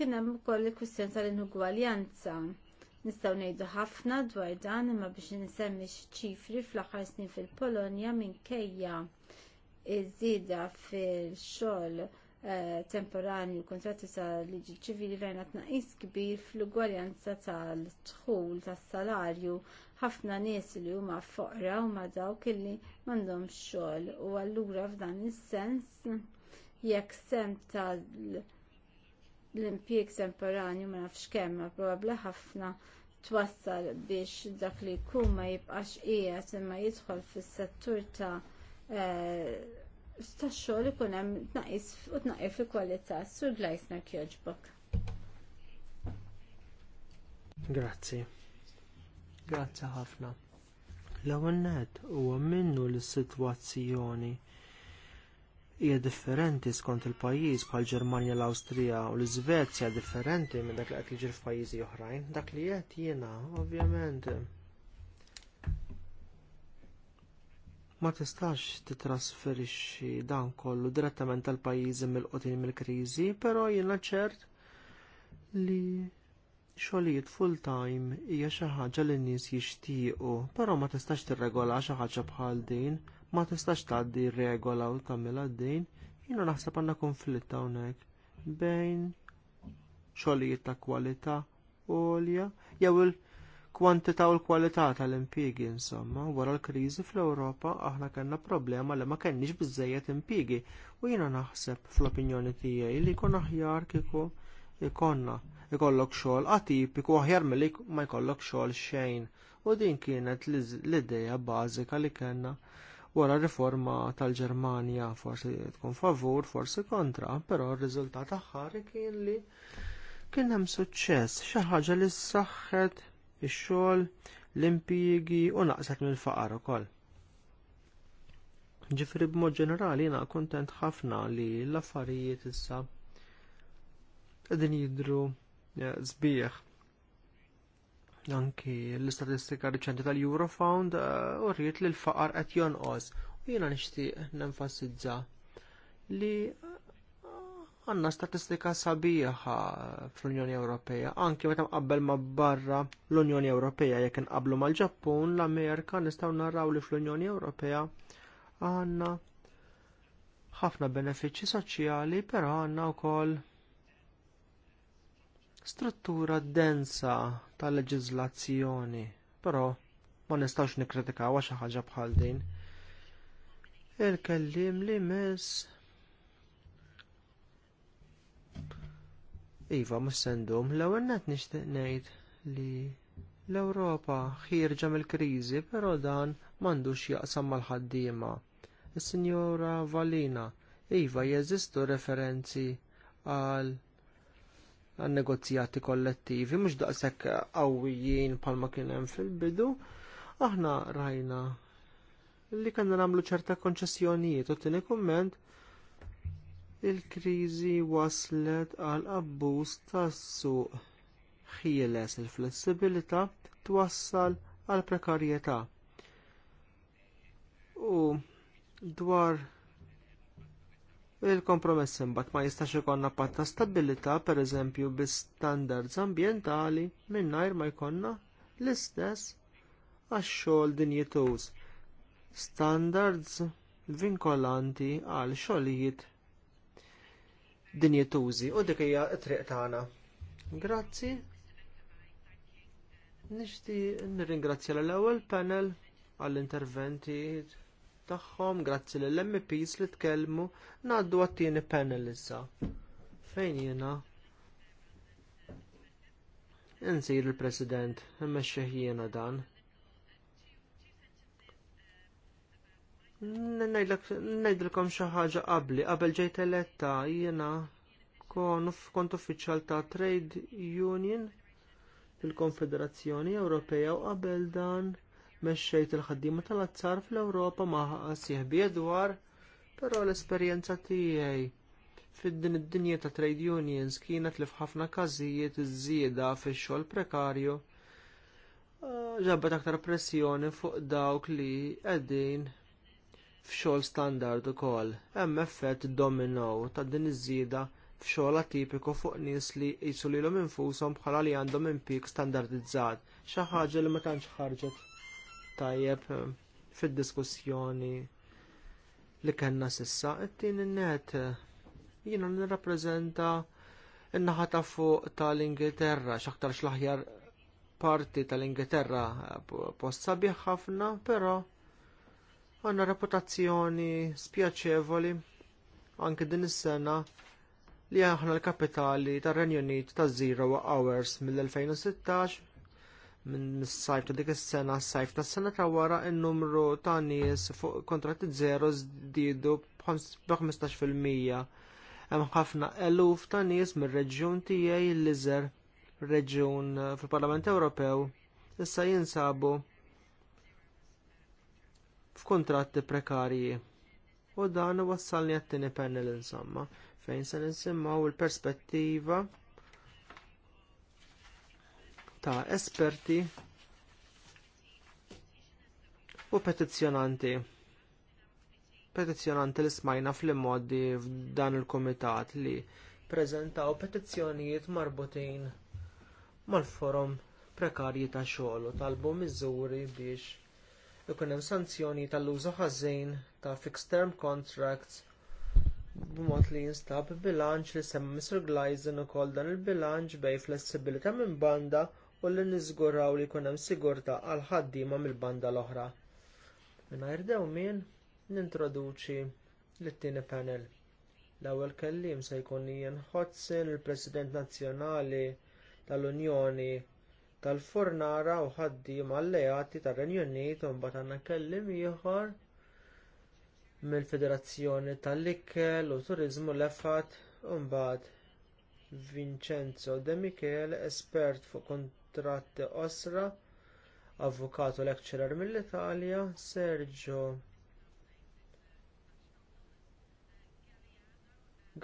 kien hemm ukoll il-kwistjoni tal-inugwaljanza. Nistgħu ngħidu ħafna dwar dan imma biex nisemmi xi ċifri fl-aħħar snin fil-Polonja minkejja iż-żieda fil-xogħol Eh, temporanju kontratti tal liġi ċivili rajna tnaqis kbir fl-ugwaljanza tal-dħul tas-salarju ħafna nies li huma foqra huma dawk illi m'għandhomx xogħol u allura f'dan is-sens jekk sem tal-impjieg temporanju ma nafx kemm ma probabbli ħafna twassal biex dak li jkun ma jibqax qiegħed imma jidħol fis-settur ta' eh, tax-xogħol ikun hemm tnaqis u tnaqif fi kwalità Sur Gleisner kjoġbok. Grazzi. Grazzi ħafna. L-ewwel nett huwa minnu l-sitwazzjoni hija differenti skont il-pajjiż bħal Ġermanja l-Awstrija u l-Iżvezja differenti minn dak li qed jiġri f'pajjiżi oħrajn. Dak li qed jiena ovvjament ma tistax titrasferixxi dan kollu direttament tal pajjiżi mill-qotin mill-kriżi, però jiena ċert li xogħlijiet full-time hija xi ħaġa li nies jixtiequ, però ma tistax tirregola xi ħaġa bħal din, ma tistax tgħaddi r-regola u tagħmilha din, jiena naħseb għandna konflitt hawnhekk bejn xogħlijiet ta' kwalità għolja jew il- il-kwantità u l-kwalità tal-impjiegi insomma, wara l-kriżi fl-Ewropa aħna kellna problema li ma kenniex biżżejjed impjiegi u jiena naħseb fl-opinjoni tiegħi li jkun aħjar kieku jkollna ikollok xogħol atipiku aħjar milli ma jkollok xogħol xejn. U din kienet l-idea bażika li kellna wara r riforma tal-Ġermanja forsi tkun favur, forsi kontra, però r-riżultat aħħar kien li kien hemm suċċess xi ħaġa li ssaħħet ix-xogħol, l-impjiegi u naqset mill-faqar ukoll. Ġifri b'mod ġenerali jiena kuntent ħafna li l-affarijiet issa qegħdin jidhru eh, sbieħ. Anki l-istatistika riċenti tal-Eurofound eh, u rrit li l-faqar qed jonqos u jiena nixtieq nenfasizza li għanna statistika sabiħa fl-Unjoni Ewropea, anki meta mqabbel ma' barra l-Unjoni Ewropea jekk inqablu mal-Ġappun, l-Amerika nistgħu narraw li fl-Unjoni Ewropea għandna ħafna benefiċċji soċjali, però għandna wkoll struttura densa tal leġiżlazzjoni però ma nistgħux nikkritikaw għax ħaġa bħal din. Il-kellim li miss Iva, mus-sendum, l-ewwel nishtiq nejt ngħid li l-Ewropa ħirġa mill-kriżi, però dan m'għandux jaqsam mal-ħaddiema. is signora Valina, iva jeżistu referenzi għal għan negozjati kollettivi, mhux daqshekk għawijin bħalma kien hemm fil-bidu, aħna rajna li kellna nagħmlu ċerta konċessjonijiet u t-tini kumment il-kriżi waslet għal abbuż tas-suq ħieles il-flessibilità twassal għal prekarjetà. U dwar il-kompromess imbagħad ma jistax ikollna patt ta' stabilità pereżempju bi standards ambjentali mingħajr ma jkollna l-istess għax-xogħol dinjetuż. Standards vinkolanti għal xogħlijiet tużi u dik hija t-triq tagħna. Grazzi. Nixti nirringrazzja l-ewwel panel għall-interventi tagħhom, grazzi lill-MPs li tkellmu, ngħaddu għat-tieni panel issa. Fejn jiena? Insir il-President, imma xeħjiena dan. xi ħaġa qabli, qabel ġejt eletta jiena kont uffiċjal ta' Trade Union fil-Konfederazzjoni Ewropea u qabel dan mexxejt il-ħaddiema tal-azzar fl-Ewropa ma' sieħbi dwar, però l-esperjenza tiegħi fid-din id-dinja ta' trade unions kienet li f'ħafna każijiet iż-żieda fix-xogħol prekarju eh, ġabet aktar pressjoni fuq dawk li qegħdin f'xogħol standard ukoll. Hemm effett domino ta' din iż-żieda f'xogħol atipiku fuq nies li qisu lilhom infushom bħala li għandhom impik standardizzat. Xi ħaġa li ma tantx ħarġet tajjeb eh, fid-diskussjoni li kellna sissa. It-tieni net eh, jiena nirrappreżenta in-naħa ta' fuq tal-Ingilterra, x'aktarx l-aħjar parti tal-Ingilterra eh, post sabiħ ħafna, però għanna reputazzjoni spjaċevoli anke din is-sena li aħna l-kapitali tar-Renju Unit ta' Zero Hours mill-2016 minn s-sajf ta' dik is-sena s-sajf tas sena ta' wara n-numru ta' nies fuq kontratti zero żdiedu b'15%. Hemm ħafna eluf ta' nies mir-reġjun tiegħi l-iżer reġjun fil-Parlament Ewropew issa jinsabu f'kuntratti prekarji. U dan wassalni għat-tieni panel insomma, fejn se nisimgħu il-perspettiva ta' esperti u petizzjonanti. Petizzjonanti li smajna fl-immoddi f'dan il-komitat li ppreżentaw petizzjonijiet marbutin mal-forum prekarji ta' xogħol u talbu miżuri biex ikun hemm sanzjoni tal-użu ħażin ta' fixed term contracts b'mod li jinstab bilanċ li semma Mr. Gleisen ukoll dan il-bilanċ bejn flessibilità minn banda u li niżguraw li jkun hemm sigurtà għal ħaddiema mill-banda l-oħra. Mingħajr min nintroduċi l-tieni panel. L-ewwel kelliem se jkun Ian Hodson, il-President Nazzjonali tal-Unjoni tal-fornara u ħaddiema alleati tar-Renju Unit u mbagħad għandna kellim ieħor mill-Federazzjoni tal-Ikel u Turiżmu l-Efat u mbagħad Vincenzo De Michele, espert fuq kontratti osra, avvukat u lecturer mill-Italja, Sergio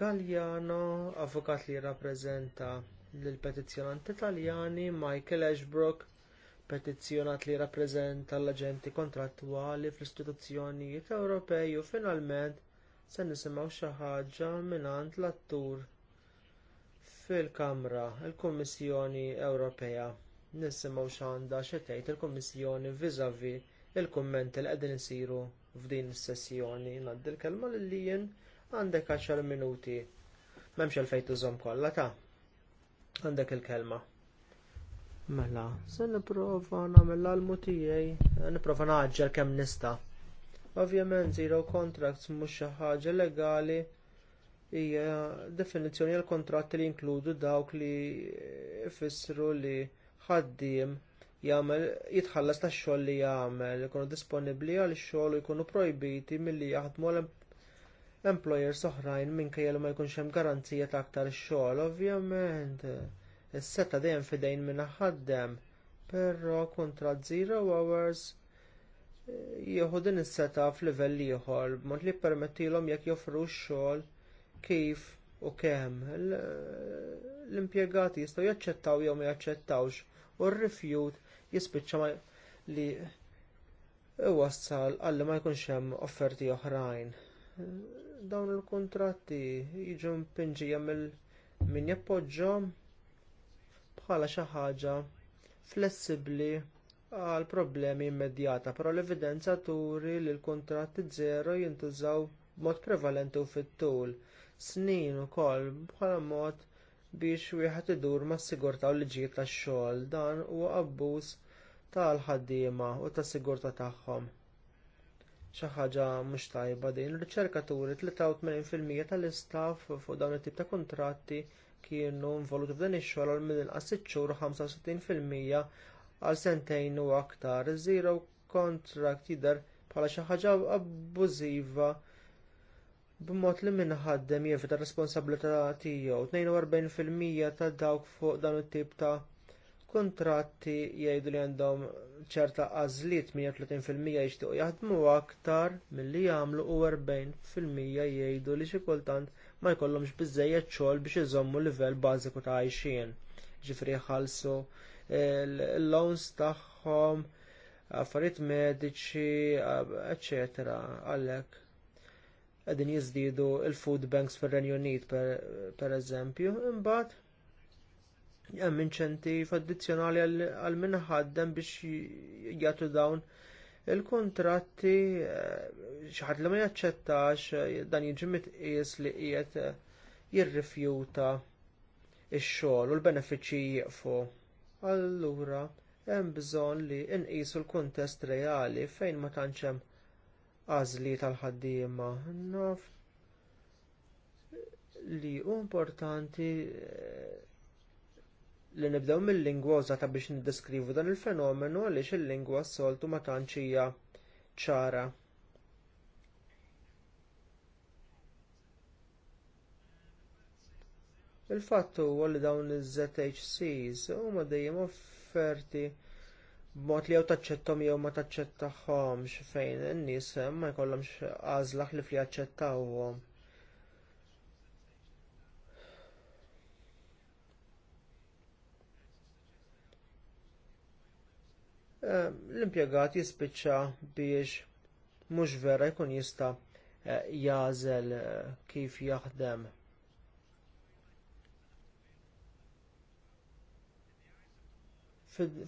Galliano, avukat li jirrappreżenta lill-petizzjonanti Italjani Michael Ashbrook, petizzjonat li rappreżenta l-aġenti kontrattwali fl-istituzzjonijiet Ewropej u finalment se nisimgħu xi ħaġa mingħand l-attur fil-Kamra, il-Kummissjoni Ewropea. Nisimgħu x'għandha xi tgħid il-Kummissjoni viżavi il-kummenti li qegħdin isiru f'din is-sessjoni. Ngħaddi l-kelma lil jien għandek għaxar minuti. M'hemmx għalfejn tużhom kollha ta' Għandek il-kelma. Mela, se nipprova nagħmel l-almu tiegħi, nipprova kem kemm nista. Ovvjament zero contracts mhux xi ħaġa legali hija definizzjoni għal kontrat li jinkludu dawk li jfissru li ħaddiem jagħmel jitħallas tax-xogħol li jagħmel, jkunu disponibbli għal xogħol u jkunu projbiti milli jaħdmu employers oħrajn minkejja li ma jkunx hemm garanzija ta' aktar xogħol, ovvjament. Is-setta dejjem fidejn minn ħaddem, però kuntratt zero hours eh, jieħu din is-seta f'livell ieħor b'mod li jippermettilhom jekk joffru x-xogħol kif u kemm. L-impjegati jistgħu jaċċettaw jew ma jaċċettawx u r-rifjut jispiċċa li iwassal għalli ma jkunx hemm offerti oħrajn dawn il kuntratti jiġu mpinġija minn min bħala xi ħaġa flessibbli għal problemi immedjata, però l-evidenza turi li l kuntratti żeru jintużaw b'mod prevalenti u fit-tul snin ukoll bħala mod biex wieħed idur mas-sigurtà u liġijiet tax-xogħol dan huwa abbuż tal-ħaddiema u tas-sigurtà tagħhom xi ħaġa mhux tajba din. Ir-riċerkaturi 83% tal-istaff fuq dawn it-tip ta' kuntratti kienu involuti f'dan ix-xogħol għal minn inqas sitt-xhur 65% għal sentejn u aktar. Zero contract jidher bħala xi ħaġa abbużiva b'mod li minħaddem jevita r responsabilità tiegħu. 42% ta' dawk fuq dan it-tip ta' kontratti jgħidu li għandhom ċerta għażliet 130% jixtiequ jaħdmu aktar milli jagħmlu u 40% jgħidu li xi kultant ma jkollhomx biżżejjed xogħol biex iżommu livell bażiku ta' għajxien. Ġifri jħallsu eh, l-lowns tagħhom, affarijiet mediċi, eċetera, għalhekk qegħdin jiżdiedu l food banks fir-Renju Unit pereżempju, imbagħad hemm inċentiv addizzjonali għal minħaddem biex jagħtu dawn il-kontratti eh, xi ħadd li ma jaċċettax eh, dan jiġi mitqies li qiegħed eh, jirrifjuta x-xogħol u l-benefiċċji jieqfu. Allura hemm bżonn li nqisu l-kuntest reali fejn ma tantx hemm għażli tal-ħaddiema. Naf li hu importanti li nibdew mill-lingwa użata biex niddeskrivu dan il-fenomenu għaliex il-lingwa s-soltu ma tantx hija ċara. Il-fatt huwa li dawn iż-ZHCs huma dejjem offerti b'mod li jew taċċettom jew ma taċċettahomx fejn in-nies ma jkollhomx għażla li jaċċettawhom. Eh, l-impjegat jispiċċa biex mhux vera jkun jista eh, jażel eh, kif jaħdem.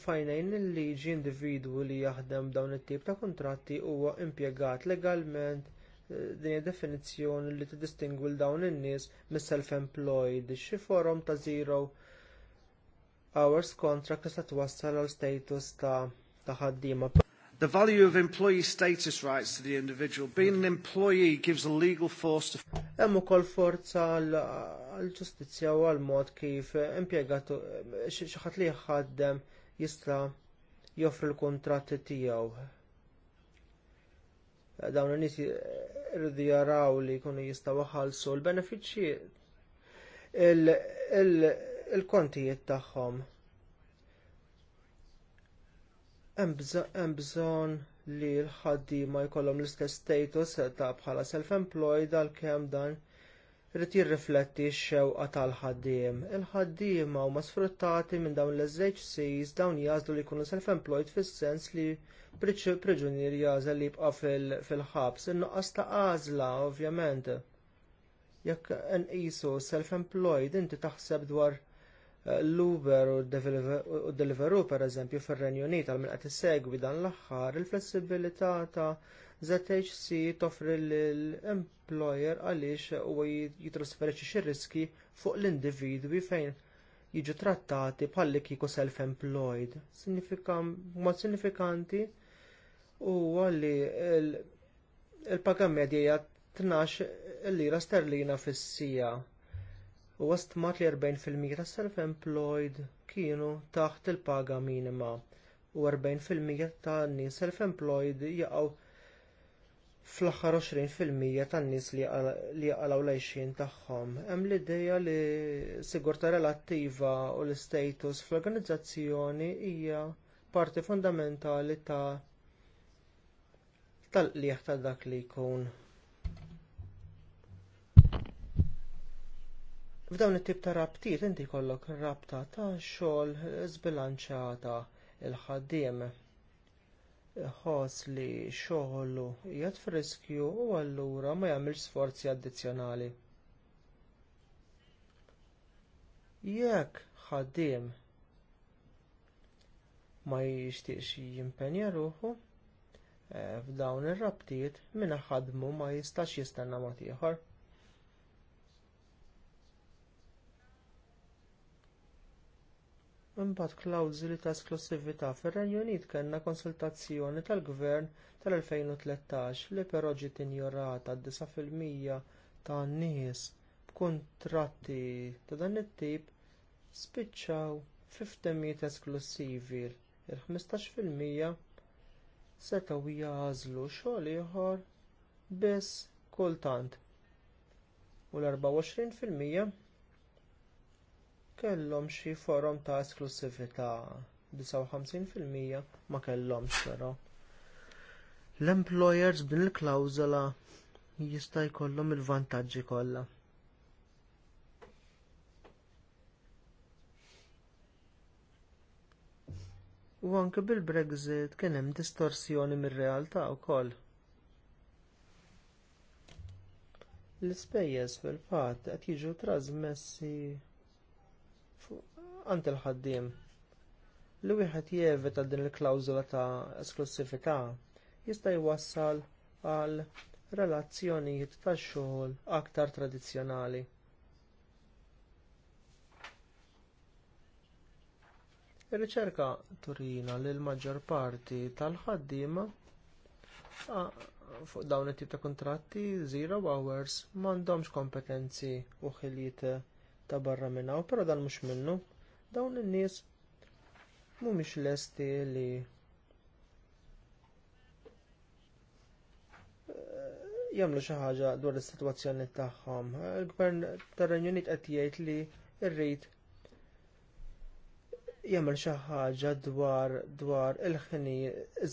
Fajnejn il-liġi individwu li jaħdem dawn it-tip ta' kuntratti huwa impjegat legalment din id definizzjoni li tiddistingwi dawn in-nies mis-self-employed, xi forum ta' zero hours contract tista' twassal għal status ta' ta' ħaddiema. The value of employee status rights to the individual. Being an employee gives a legal force to... Hemm ukoll forza għall-ġustizzja u għall-mod kif impjegatu xi ħadd li jħaddem jista' joffri l-kuntratti tiegħu. Dawn in-nies irridu jaraw li jkunu jista' ħalsu l-benefiċċji il-kontijiet tagħhom hemm bżonn li l-ħaddiema jkollhom l-istess status ta' bħala self-employed għalkemm dan irid jirrifletti x-xewqa tal-ħaddiem. Il-ħaddiema huma sfruttati minn dawn l-SHCs dawn jażlu li jkunu self-employed fis-sens li priġunier jażel li jibqa' fil-ħabs. In-nuqqas ta' għażla ovvjament. Jekk nqisu self-employed inti taħseb dwar l-Uber u d-Deliveroo pereżempju fir-Renju Unit għal minqat segwi dan l-aħħar il-flessibilità ta' ZHC toffri l-employer għaliex huwa jitrasferixxi xi riski fuq l-individwi fejn jiġu trattati bħalli kieku self-employed. Mod sinifikanti huwa li l-paga medja hija 12 lira sterlina fis-sija u stmat li 40% tas self-employed kienu taħt il-paga minima u 40% tan nies self-employed jaqgħu fl-aħħar 20% tan-nies li jaqalaw l-għajxin tagħhom. Hemm l-idea li sigurtà relattiva u l-istatus fl-organizzazzjoni hija parti fundamentali ta' tal-qlieħ ta' dak li jkun F'dawn it-tip ta' rabtiet inti jkollok rabta ta' xogħol zbilanċata il-ħaddiem ħoss li xogħlu jgħat friskju u allura ma jagħmel sforzi addizzjonali. Jekk ħaddiem ma jixtieqx jimpenja ruħu, eh, f'dawn ir-rabtiet minn ħadmu ma jistax jistenna mod ieħor. Imbagħad klawżili ta' esklusività fir-Renju Unit kellna konsultazzjoni tal-Gvern tal-2013 li però ġiet injorata d-9 fil-mija ta' nies b'kuntratti ta' dan it-tip spiċċaw fiftemijiet esklusivi il-15 fil-mija setgħu jażlu xogħol ieħor biss kultant. U l-24 fil-mija kellhom xi forum ta' esklusività 59% ma kellhomx però. L-employers b'din il-klawżola jista' jkollhom il-vantaġġi kollha. U anke bil-Brexit kien hemm distorsjoni mir-realtà wkoll. L-ispejjeż fil-fatt qed jiġu trasmessi għand il ħaddim Li wieħed jevita din il-klawżola ta' esklusività jista' jwassal għal relazzjonijiet tax xogħol aktar tradizzjonali. Ir-riċerka turina li l-maġġor parti tal ħaddim fuq dawn it-tip ta' kuntratti zero hours m'għandhomx kompetenzi u ħiliet ta' barra minnaw, però dan mhux minnu dawn in-nies mhumiex lesti li eh, jagħmlu xi ħaġa dwar is-sitwazzjoni tagħhom. Il-Gvern tar-Renju Unit qed jgħid li rrid jagħmel xi ħaġa dwar dwar il-ħini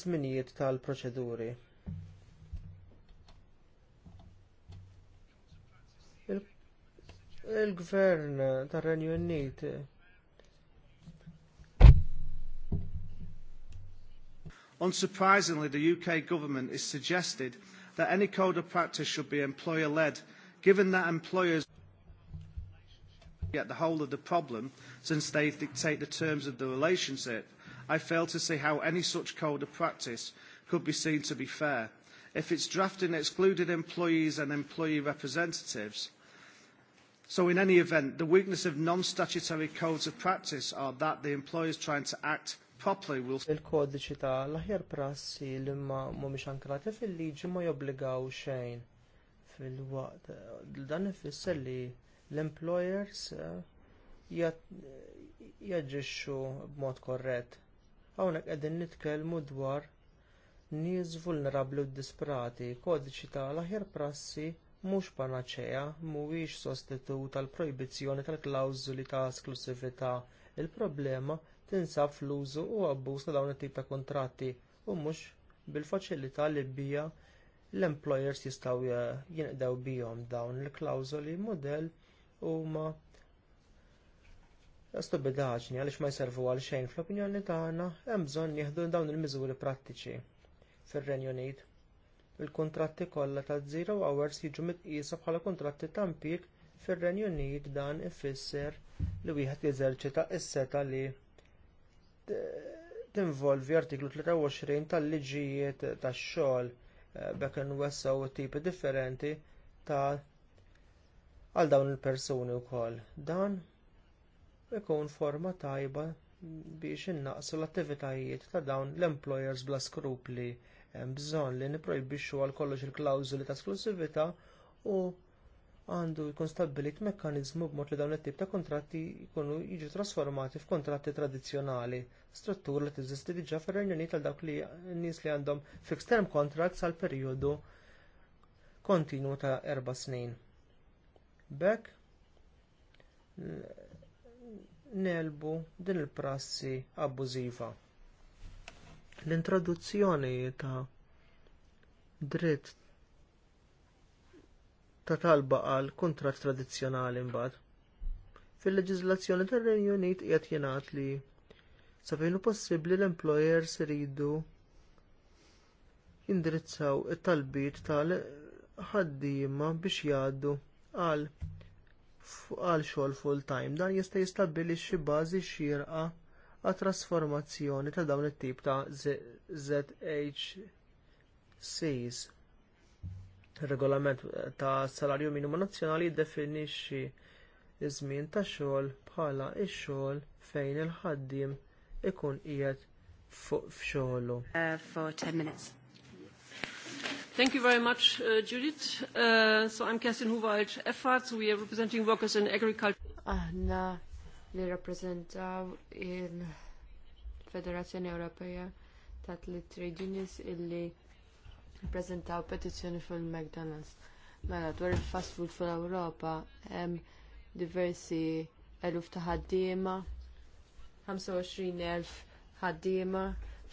żminijiet tal-proċeduri. Il-Gvern tar-Renju Unit Unsurprisingly, the UK government is suggested that any code of practice should be employer-led, given that employers get the whole of the problem since they dictate the terms of the relationship. I fail to see how any such code of practice could be seen to be fair. If it's drafting excluded employees and employee representatives, So in any event, the weakness of non-statutory codes of practice are that the employer is trying to act Il-kodiċi ta' l-aħjar prassi li ma mhumiex ankrati fil-liġi ma jobbligaw xejn fil-waqt. Dan ifisser li l-employers eh, jaġixxu b'mod korrett. Hawnhekk qegħdin nitkellmu dwar nies vulnerabbli u disperati. kodiċi ta' l-aħjar prassi mhux panaċea, mhuwiex sostitut tal-projbizzjoni tal-klawżuli ta' esklusività. Il-problema tinsab fl-użu u abbuż ta' dawn it-tip ta' kuntratti u mhux bil-faċilità li bija l-employers jistgħu eh, jinqdew bihom dawn il-klawżoli mudell huma stupidaġni għaliex ma jservu għal xejn fl-opinjoni tagħna hemm bżonn nieħdu dawn il-miżuri prattiċi fir-Renju Unit. Il-kuntratti kollha ta' zero hours jiġu mitqisa bħala kuntratti ta' impjieg fir-Renju Unit dan ifisser li wieħed jeżerċita s-seta li tinvolvi artiklu 23 tal-liġijiet tax-xogħol eh, bekk nwessaw tipi differenti ta' għal dawn il-persuni wkoll. Dan ikun forma tajba biex innaqsu l-attivitajiet ta' dawn l-employers bla skrupli hemm bżonn li nipprojbixxu għal kollox il-klawżuli ta' esklusività u għandu jkun stabbilit mekkaniżmu b'mod li dawn it-tip ta' kuntratti jkunu jiġu trasformati f'kuntratti tradizzjonali, struttura li tiżisti diġà fir-Renju tal dawk li nies li għandhom fixed term contracts għal perjodu kontinu ta' erba' snin. B'hekk nelbu din il-prassi abbużiva. L-introduzzjoni ta' dritt ta' talba għal kuntratt tradizzjonali mbagħad. Fil-leġiżlazzjoni tar-Renju Unit qiegħed jingħad li sa fejn possibbli l-employers iridu jindirizzaw it-talbiet tal-ħaddiema biex jgħaddu għal għal xogħol full-time dan jista' jistabbilixxi bażi xierqa għat trasformazzjoni ta' dawn it-tip ta' ZHCs. Ir-regolament ta' salarju minimu nazzjonali jiddefinixxi iż-żmien tax xogħol bħala x-xogħol fejn il-ħaddiem ikun qiegħed fuq f'xogħlu. Uh, Thank you very much, uh, Judith. Uh, so I'm Kerstin Huwald Effarts. so we are representing workers in agriculture. Aħna li rappresentaw il-Federazzjoni Ewropea ta' li trade unions illi ippreżentaw petizzjoni fil-McDonald's. Mela, dwar il-fast food fil-Ewropa hemm diversi eluf ta' ħaddiema, 25,000 ħaddiema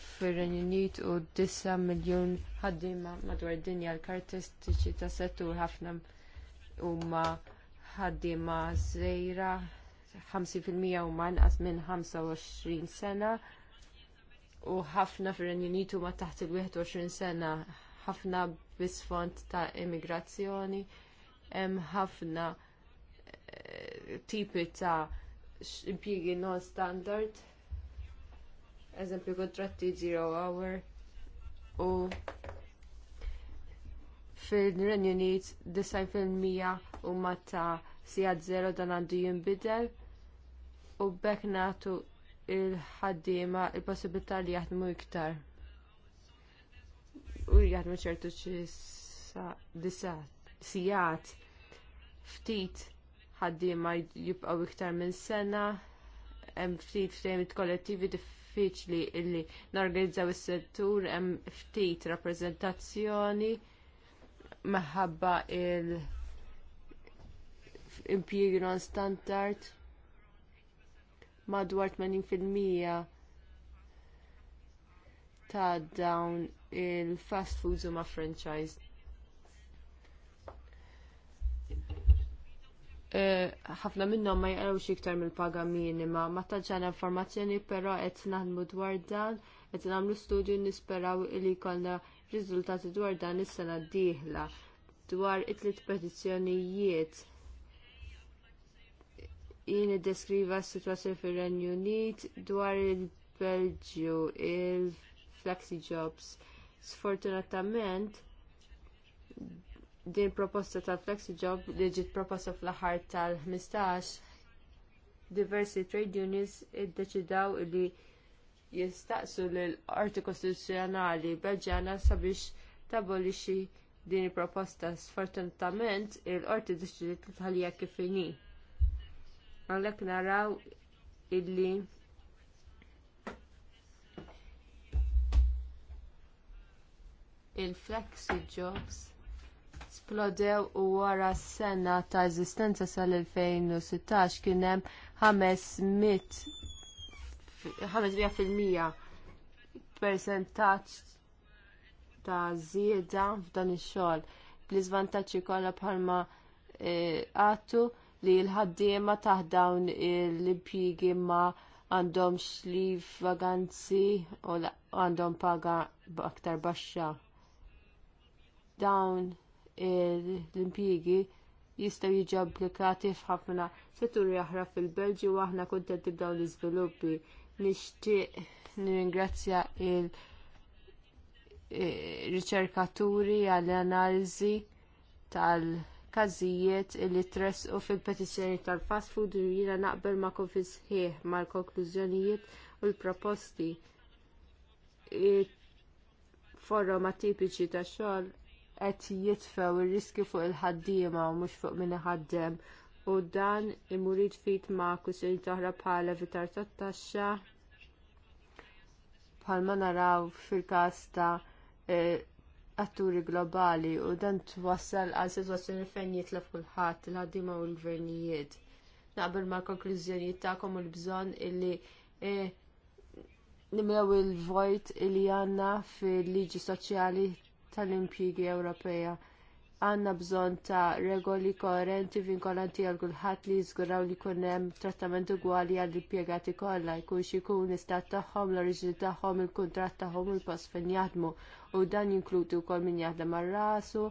fir-Renju Unit u 9 miljun ħaddiema madwar id-dinja l-kartistiċi ta' settur ħafna huma ħaddiema żgħira 50% huma anqas minn 25 sena u ħafna fir-Renju Unit huma taħt il-21 sena ħafna bisfond ta' immigrazzjoni, hemm ħafna eh, tipi ta' impjiegi non standard, eżempju kontratti zero hour u fil-Renju Unit fil-mija huma ta' sijad zero dan għandu jinbidel u bekk nagħtu il-ħaddiema il-possibilità li jaħdmu iktar u ma ċertu sijat ftit ħaddiema jibqgħu iktar minn sena, hemm ftit ftehimiet kollettivi diffiċli illi norganizzaw is-settur, hemm ftit rappreżentazzjoni meħabba il impjiegi non standard madwar 80% ta' dawn il-fast foods huma franchise. Eh, ħafna minnhom ma jqrawx iktar mill-paga minima, ma taġġana informazzjoni però qed naħdmu dwar dan, qed nagħmlu studju nisperaw li jkollna riżultati dwar dan is-sena d-dieħla dwar it-tliet petizzjonijiet jien iddeskriva s-sitwazzjoni fir-Renju Unit dwar il-Belġju, il-Flexi Jobs Sfortunatament, din proposta tal-Flexi Job li ġiet proposta fl aħħar tal-15 diversi trade unions iddeċidaw li jistaqsu lill qorti Kostituzzjonali Belġana sabiex tabolixi din il-proposta. Sfortunatament, il-qorti deċidiet tħallija kif inhi. Għalhekk naraw illi il-flexi jobs splodew u wara s-sena ta' eżistenza sal-2016 kien hemm 500% persentaġġ ta' żieda f'dan ix-xogħol bl-iżvantaġġi kollha bħalma eh, għattu li l-ħaddiema taħdawn dawn l-impjiegi ma għandhomx xlif vaganzi u għandhom paga aktar baxxa dawn l-impjiegi jistgħu jiġu applikati f'ħafna setturi oħra fil-Belġju u aħna kuntenti b'dawn l-iżviluppi. Nixtieq nirringrazzja l eh, riċerkaturi għall-analiżi tal-każijiet li tressqu fil-petizzjoni tal-fast food u jiena naqbel ma' konfis ħieħ mal-konklużjonijiet u l-proposti. Forum atipiċi tax xogħol qed jitfew ir-riski fuq il-ħaddiema u mhux fuq min iħaddem u dan imur fit ma' kwistjoni toħra bħala vitar tat-taxxa bħalma naraw fil-każ ta' e, atturi globali u dan twassal għal sitwazzjoni fejn jitlef kulħadd il-ħaddiema u l-gvernijiet. Naqbel mal konklużjonijiet tagħkom u l-bżonn illi e, nimlew il-vojt li għandna fil-liġi soċjali tal-impjiegi Ewropea. Għandna bżonn ta' regoli koerenti vinkolanti għal kulħadd li jiżguraw li jkun hemm trattament ugwali għall impjegati kollha jkunx ikun istat tagħhom, l-oriġini tagħhom, il-kuntratt tagħhom u l-post fejn jaħdmu u dan jinkludi wkoll min jaħdem ar rasu,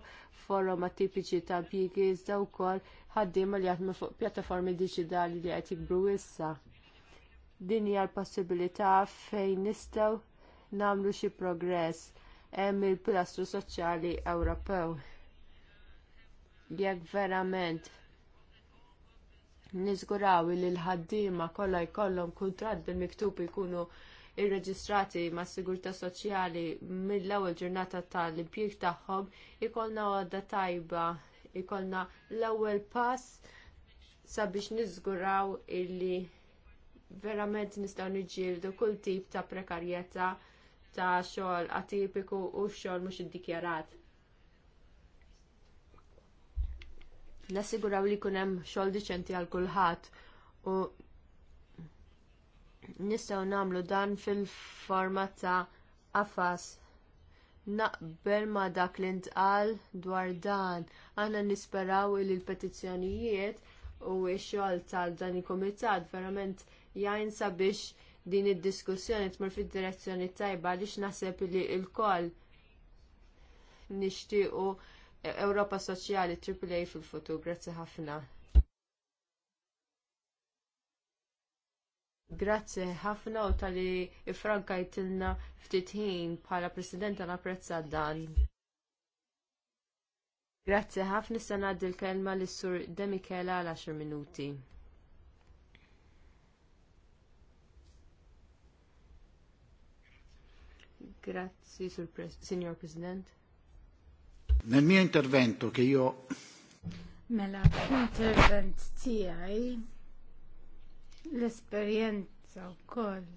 forom atipiċi ta' impjiegi iżda wkoll ħaddiema li jaħdmu fuq pjattaformi diġitali li qed jikbru issa. Din hija l-possibilità fejn nistgħu nagħmlu xi progress hemm il-pilastru soċjali Ewropew. Jekk verament niżguraw li l-ħaddiema kollha jkollhom kuntratt bil-miktub ikunu irreġistrati mas sigurtà soċjali mill-ewwel ġurnata tal-impjieg tagħhom ikollna għadda tajba, ikollna l-ewwel pass sabiex niżguraw illi verament nistgħu niġġieldu kull tip ta' prekarjetà ta' xogħol atipiku u xogħol mhux iddikjarat. Nassiguraw li jkun hemm xogħol diċenti għal kulħadd u nistgħu nagħmlu dan fil-forma ta' qafas naqbel ma dak li ntqal dwar dan. Aħna nisperaw li l-petizzjonijiet u x-xogħol tal dan il-kumitat verament jgħin sabiex din id-diskussjoni tmur fid-direzzjoni tajba għaliex naħseb li l-koll nixtiequ Ewropa Soċjali AAA fil-futur. Grazzi ħafna. Grazzi ħafna u tali ifranka jtilna ħin bħala presidenta napprezza dan. Grazzi ħafna s-sanad il-kelma l-sur Demikela għal 10 minuti. Grazzi, Signor President. Nel mio intervento che io... Mela, intervent tiegħi l-esperjenza wkoll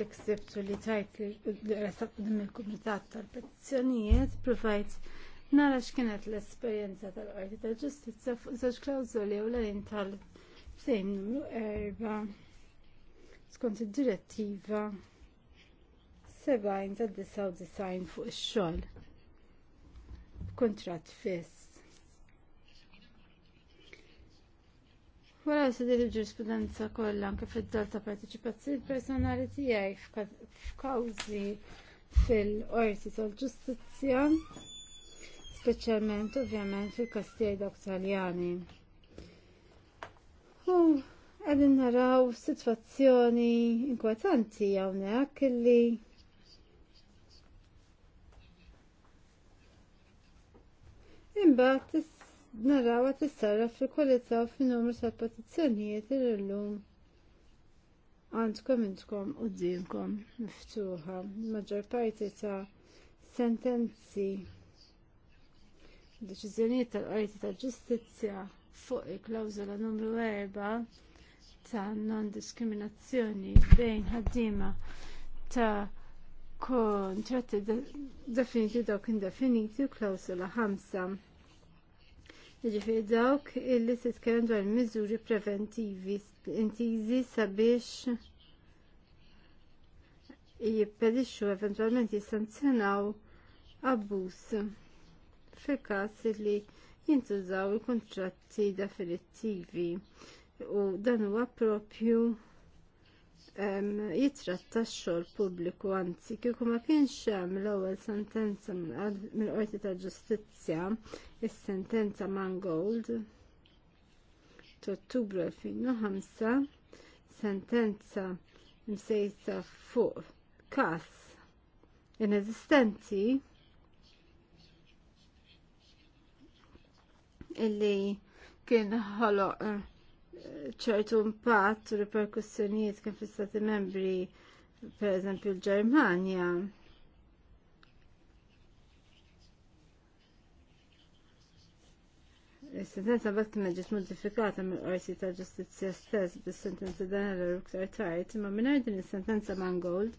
li ksibtu li tajt li il-Kumitat tal-Petizzjonijiet provajt nara x'kienet l-esperjenza tal-Qorti tal-Ġustizzja fuq żewġ klawżoli u l-għalin tal-sejn numru erba' skont id-direttiva 70 ta' 99 fuq ix-xogħol b'kuntratt fiss. Wara se il ġurisprudenza kollha anke fid-dal ta' partiċipazzjoni personali tiegħi f'kawżi fil-qorti tal-ġustizzja, speċjalment ovvjament fil-kastijiet Dawk Taljani. Għadin naraw situazzjoni inkwetanti għawnek illi Imbat naraw għat sarra fil-kwalità u fil-numru tal-petizzjonijiet il-lum għandkom intkom u d-dinkom miftuħa. Maġġor parti ta' sentenzi deċiżjonijiet tal-qorti tal-ġustizzja fuq il-klawżola numru 4 ta' non-diskriminazzjoni bejn ħaddiema ta' kontratti definiti dawk indefiniti u klawsula ħamsa. Ġifiri dawk illi titkellem dwar miżuri preventivi intiżi sabiex jippedixxu eventwalment jissanzjonaw abbuż fil-każ li jintużaw il-kontratti definittivi u dan huwa propju jitratta x-xogħol pubbliku anzi kieku ma kienx hemm l-ewwel sentenza mill-Qorti ta' Ġustizzja is-sentenza Mangold Ottubru 2005 sentenza msejsa fuq każ inesistenti illi kien ħoloq ċertu impatt u riperkussjonijiet kien fl-Stati membri, per eżempju l-Ġermanja. Is-sentenza bat kien ġiet modifikata mill-Qorsi ta' Ġustizzja stess bis-sentenza Daniel ruktar tard, imma mingħajr din is-sentenza Mangold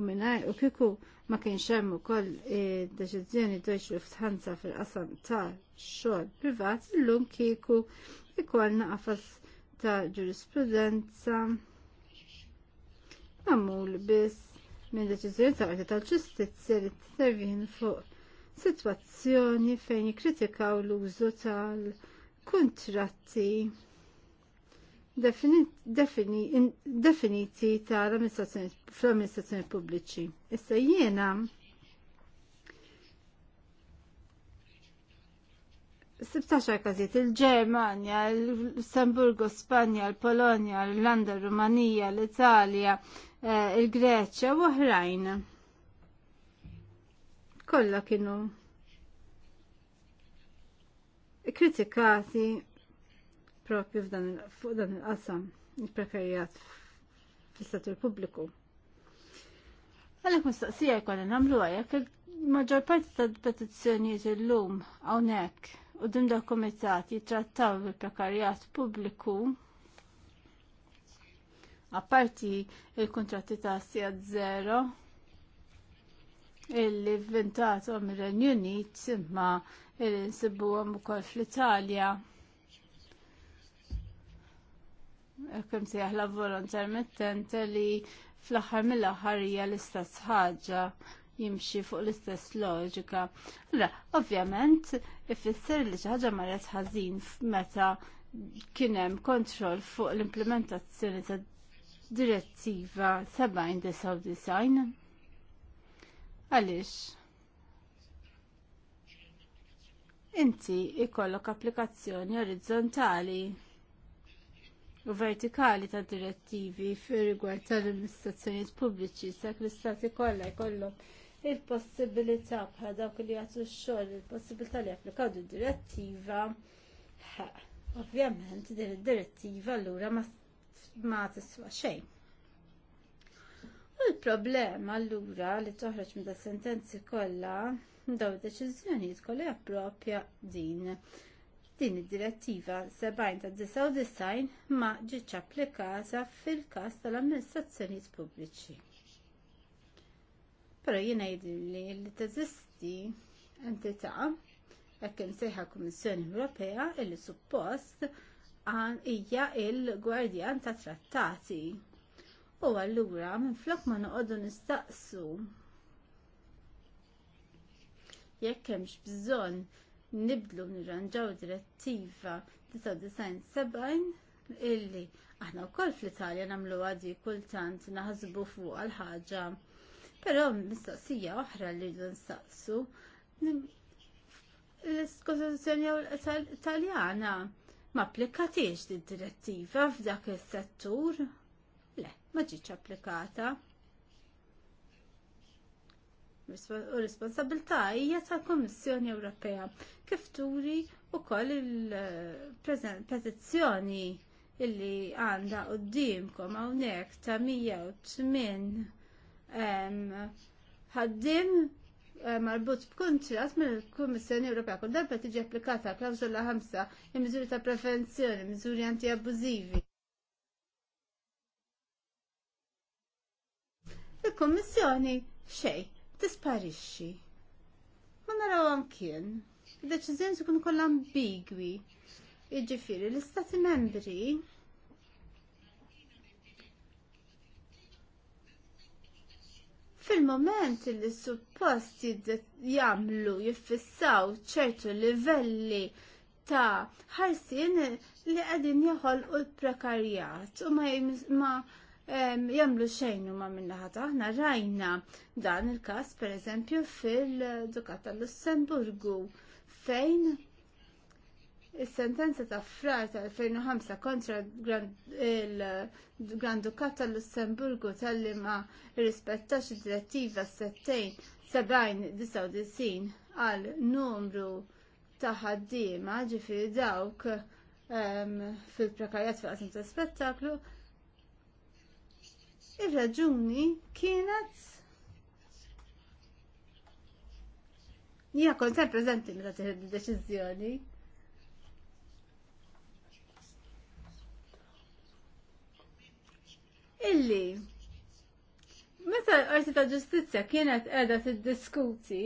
u mingħajr u kieku ma kienx hemm ukoll eh, deċiżjoni Deutsche Lufthansa fil-qasam ta' xogħol privat, illum kieku ikollna qafas ta' ġurisprudenza għamul biss minn deċiżjoni ta' qorti tal-ġustizzja li t-tervin fuq sitwazzjoni fejn jikkritikaw l-użu tal-kontratti definiti tal-amministrazzjoni pubbliċi. Issa jiena Sibtaxar każijiet il-Ġermanja, l lussemburgu Spanja, il-Polonja, l-Irlanda, l rumanija l-Italja, eh, il-Greċja u oħrajn. Kollha kienu kritikati propju fuq dan il-qasam, il-preferjat fil-settur pubbliku. Għalek mistaqsija jkollna nagħmluha għajek, il-maġġor parti ta' petizzjonijiet illum lum u din da komitat jitrattaw il-prekarjat pubbliku apparti il-kontratti ta' sija zero illi vintat ir-Renju Unit imma illi nsibuhom ukoll fl-Italja kem sejħla volontar mittente li fl-axar mill-axar hija l-istess ħaġa jimxi fuq l-istess loġika. Allora, ovvjament, ifisser li xi ħaġa marret ħażin meta kien hemm kontroll fuq l-implementazzjoni ta' direttiva 79. Għaliex? Inti ikollok applikazzjoni orizzontali u vertikali ta' direttivi fir rigward tal-amministrazzjonijiet pubbliċi sak l-istati kollha jkollhom il-possibilità bħala dawk li jagħtu x-xogħol il-possibilità li japplikaw direttiva ovvjament din id-direttiva allura ma tiswa xejn. U l-problema allura li toħroġ minn sentenzi kollha daw deċiżjonijiet kollha jappropja din din id-direttiva 70 ta' 99 ma ġietx applikata fil-każ tal-amministrazzjonijiet pubbliċi. Pero jiena jidilli li teżisti entità jekk imsejħa Kummissjoni Ewropea illi suppost hija il-gwardjan ta' trattati. U allura minflok ma noqogħdu nistaqsu jekk hemmx bżonn nibdlu nirranġaw direttiva 79 illi aħna wkoll fl-Italja nagħmluha di kultant naħsbu fuq għal ħaġa Però mistoqsija oħra li l nsaqsu l-Kostituzzjoni Italjana ma applikatiex di direttiva f'dak is-settur? Le, ma ġietx applikata. U responsabilta hija tal kummissjoni Ewropea kif turi wkoll il-petizzjoni illi għandha qudiemkom hawnhekk ta' 108 ħaddim eh, marbut b'kontrat mill-Kummissjoni Ewropea kull darba tiġi applikata klawżola 5 il-miżuri ta' prevenzjoni, miżuri anti-abbużivi. Il-Kummissjoni xej, tisparixxi. Ma naraw kien. Id-deċiżjoni tkun kollha ambigwi. Jiġifieri l-Istati Membri Fil-moment li suppost jagħmlu jiffissaw ċertu livelli ta' ħarsin li qegħdin joħolqu l-prekarjat u ma jagħmlu xejn huma minnaħa aħna rajna dan il-każ pereżempju fil-Dukat tal-Lussemburgu fejn Is-sentenza ta' frar tal-2005 kontra il-Grand tal-Lussemburgu tal-li ma rispettax id-direttiva 79 99 għal numru ta' ħaddiema ġifiri dawk fil-prekarjat fil ta' spettaklu. Ir-raġuni kienet Jija kont prezenti meta tieħed deċiżjoni. illi meta l-Qorti ta' Ġustizzja kienet qiegħda tiddiskuti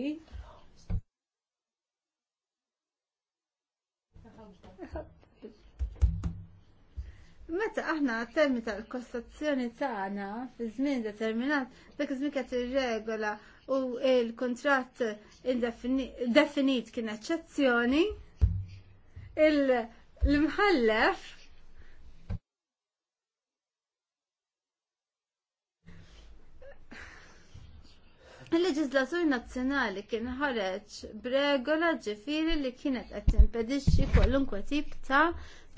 Meta aħna termi tal-kostazzjoni tagħna fi żmien determinat dak iż-żmien kienet ir-regola u l-kuntratt definit kien eċċezzjoni, il-mħallef Il-leġizlatur nazzjonali kien ħareġ b'regola ġifiri li kienet qed timpedixxi kwalunkwe tip ta'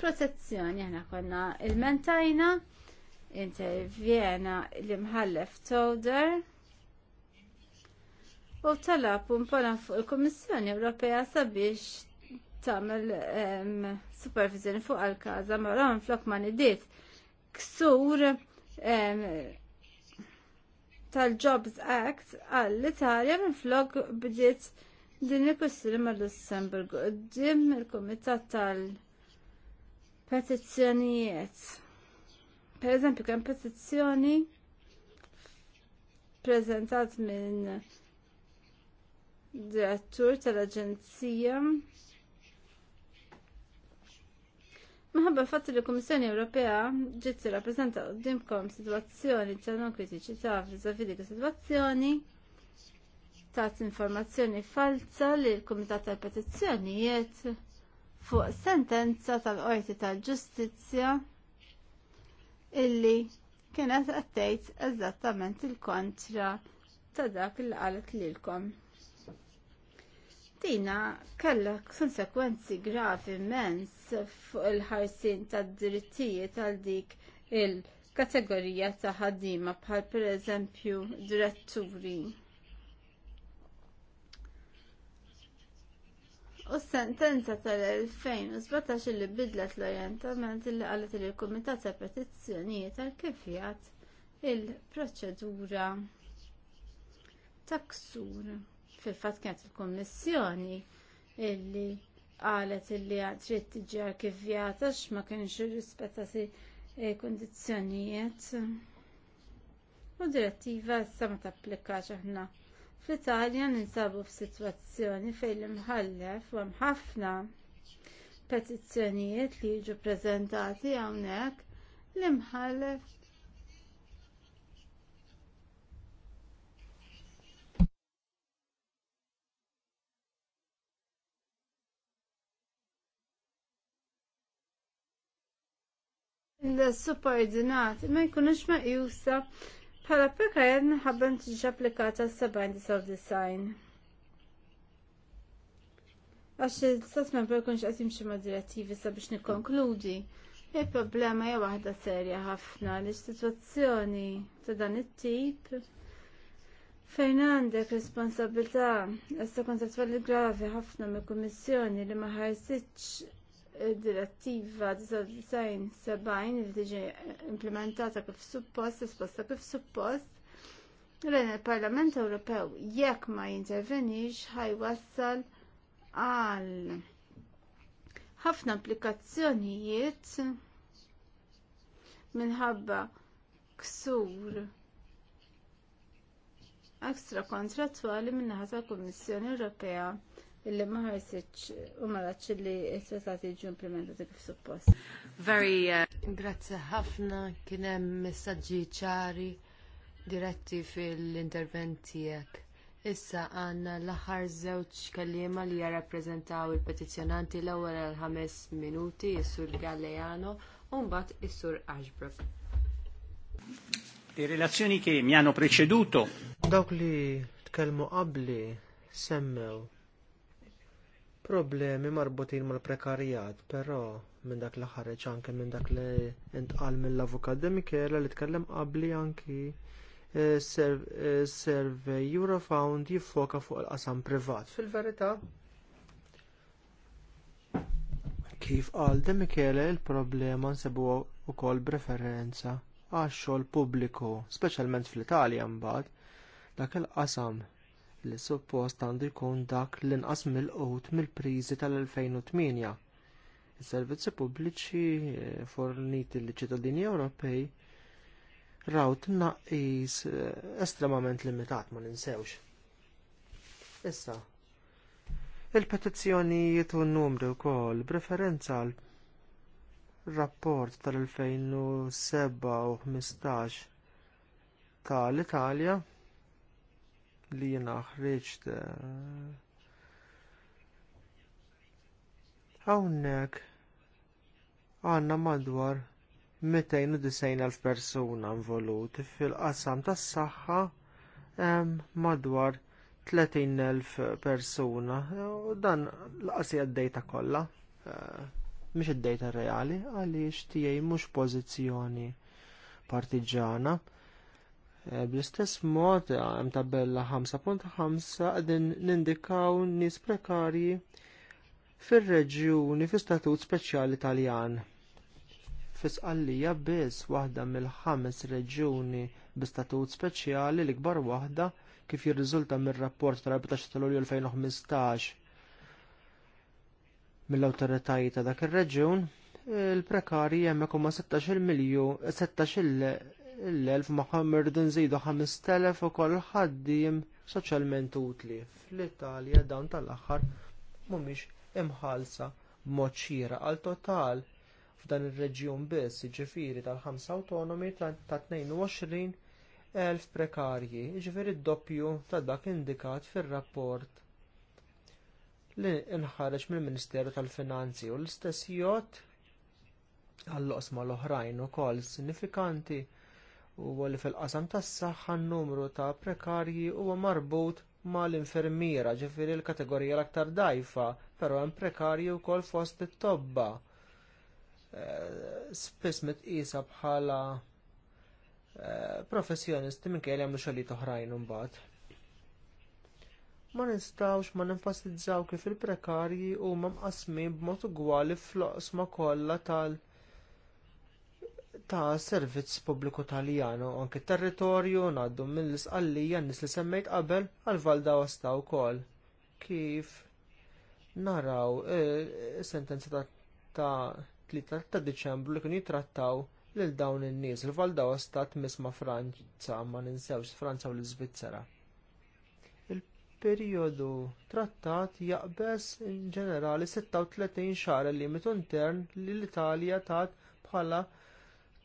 protezzjoni. Aħna konna il-mentajna intervjena l-imħallef Towder u talab impolan fuq il-Kommissjoni Ewropea sabiex tagħmel supervizjoni fuq għal każa ma flok ma nidiet ksur tal-Jobs Act għall-Italja minflok bdiet din il-kwestjoni ma' lussemburg Dim il-Kumitat tal-Petizzjonijiet. Per eżempju, kemm petizzjoni preżentat minn direttur tal-Aġenzija Maħabba fatt li l-Kummissjoni Ewropea ġiet rappreżenta qudiemkom sitwazzjoni ta' non kritiċità f'żavi sitwazzjoni tat informazzjoni falsa li l-Kumitat tal-Petizzjonijiet fuq sentenza tal-Qorti tal-Ġustizzja illi kienet għattejt eżattament il-kontra ta' dak li qalet lilkom. Tina kellha konsekwenzi gravi immens fuq il ħarsien tad drittijiet għal dik il-kategorija ta' ħaddiema bħal pereżempju diretturi. U s sentenza tal-2017 li bidlet l-orientament li qalet li l-Kumitat ta' Petizzjonijiet għal kif il-proċedura ta' ksur fil-fatt kienet il-Kummissjoni illi qalet illi trid tiġi arkivjata x'ma kienx irrispettati eh, kundizzjonijiet. U direttiva issa ma tapplikax aħna. Fl-Italja ninsabu f'sitwazzjoni fejn l-imħallef u hemm ħafna petizzjonijiet li jiġu ppreżentati hawnhekk l-imħallef l subordinat ma jkunux jusa bħala prekajat minħabba tiġi applikata s-70 of design. Għax il-sas ma jkunx għasim xima direttivi sabiex nikonkludi. Il-problema hija waħda serja ħafna li situazzjoni ta' dan it-tip fejn għandek responsabilità għasta kontrattwali gravi ħafna mill kummissjoni li ma ħarsitx direttiva 1970 li tiġi implementata kif suppost, risposta kif suppost, l-għen il-Parlament Ewropew jekk ma jintervenix ħajwassal għal ħafna applikazzjonijiet minħabba ksur ekstra kontrattwali minnaħa tal-Kummissjoni Ewropea illi ma ħarsitx u ma ratx s-sessati ġu implementati kif suppost. Very, uh, grazzi ħafna, kien hemm messaġġi ċari diretti fil-interventi jekk. Issa għandna l aħħar żewġ kelliema li jarrappreżentaw il-petizjonanti l ewwel għal ħames minuti, is-sur Galeano, u mbagħad is-sur Ashbrook. Le relazzjoni che mi hanno preceduto. Dawk li tkellmu qabli semmew problemi marbutin mal-prekarjat, però minn dak li ħareġ anke minn dak li intqal mill-avukat Demikela li tkellem qabli anki e, survey e, Eurofound jiffoka fuq il-qasam privat. Fil-verità, kif qal De Michele il-problema nsebu wkoll b'referenza għax-xogħol pubbliku, speċjalment fl-Italja mbagħad, dak il-qasam li suppost għandu jkun dak li nqas mill-qut mill-priżi tal-2008. Is-servizzi pubbliċi eh, forniti liċ ċittadini Ewropej raw tnaqqis eh, estremament limitat ma ninsewx. Issa, il-petizzjonijiet u n-numri wkoll preferenza għal rapport tal-2007 u 15 tal-Italja li jena ħriġt eh, Hawnhekk għandna madwar 290.000 persuna involuti fil-qasam tas-saħħa hemm madwar 30.000 persuna u dan l-qasija għad-dejta kollha eh, mhix id-dejta reali għaliex tiegħi mhux pożizzjoni partiġana Eh, bl-istess mod, eh, hemm tabella 5.5 qegħdin nindikaw nies prekarji fir-reġjuni fi statut speċjali Taljan. Fisqalija biss waħda mill-ħames reġjuni bi statut speċjali l-ikbar waħda kif jirriżulta mir-rapport tal-14 ta' Lulju 2015 mill-awtoritajiet ta' dak ir-reġjun, il-prekarji hemmhekk huma 16 milju 16 l elf maħam irdu nżidu 5000 u koll ħaddiem soċjalment utli. Fl-Italja dawn tal-aħħar mhumiex imħalsa b'mod xieraq għal total f'dan ir-reġjun biss jiġifieri tal-5 autonomi ta' 22,000 prekarji, jiġifieri d-doppju ta' dak indikat fir-rapport li nħareġ mill-Ministeru tal-Finanzi u l-istess jgħod għall-oqsma l-oħrajn ukoll sinifikanti huwa li fil-qasam tas-saħħa n numru ta' prekarji huwa marbut mal-infermiera ġifieri l-kategorija l-aktar dgħajfa, però hemm prekarji wkoll fost it-tobba. Eh, spiss mitqisa bħala eh, professjonisti minkejja li għamlu xogħlijiet oħrajn imbagħad. Ma nistgħux ma nenfasizzaw kif il-prekarji huma mqasmin b'mod ugwali fl-oqsma kollha tal- ta' servizz pubbliku taljano anki t territorju ngħaddu mill-isqallija nies li semmejt qabel għal Valda Osta wkoll. Kif naraw is-sentenza e, e, ta', ta 3 ta' Diċembru li kienu jitrattaw lil dawn in-nies il-Valda Osta tmiss ma' Franza ma ninsewx Franza u l-Iżvizzera. Il-perjodu trattat jaqbeż in ġenerali 36 xahar il-limitu intern li l-Italja tat bħala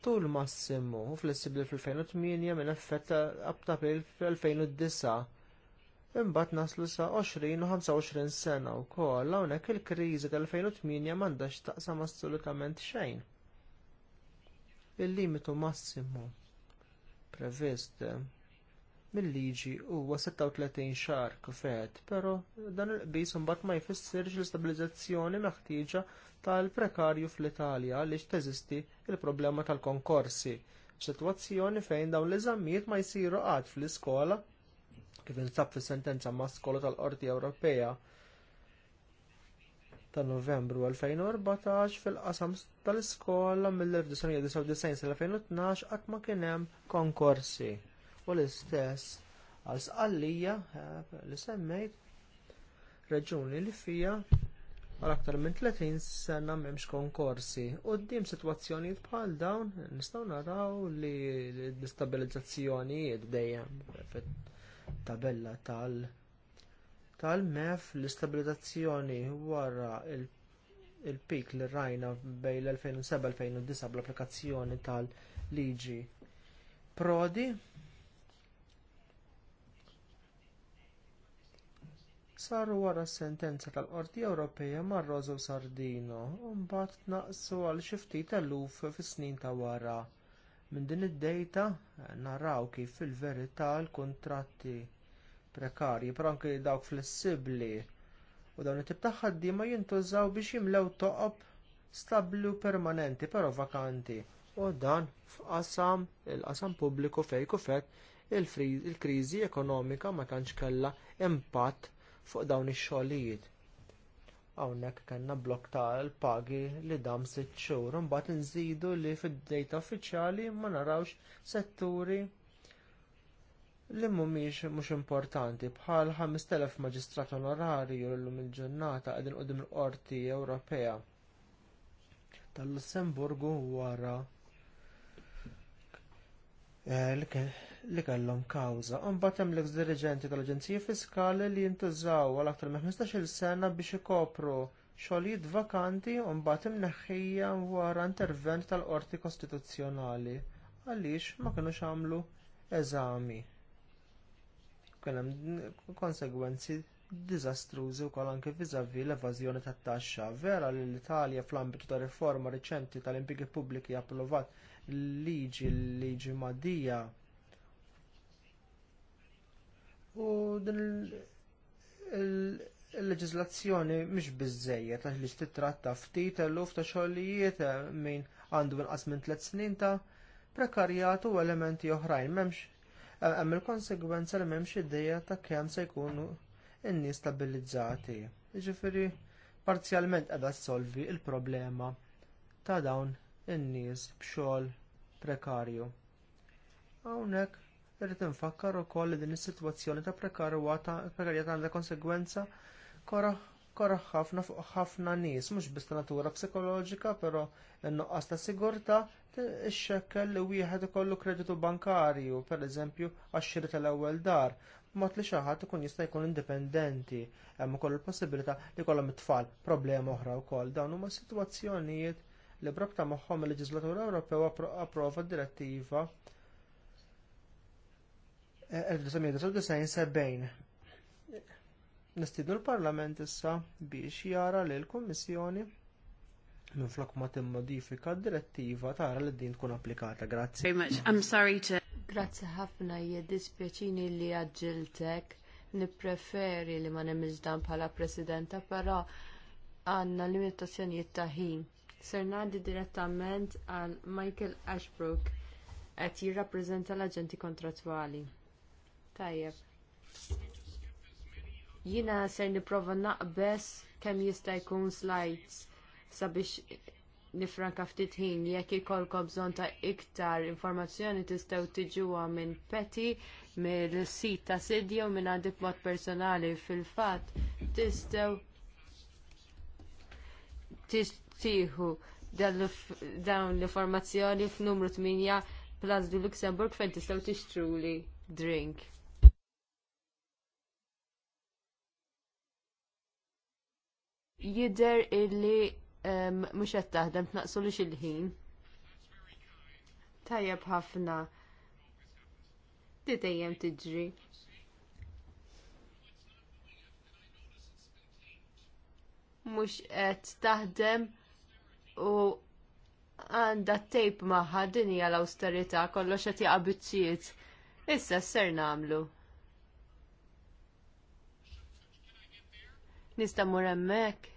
tul massimu u flessibbli fil-2008 minn effett ta' april fil-2009. Imbagħad naslu sa' 20 u 25 sena wkoll hawnhekk il-kriżi tal-2008 m'għandax taqsam assolutament xejn. Il-limitu massimu previst mill-liġi huwa 36 xahar kif però dan il-qbis imbagħad ma jfissirx l-istabilizzazzjoni meħtieġa tal-prekarju fl-Italja għaliex teżisti l problema tal-konkorsi. Sitwazzjoni fejn dawn l-eżamijiet ma jsiru għad fl-iskola kif insab fis-sentenza mas skola tal-Qorti Ewropea ta' Novembru 2014 fil-qasam tal-iskola mill-1999 sal-2012 qatt ma kien hemm konkorsi. U l-istess għal sqallija eh, li semmejt reġuni li fija għal aktar minn 30 sena m'hemmx konkorsi. U d-dim bħal dawn nistgħu naraw li l-istabilizzazzjonijiet dejjem fit-tabella tal- tal-mef l-istabilizzazzjoni wara il il-pik li rajna bejn l-2007-2009 bl-applikazzjoni tal-liġi Prodi saru wara s sentenza tal-Qorti Ewropea Marrozo Sardino u mbagħad tnaqsu għal xi ftit eluf fis-snin ta' wara. Minn din id-dejta eh, naraw kif fil-verità l-kuntratti prekarji, però anki dawk flessibbli u dawn it-tip ta' ħaddiema jintużaw biex jimlew toqob stabbli u permanenti però vakanti. U dan f'qasam il-qasam pubbliku fejn fett il-kriżi ekonomika ma tantx kellha impatt fuq dawn ix-xogħlijiet. Hawnhekk kellna blok tal-pagi li dam sitt xhur imbagħad inżidu li fid-dejta uffiċjali ma narawx setturi li mhumiex mhux importanti bħal 5000 maġistrat onorarju llum il-ġurnata qegħdin qudiem il-Qorti Ewropea tal-Lussemburgu wara eh, li kellhom kawża. Imbagħad hemm l-eks diriġenti tal-Aġenziji Fiskali li jintużaw għal aktar minn 15-il sena biex ikopru xogħlijiet vakanti u mbagħad imneħħija wara intervent tal-Qorti Kostituzzjonali għaliex ma kinux għamlu eżami. Kien hemm konsegwenzi diżastrużi wkoll anke viżavi l-evażjoni tat-taxxa. Vera li l-Italja fl-ambitu ta' riforma riċenti tal-impjiegi pubbliki approvat liġi liġi madija U din il-leġizlazzjoni mhix biżejjed ta' li titratta ftit eluf ta' xogħlijiet eh, min għandu inqas minn tliet snin ta' prekarjat u elementi oħrajn m'hemmx eh, hemm il-konsegwenza li m'hemmx idea ta' kemm se jkunu n-nies stabilizzati. Jiġifieri parzjalment qiegħda ssolvi l problema ta' dawn in-nies b'xogħol prekarju. Hawnhekk Irrid infakkar ukoll li din is-sitwazzjoni ta' prekarjata għandha konsegwenza kora ħafna fuq ħafna nies, mhux biss ta' natura psikoloġika, però n-nuqqas ta' sigurtà ixxekkel li wieħed ikollu kreditu bankarju, pereżempju għax-xiri tal-ewwel dar, b'mod li xi ħadd ikun jista' jkun indipendenti, hemm ukoll il-possibilità li jkollhom it-tfal problema oħra wkoll dawn huma sitwazzjonijiet li brabta magħhom il-Leġislatura Ewropew approva d direttiva 1999 sebbejn. Nistidnu l-Parlament issa biex jara li l-Kommissjoni minflok ma timmodifika d-direttiva tara li din tkun applikata. Grazzi. Grazzi ħafna jiddispjaċini li għagġiltek. Nippreferi li ma nemmiġ dan bħala presidenta, però għandna limitazzjonijiet ta' ħin. Ser ngħaddi direttament għal Michael Ashbrook qed jirrappreżenta l-aġenti kontrattwali. Tajjeb. Jina ser niprofa naqbes kemm jista' jkun slides sabiex nifranka ftit ħin jekk ikolkom bżonn ta' iktar informazzjoni tistgħu tiġuha minn Peti mill-sit ta' Sidja u minn għandik mod personali fil-fatt tistgħu tieħu dawn l-informazzjoni f'numru 8 Plaza du Luxemburg fejn tistgħu tixtruli drink. jider illi mhux qed taħdem tnaqsu li il-ħin. Tajjeb ħafna. Titejjem tiġri. Mhux qed taħdem u għandha tejp magħha din hija l-awsterità kollox qed jaqa' biċċiet. Issa ser nagħmlu. Nista' mur hemmhekk?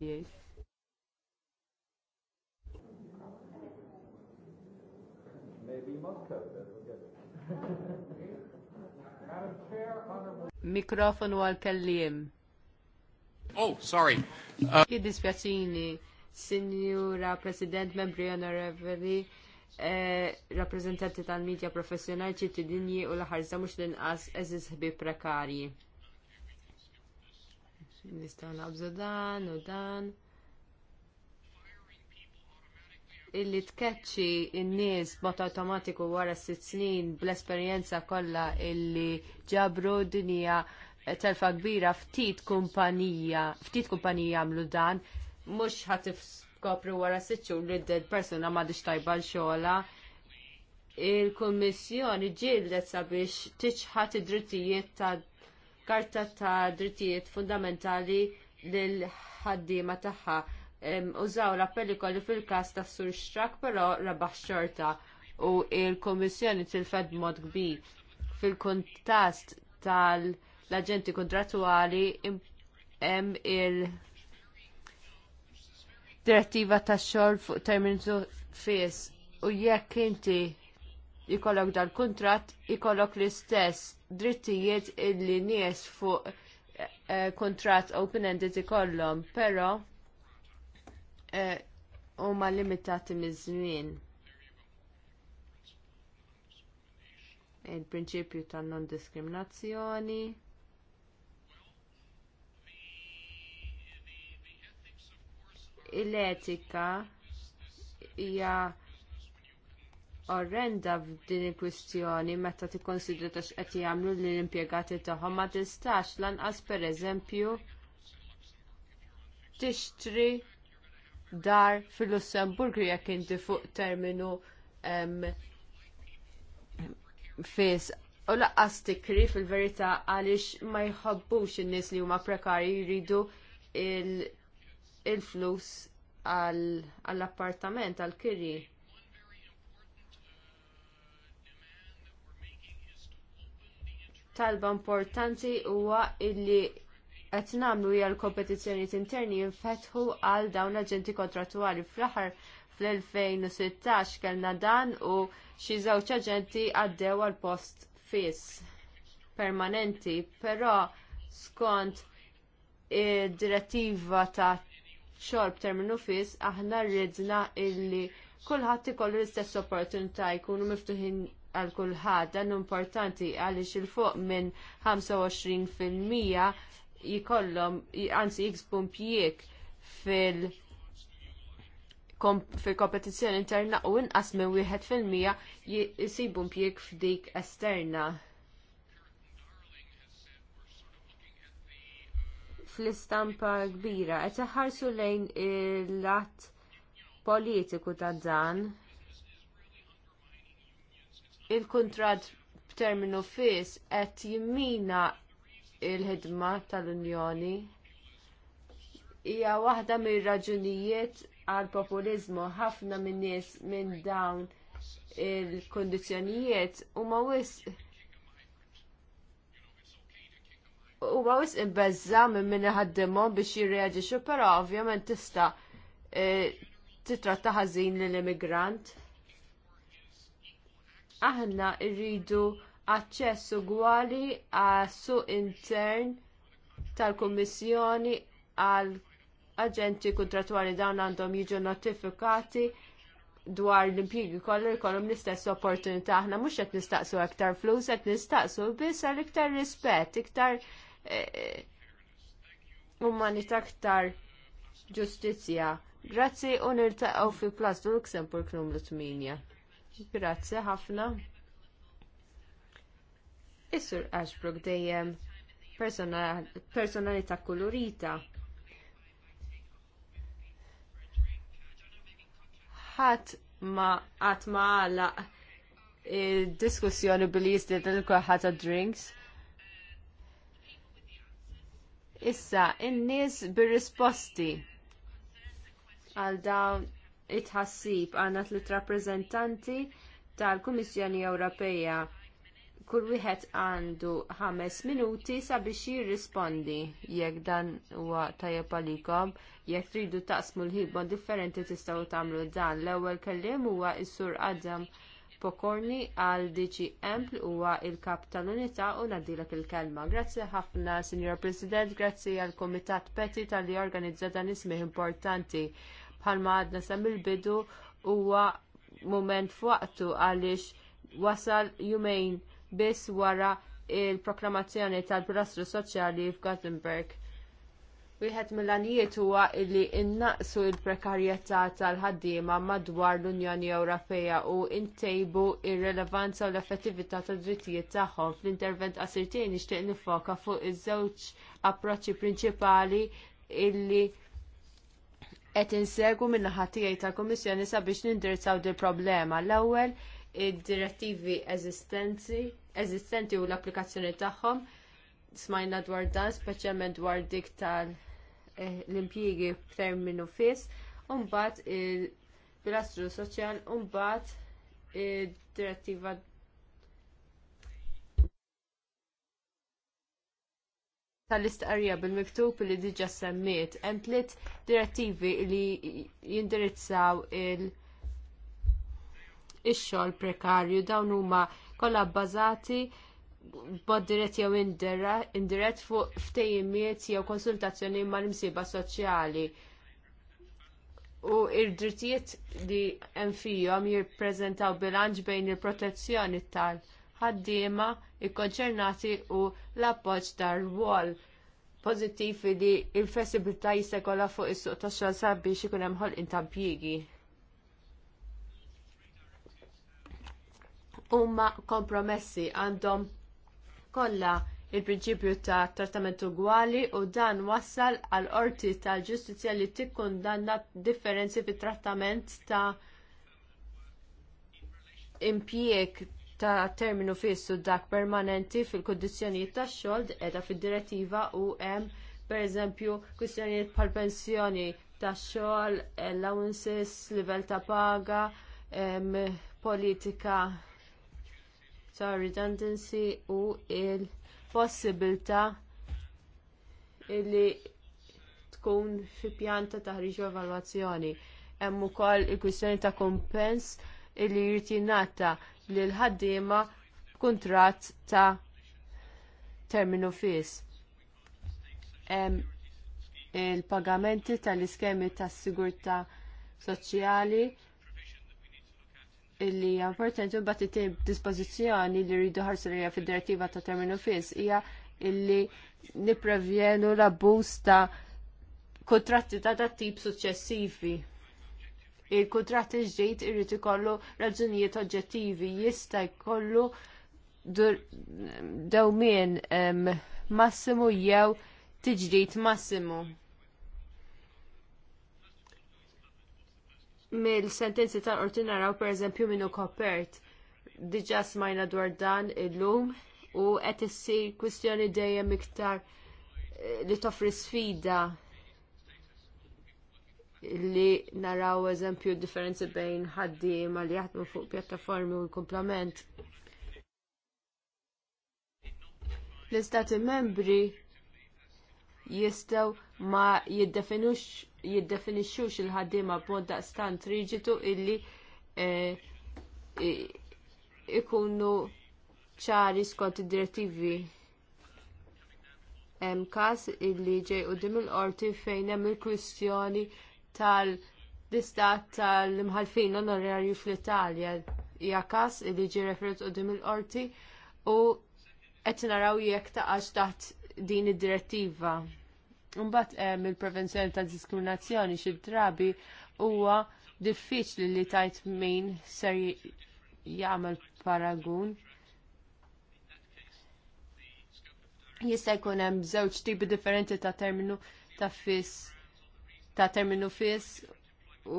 Yes. Mikrofonu għal-kellim. Oh, sorry. Uh... Jiddispjaċini, Signora President, membri onorevoli, eh, rappresentanti tal-medja professjonali ċittadini u l-ħarza l-inqas eżis ħbib prekarji nistgħu nabżu dan u dan. Illi tkeċċi n-nies bot awtomatiku wara sitt snin bl-esperjenza kollha illi ġabru dinja telfa kbira ftit kumpanija, ftit kumpanija għamlu dan, mhux ħadd kopru wara xhur li d-dead persona ma tajba l-xola. Il-Kommissjoni ġildet sabiex tiċħat id-drittijiet ta' karta ta' drittijiet fundamentali lil ħaddiema tagħha. Użaw l-appelli kolli fil-każ ta' Sur Strak, però rebaħ xorta u l-Kummissjoni tilfed mod kbir fil-kontast tal-aġenti kontratwali hemm il- direttiva tax xogħol fuq terminu fis u jekk inti jikollok dal kuntratt jikollok l-istess drittijiet illi nies fuq eh, eh, kuntratt open-ended ikollhom, però eh, huma limitati miż-żmien. Il-prinċipju ta' non-diskriminazzjoni. Il-etika hija orrenda f'din il-kwistjoni meta tikkonsidru tax qed jagħmlu lill-impjegati tagħhom ma tistax lanqas pereżempju tixtri dar fil-Lussemburg jekk inti fuq terminu fis u laqqas tikri fil-verità għaliex ma jħobbux in-nies li huma prekarji jridu il-flus għall-appartament għall-kirri. talba importanti huwa illi qed nagħmlu hija l-kompetizzjonijiet interni jinfetħu għal dawn l-aġenti kontrattwali fl-aħħar fl-2016 kellna dan u xi żewġ aġenti għaddew għal post fiss permanenti, però skont id direttiva ta' xorb terminu fiss aħna rridna illi kulħadd ikollu l-istess opportunità jkunu miftuħin għal kulħadd dan importanti għaliex il-fuq minn 25% jikollhom anzi jiksbu pjek fil fil-kompetizzjoni interna u inqas minn wieħed fil-mija jisibu impjieg f'dik esterna. Fl-istampa kbira, qed iħarsu lejn il-lat politiku ta' dan il-kuntratt b'terminu fis qed jimmina l ħidma tal-Unjoni hija waħda mir-raġunijiet għall populiżmu ħafna minn nies minn dawn il kundizzjonijiet huma wisq huwa wis imbezza minn min iħaddimhom biex jirreġixxu, però ovvjament tista' eh, titratta ħażin lill immigrant aħna rridu aċċess ugwali għas-suq intern tal-Kummissjoni għal aġenti kontratwali dawn għandhom jiġu notifikati dwar l-impjiegi kollu jkollhom l-istess opportunità. Aħna mhux qed nistaqsu aktar flus, qed nistaqsu biss għal iktar rispett, iktar eh, umanità iktar ġustizzja. Grazzi u niltaqgħu fi Plas Luxembourg numru 8. Grazie, ħafna. Is-Sur Ashbrook dejjem personalità kolorita. Ħadd ma qatt ma għala diskussjoni billi jistet il-kwaħat ta' drinks. Issa, in-nies bir-risposti għal dawn it-ħassib għandna tliet rappreżentanti tal-Kummissjoni Ewropea kull wieħed għandu ħames minuti sabiex jirrispondi jekk dan huwa tajjeb għalikom jekk tridu taqsmu l-ħibba differenti tistgħu tagħmlu dan. L-ewwel kelliem huwa s-sur Adam Pokorni għal DG Empl huwa l kap tal-Unità u nadilek il-kelma. Grazzi ħafna, Signor President, grazzi għall kumitat Peti tal-li organizza dan ismih importanti bħalma għadna sam il-bidu huwa mument fuqtu għaliex wasal jumejn biss wara l proklamazzjoni tal prastru Soċjali f'Gothenburg. Wieħed mill-għanijiet huwa li innaqsu l prekarjetà tal-ħaddiema madwar l-Unjoni Ewropea u ntejbu r relevanza u l-effettività tad drittijiet tagħhom. Fl-intervent qasirtejn nixtieq nifoka fuq iż-żewġ approċċi prinċipali illi qed insegu min-naħa tiegħi tal-Kummissjoni sabiex nindirizzaw di problema. L-ewwel id-direttivi eżistenti u l-applikazzjoni tagħhom smajna dwar dan, speċjalment dwar dik tal impjiegi impjiegi b'terminu fis, mbagħad il-pilastru soċjal, u mbagħad id-direttiva tal-istqarrija bil-miktub li diġa semmiet hemm tliet direttivi li jindirizzaw il- ix-xogħol prekarju dawn huma kollha bbażati b'mod dirett jew indirett fuq ftejimiet jew konsultazzjoni mal-imsiba soċjali. U r drittijiet li hemm fihom jippreżentaw bilanċ bejn il-protezzjoni tal- ħaddiema ikkonċernati u l-appoġġ tar-rwol pożittiv li l-flessibilità jistekola fuq is-suq tax-xogħol sabiex ikun hemm ħolqien ta' impjiegi. Huma kompromessi għandhom kollha il-prinċipju ta' trattament ugwali u dan wassal għal qorti tal-ġustizzja li tikkun danna differenzi fit trattament ta' impjieg ta' terminu fissu dak permanenti fil kundizzjonijiet tax-xogħol qiegħda fid-direttiva u hemm pereżempju kwistjonijiet bħall pensjoni tax-xogħol, allowances, livell ta' paga, em, politika ta' redundancy u l possibilità li tkun fi pjanta ta' taħriġ u evalwazzjoni. Hemm ukoll il-kwistjoni ta' kumpens illi jrid jingħata l ħaddiema b'kuntratt ta' terminu fis. il-pagamenti tal-iskemi tas-sigurtà soċjali illi hija importanti mbagħad it-tieb dispożizzjoni li rridu ħarsu li fid-direttiva ta' terminu fis hija illi nipprevjenu l-abbuż ta' kontratti ta' dat tip suċċessivi il-kontrat ġdid irrid ikollu raġunijiet oġġettivi jista' jkollu dewmien massimu jew tiġdid massimu. Mill-sentenzi tal-qorti naraw pereżempju minnu kopert diġà smajna dwar dan illum u qed issir kwistjoni dejjem iktar eh, li toffri sfida li naraw eżempju differenzi bejn ħaddiema li jaħdmu fuq pjattaformi u l-komplement. L-istati membri jistaw ma jiddefinixxux il-ħaddiema b'mod daqstant riġitu illi eh, ikunu ċari skont id-direttivi hemm każ illi ġej quddiem il-qorti fejn hemm il-kwistjoni il kwistjoni tal-istat tal-imħalfin onorarju fl-Italja hija każ li ġie referut qudiem il-qorti u qed naraw jekk taqax taħt din id-direttiva. Imbagħad hemm eh, il-prevenzjoni ta' diskriminazzjoni xi drabi huwa diffiċli li tajt min ser jagħmel paragun. Jista' jkun hemm żewġ tipi differenti ta' terminu ta' fis ta' terminu fis u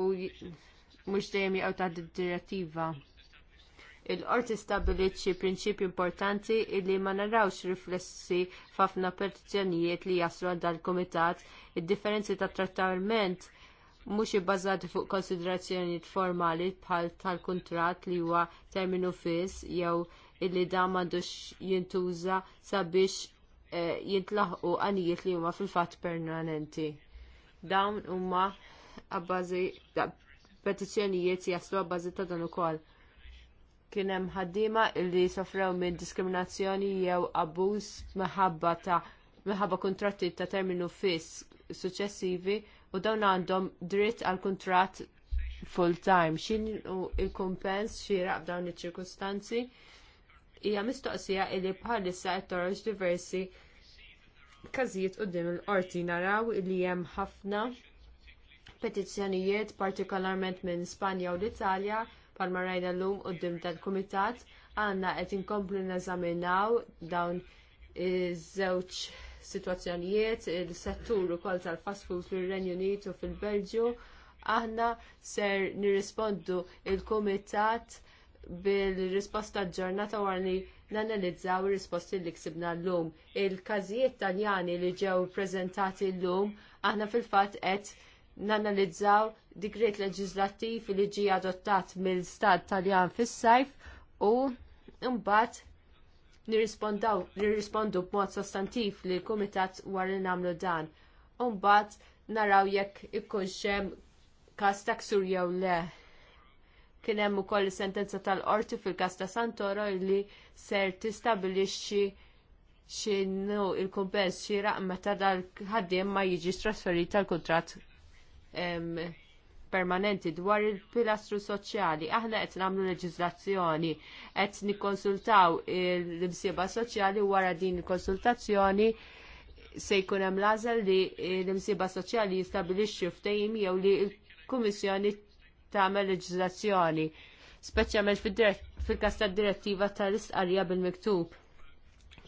mhux dejjem jaqgħu ta' direttiva. Il-qorti stabilit xi prinċipji importanti li ma narawx riflessi f'ħafna petizzjonijiet li jaslu għal dal-kumitat id-differenzi ta' trattament mhux ibbażati fuq konsiderazzjonijiet formali bħal tal-kuntratt li huwa terminu fis jew illi dan m'għandux jintuża sabiex eh, jintlaħqu għanijiet li huma fil-fatt permanenti dawn huma abbażi petizzjonijiet jaslu għabbażi ta' dan ukoll. Kien hemm ħaddiema li sofrew minn diskriminazzjoni jew abbuż minħabba ta' minħabba kuntratti ta' terminu fiss suċċessivi u dawn għandhom dritt għal kuntratt full time. Xin il kumpens xieraq f'dawn iċ-ċirkustanzi? Hija mistoqsija li bħalissa qed toroġ diversi każijiet quddiem il-qorti naraw li hemm ħafna petizzjonijiet partikolarment minn Spanja u l-Italja palma rajna llum quddiem tal-Kumitat għandna qed inkomplu neżaminaw dawn iż-żewġ sitwazzjonijiet il-settur ukoll tal-fast food fir-Renju Unit u fil-Belġju aħna ser nirrispondu il-Kumitat bil-risposta ġurnata li nanalizzaw ir-risposti li ksibna llum. Il-każijiet taljani li ġew ppreżentati llum aħna fil-fatt qed nanalizzaw digret leġislattiv li ġie adottat mill-Stat Taljan fis-sajf u mbagħad nirrispondu b'mod sostantiv lill kumitat wara li nagħmlu dan. U mbagħad naraw jekk ikkunx hemm każ taksur jew le Kien hemm ukoll is sentenza tal-qorti fil-każ ta' Santoro li ser xi x'inhu il-kumpens xieraq meta dal-ħaddiem ma jiġix trasferit tal-kuntratt permanenti dwar il-pilastru soċjali. Aħna qed nagħmlu leġiżlazzjoni, qed nikkonsultaw l-imsieba soċjali wara din il-konsultazzjoni se jkun hemm lażel li l-imsieba soċjali jistabilixxi ftehim jew li l-Kummissjoni tagħmel leġiżlazzjoni, speċjalment fil-każ tad-direttiva tal-istqarrija bil-miktub.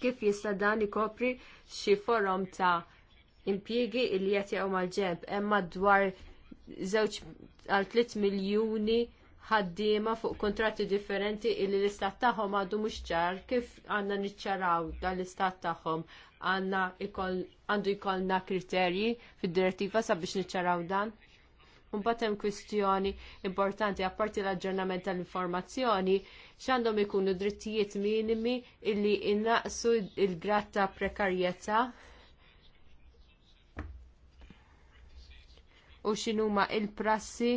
Kif jista' dan ikopri xi forom ta' impjiegi li qed jaqgħu mal ġenb hemm madwar żewġ għal 3 miljuni ħaddiema fuq kontratti differenti illi l-istat tagħhom għadu mhux ċar kif għandna niċċaraw dan l-istat tagħhom għandu jkollna kriterji fid-direttiva sabiex niċċaraw dan? Mbagħad hemm kwistjoni importanti apparti l-aġġornament tal-informazzjoni x'għandhom ikunu drittijiet minimi illi innaqsu il gratta ta' prekarjetà u x'inhuma il-prassi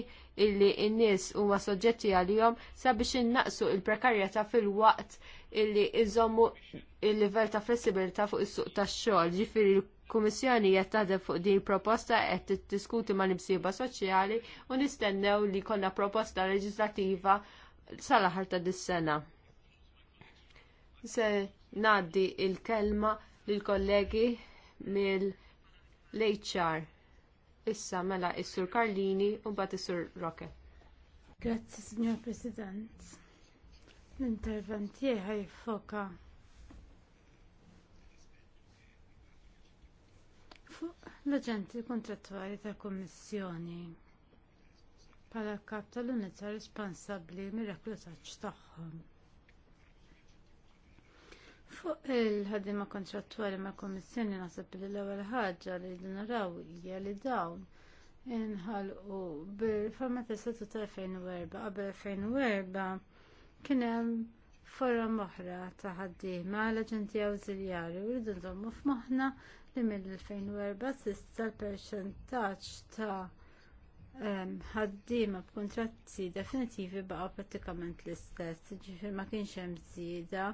illi n-nies huma soġġetti għalihom sabiex innaqsu l prekarjetà fil-waqt illi iżommu il-livell ta' flessibilità fuq is-suq tax-xogħol, ġifieri Kummissjoni qed taħdem fuq din proposta qed tiddiskuti ma' nimsieba soċjali u nistennew li jkollna proposta leġislattiva sal-aħħar ta' dis-sena. Se ngħaddi l kelma lill kollegi mill-HR. Issa mela is-Sur Karlini u mbagħad is-Sur Roke. Grazzi, Signor President. L-intervent jieħa jiffoka l-aġenti kontrattuali tal kummissjoni bħala kap tal-unità responsabbli mir-reklutaġġ tagħhom. Fuq il-ħaddiema kontrattwali mal kummissjoni naħseb li l-ewwel ħaġa li naraw hija li dawn inħalqu bil-forma ta' statut 2004 qabel 2004 kien hemm forra moħra ta' ħaddiema l-aġenti awżiljari u rridu f'moħħna li mill-2004 sissa l-perċentaġġ ta' ħaddiema b'kuntratti definitivi baqa' prattikament l-istess, ġifier ma kienx hemm żieda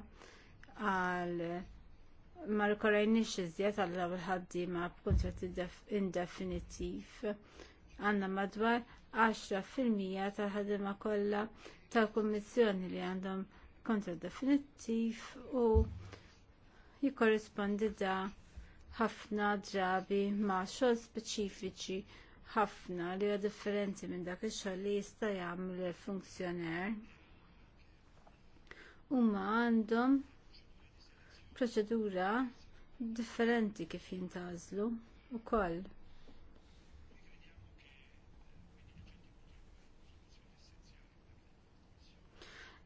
għal ma rkorajniex iżjed għal dawn ħaddiema b'kuntratti indefinitiv. Għandna madwar 10% tal-ħaddiema kollha tal-Kummissjoni li għandhom kontra definittiv u jikkorrispondi da' ħafna drabi ma' xogħol speċifiċi ħafna li huwa differenti minn dak ix-xogħol li jista' jagħmel il-funzjoner. Huma għandhom proċedura differenti kif jintażlu ukoll.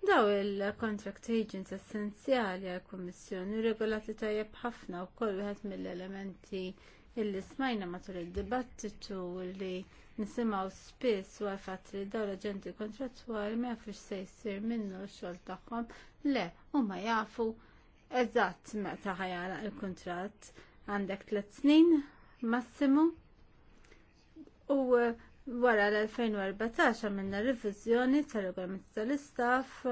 Daw il-contract agents essenzjali għall kummissjoni regolati tajjeb ħafna u koll wieħed mill-elementi illi smajna matul id-dibattitu li nisimgħu spiss u għalfat li dawn l-aġenti kontrattwali ma jafux se jsir minnu x-xogħol tagħhom le huma jafu eżatt meta ħajara il kuntratt għandek tliet snin massimu u Wara l-2014 għamilna riviżjoni tar regolamenti tal-istaff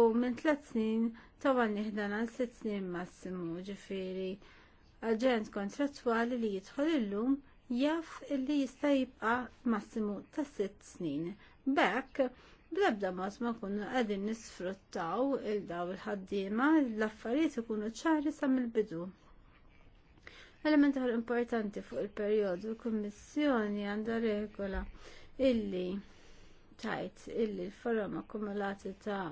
u minn tliet snin tawan nieħdan għal sitt snin massimu ġifieri aġent kontrattwali li jidħol illum jaf illi jista' jibqa' massimu ta' sitt snin. B'hekk bl-ebda mod ma kunu qegħdin nisfruttaw il daw il-ħaddiema l-affarijiet ikunu ċari sa mill-bidu Element tal importanti fuq il-perjodu, l-Kummissjoni għandha regola illi tajt illi l-forom akkumulati ta'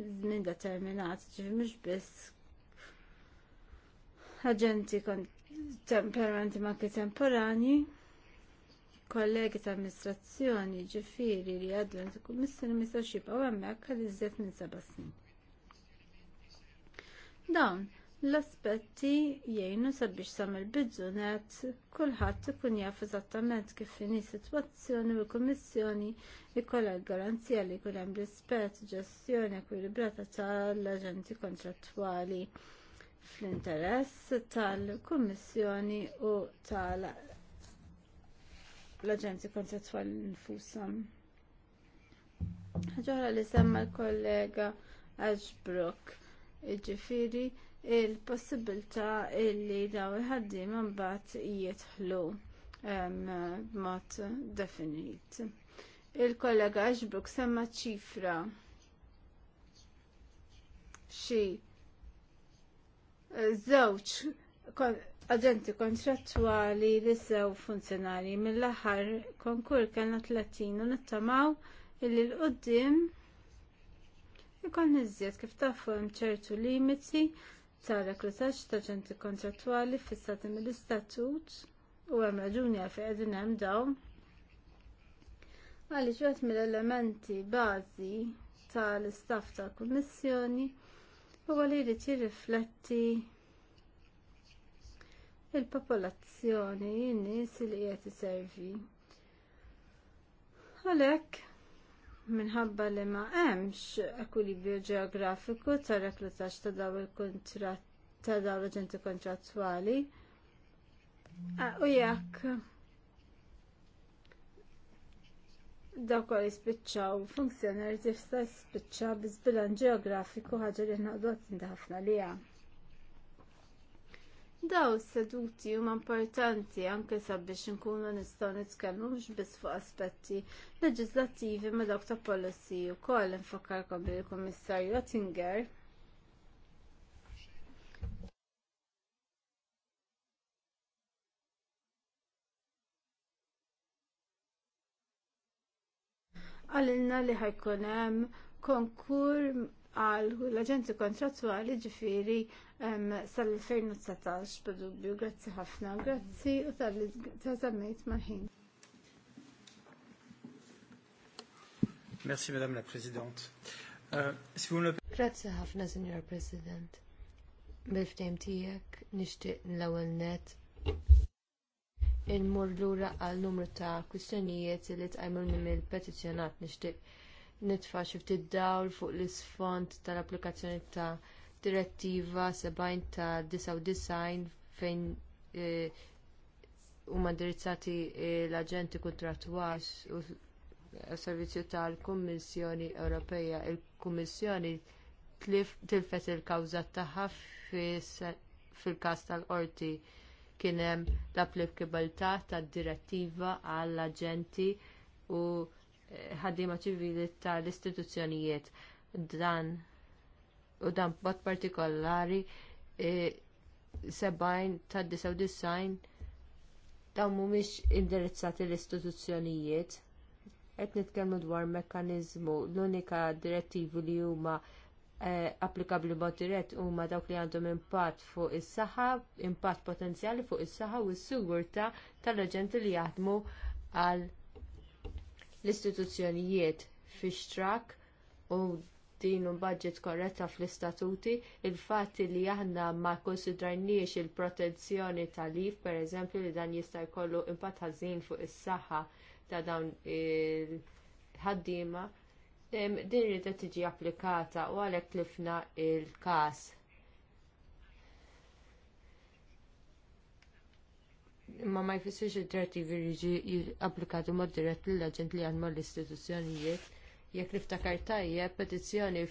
żmien determinat ġifi mhux biss aġenti temperamenti manki temporani kollegi ta' amministrazzjoni ġifiri li għaddu għandu kummissjoni mistax jibqgħu hemmhekk għal iżjed minn seba' snin. Dawn l-aspetti jgħinu sabiex sam il-bidżunet kulħadd ikun jaf eżattament kif fini sitwazzjoni u l-Kummissjoni jkollha l-garanzija li jkun hemm rispett ġestjoni ekwilibrata tal-aġenti kontrattwali fl-interess tal-Kummissjoni u tal- l-aġenti kontrattwali nfusam. Ħaġa li semma l-kollega Ashbrook, ġifiri, il-possibilità li daw il ħaddiem imbagħad jidħlu b'mod definit. Il-kollega Ashbrook semma ċifra xi żewġ Aġenti kontrattwali li sew funzjonali mill-aħħar konkur kellna 30 u nittamaw illi l-qoddim ikon iżjed kif tafu hemm ċertu limiti ta' reklutax ta' ġenti kontrattwali fissati mill-istatut u hemm raġuni għal qegħdin hemm dawn. Għaliex wieħed mill-elementi bażi tal-istaff tal kummissjoni huwa li jrid jirrifletti il-popolazzjoni in-nies li qed iservi. Għalhekk minħabba li ma hemmx ekwilibrio ġeografiku tar reklutax ta' daw il-kontrat ta' daw l-aġenti kontrattwali. U jekk dawk li spiċċaw funzjonari tista' spiċċa biżbilan ġeografiku ħaġa li naqdu ħafna li hemm. Daw seduti huma importanti anke sabiex inkunu nistgħu nitkellmu mhux biss fuq aspetti leġislattivi ma dawk ta' policy wkoll infakkarkom bil kummissarju Oettinger. Għalilna li ħajkun hemm konkur għal l-aġenti kontrattuali ġifiri sal-2019 b'dubju. Grazzi ħafna, grazzi u tal-żammejt mal-ħin. Merci Madame la Présidente. Euh, grazzi ħafna, Signor President. Bil-ftejm tijek, nishtiq l-ewel net. Il-mur l-ura għal numru ta' kwistjonijiet li tqajmu mill petizjonat nishtiq nitfa' xi ftit dawl fuq l-isfond tal-applikazzjoni ta' direttiva 70 ta' 99 fejn eh, huma indirizzati l-aġenti kontrattwali u s-servizzju tal-Kummissjoni Ewropea. Il-Kummissjoni tilfet il-kawża tagħha fil-każ tal-qorti kien hemm l-applikabilità tad-direttiva għall-aġenti u ħaddiema ċivili tal-istituzzjonijiet dan u dan b'mod partikolari e, sebajn ta' 99 design dawn mhumiex indirizzati l-istituzzjonijiet qed nitkellmu dwar mekkaniżmu l-unika direttivi li huma e, applikabbli b'mod dirett huma dawk li għandhom impatt fuq is-saħħa, impatt potenzjali fuq is-saħħa u s-sigurtà tal-aġenti li jaħdmu għal l-istituzzjonijiet fixtrak u din un budget korretta fl-istatuti, il-fatt li aħna ma konsidrajniex il-protezzjoni tal-lif, pereżempju li dan jista' jkollu impatt ħażin fuq is-saħħa ta' dawn il-ħaddiema, din irid tiġi applikata u għalhekk tlifna il-każ imma ma jfissirx id-direttivi jiġi applikati mod dirett lill-aġent li għandma l-istituzzjonijiet. Jekk niftakar tajjeb petizzjoni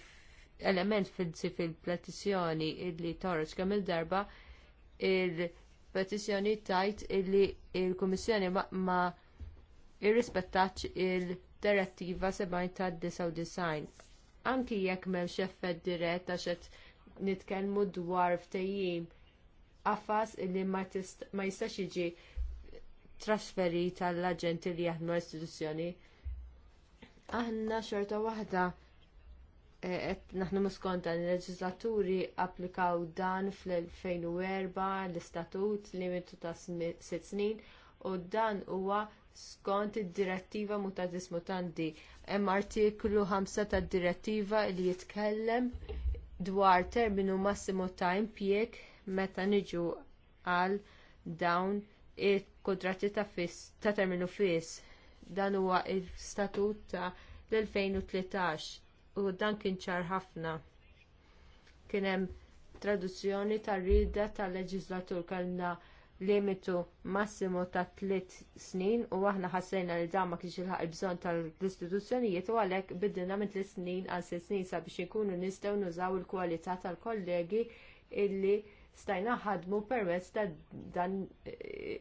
element fil-petizzjoni illi torroġ kemm il-darba il-petizzjoni tajt illi l kummissjoni ma irrispettax il-direttiva 70 ta' 99. Anki jekk m'hemmx effett dirett għax qed nitkellmu dwar ftehim qafas li ma jistax jiġi trasferit għall aġenti li jaħdmu l-istituzzjoni. Aħna xorta waħda qed naħnu muskonta li l-leġislaturi applikaw dan fl-2004 l-istatut limitu ta' sitt snin u dan huwa skont id-direttiva mutatis mutandi. Hemm artiklu 5 tad direttiva li jitkellem dwar terminu massimu ta' impjieg meta niġu għal dawn il-kontratti ta' fis ta' terminu fiss, dan huwa il-statut ta' l-2013 u dan kien ċar ħafna. Kien hemm traduzzjoni tar rida tal-leġislatur kellna limitu massimo ta' tliet snin u aħna ħassejna li dan ma kienx il bżonn tal-istituzzjonijiet u għalhekk bidilna minn tliet snin għal sitt snin sabiex inkunu nistgħu nużaw il-kwalità tal-kollegi illi stajna ħadmu permezz ta' dan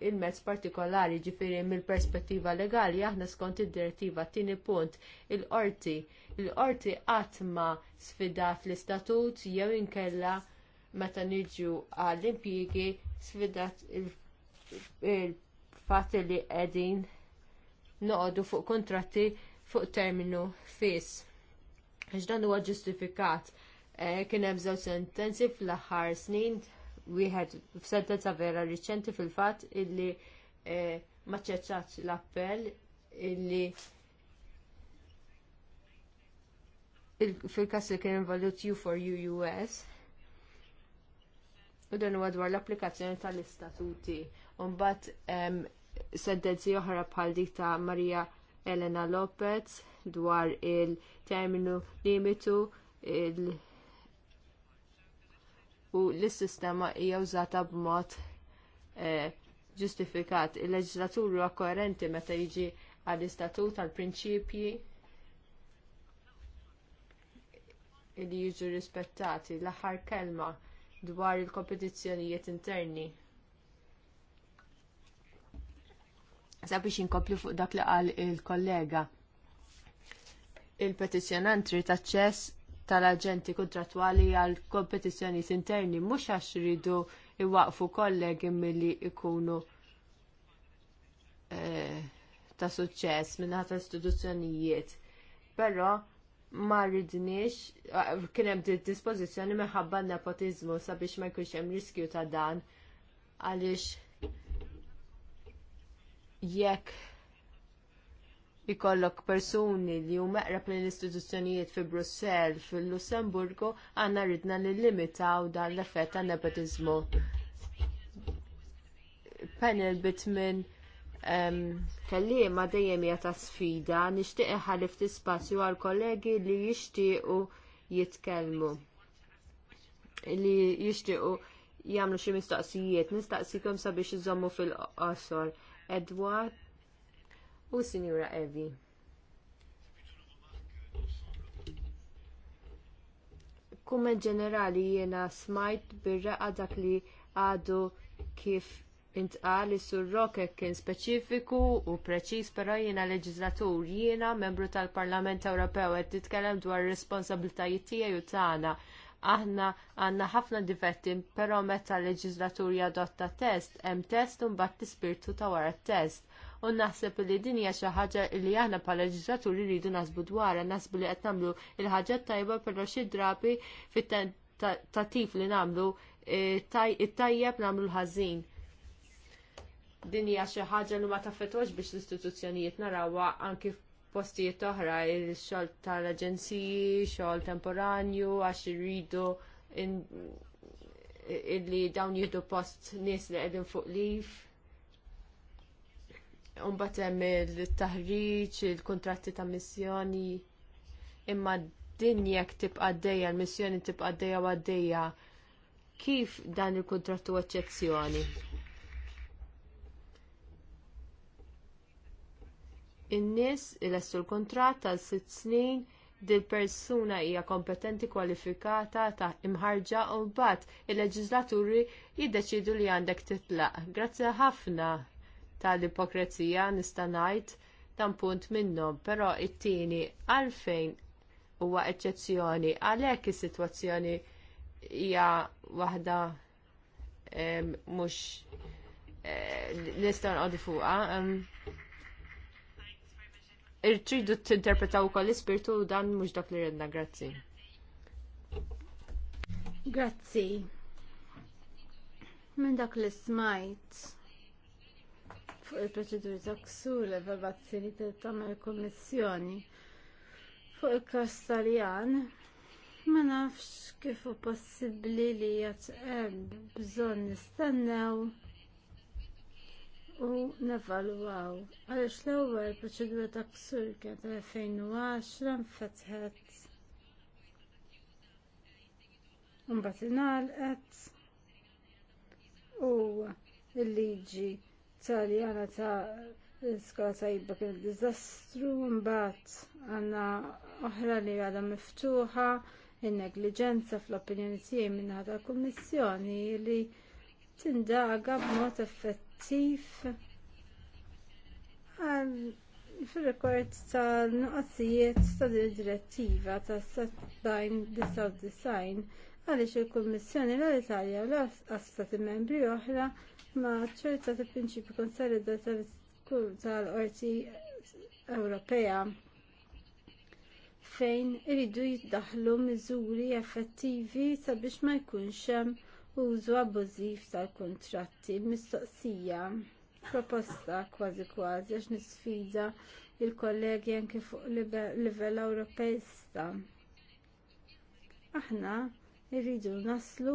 il-mezz partikolari ġifiri mill-perspettiva legali aħna skont id-direttiva tieni punt il-qorti. Il-qorti qatt ma sfidat l-istatut jew inkella meta niġu għall-impjiegi sfidat il-fatt il li qegħdin noqogħdu fuq kuntratti fuq terminu fis. Għax dan huwa ġustifikat. Eh, kien hemm żewġ sentenzi fl-aħħar snin wieħed f'sentenza vera riċenti fil-fatt illi eh, maċċeċċaċ l-appell illi fil-kas li kien involut U for US. U dan huwa dwar l-applikazzjoni tal-istatuti. Umbat sentenzi oħra bħal dik ta' Maria Elena Lopez dwar il-terminu limitu il- u l-sistema hija użata b'mod eh, ġustifikat. il leġislaturi huwa koerenti meta jiġi għall-istatut għall-prinċipji li jiġu rispettati l-aħħar kelma dwar il-kompetizzjonijiet interni. Sabiex inkomplu fuq dak li qal il-kollega. Il-petizjonant trid aċċess tal-aġenti kontrattwali għal kompetizzjonijiet interni mhux għax ridu iwaqfu kollegi milli ikunu eh, ta' suċċess minn ta' istituzzjonijiet. Però ma rridniex eh, kien hemm dispożizzjoni minħabba nepotiżmu sabiex ma jkunx hemm riskju ta' dan għaliex jekk ikollok persuni li huma meqrab l istituzzjonijiet fi Brussell, fil-Lussemburgu, għandna ridna li limitaw dan l-effett ta' nepotizmu. Panel bitmin um, kellima dejjem hija ta' sfida, nixtieq iħallif spazju għal kollegi li jixtiequ jitkellmu. Li jixtiequ jagħmlu xi mistoqsijiet, nistaqsikom sabiex iżommu fil-qosor. Edward u Sinjura Evi. Kumment ġenerali jiena smajt bir-raqa dak li għadu kif intqal li sur roke kien speċifiku u preċiż però jiena leġislatur jiena membru tal-Parlament Ewropew qed titkellem dwar ir-responsabbiltajiet tiegħi u tagħna aħna għandna ħafna difetti, però meta l-leġislatur jadotta test, hemm test u mbagħad l-ispirtu ta' wara t test u naħseb li din hija xi ħaġa li aħna bħala leġislaturi rridu nasbu dwarha, nasbu li qed nagħmlu il-ħaġa tajba però xi drabi fit-tatif li nagħmlu e, it-tajjeb nagħmlu l-ħażin. Din hija xi ħaġa li ma tafetwax biex l-istituzzjonijiet narawha anki postijiet oħra, il-xogħol tal-aġenziji, xogħol temporanju għax irridu illi dawn jihdu post nies li qegħdin fuq lif. Umbat hemm il-taħriġ, il-kontratti ta' missjoni. Imma din jekk tibqa' għaddejja, l-missjoni tibqa' għaddejja u għaddejja. Kif dan il-kontrattu huwa eċċezzjoni? In-nies ilessu l-kontratt għal sitt snin dil persuna hija kompetenti kwalifikata ta' imħarġa u mbagħad il-leġislaturi jiddeċidu li għandek titlaq. Grazzi ħafna tal-ipokrezija nista' ngħid dan punt minnhom, però it-tieni għalfejn huwa eċċezzjoni għalhekk is-sitwazzjoni hija waħda mhux eh, nistgħu nqogħdu fuqha. Irtridu tinterpretaw ukoll l-ispirtu dan mhux dak li redna, grazzi. Grazzi. Minn dak li smajt fuq il-proċeduri ta' ksur l-evalvazzjoni ta' tagħmel kummissjoni fuq il-każ Taljan ma nafx kif hu possibbli li hemm bżonn nistennew u nevalwaw. Għaliex l-ewwel proċedura ta' ksur kienet 2010 nfetħet Mbagħad ingħalqet u l-liġi taljana ta' skola tajba kien dizastru mbagħad għandna oħra li għadha miftuħa in-negliġenza fl-opinjoni tiegħi minnaħa tal-Kummissjoni li tindaga b'mod effettiv fil-rekord ta' nuqqasijiet ta' direttiva ta' 79 għaliex il-Kummissjoni l-Italja u l-Astati membri oħra ma ċerta ta' prinċipju konsolida tal-Qorti Ewropea fejn iridu jiddaħħlu miżuri effettivi sabiex ma jkunx hemm użu abbużiv tal-kuntratti mistoqsija proposta kważi kważi għax nisfida l kollegi anke fuq livell Ewropejista. Aħna irridu naslu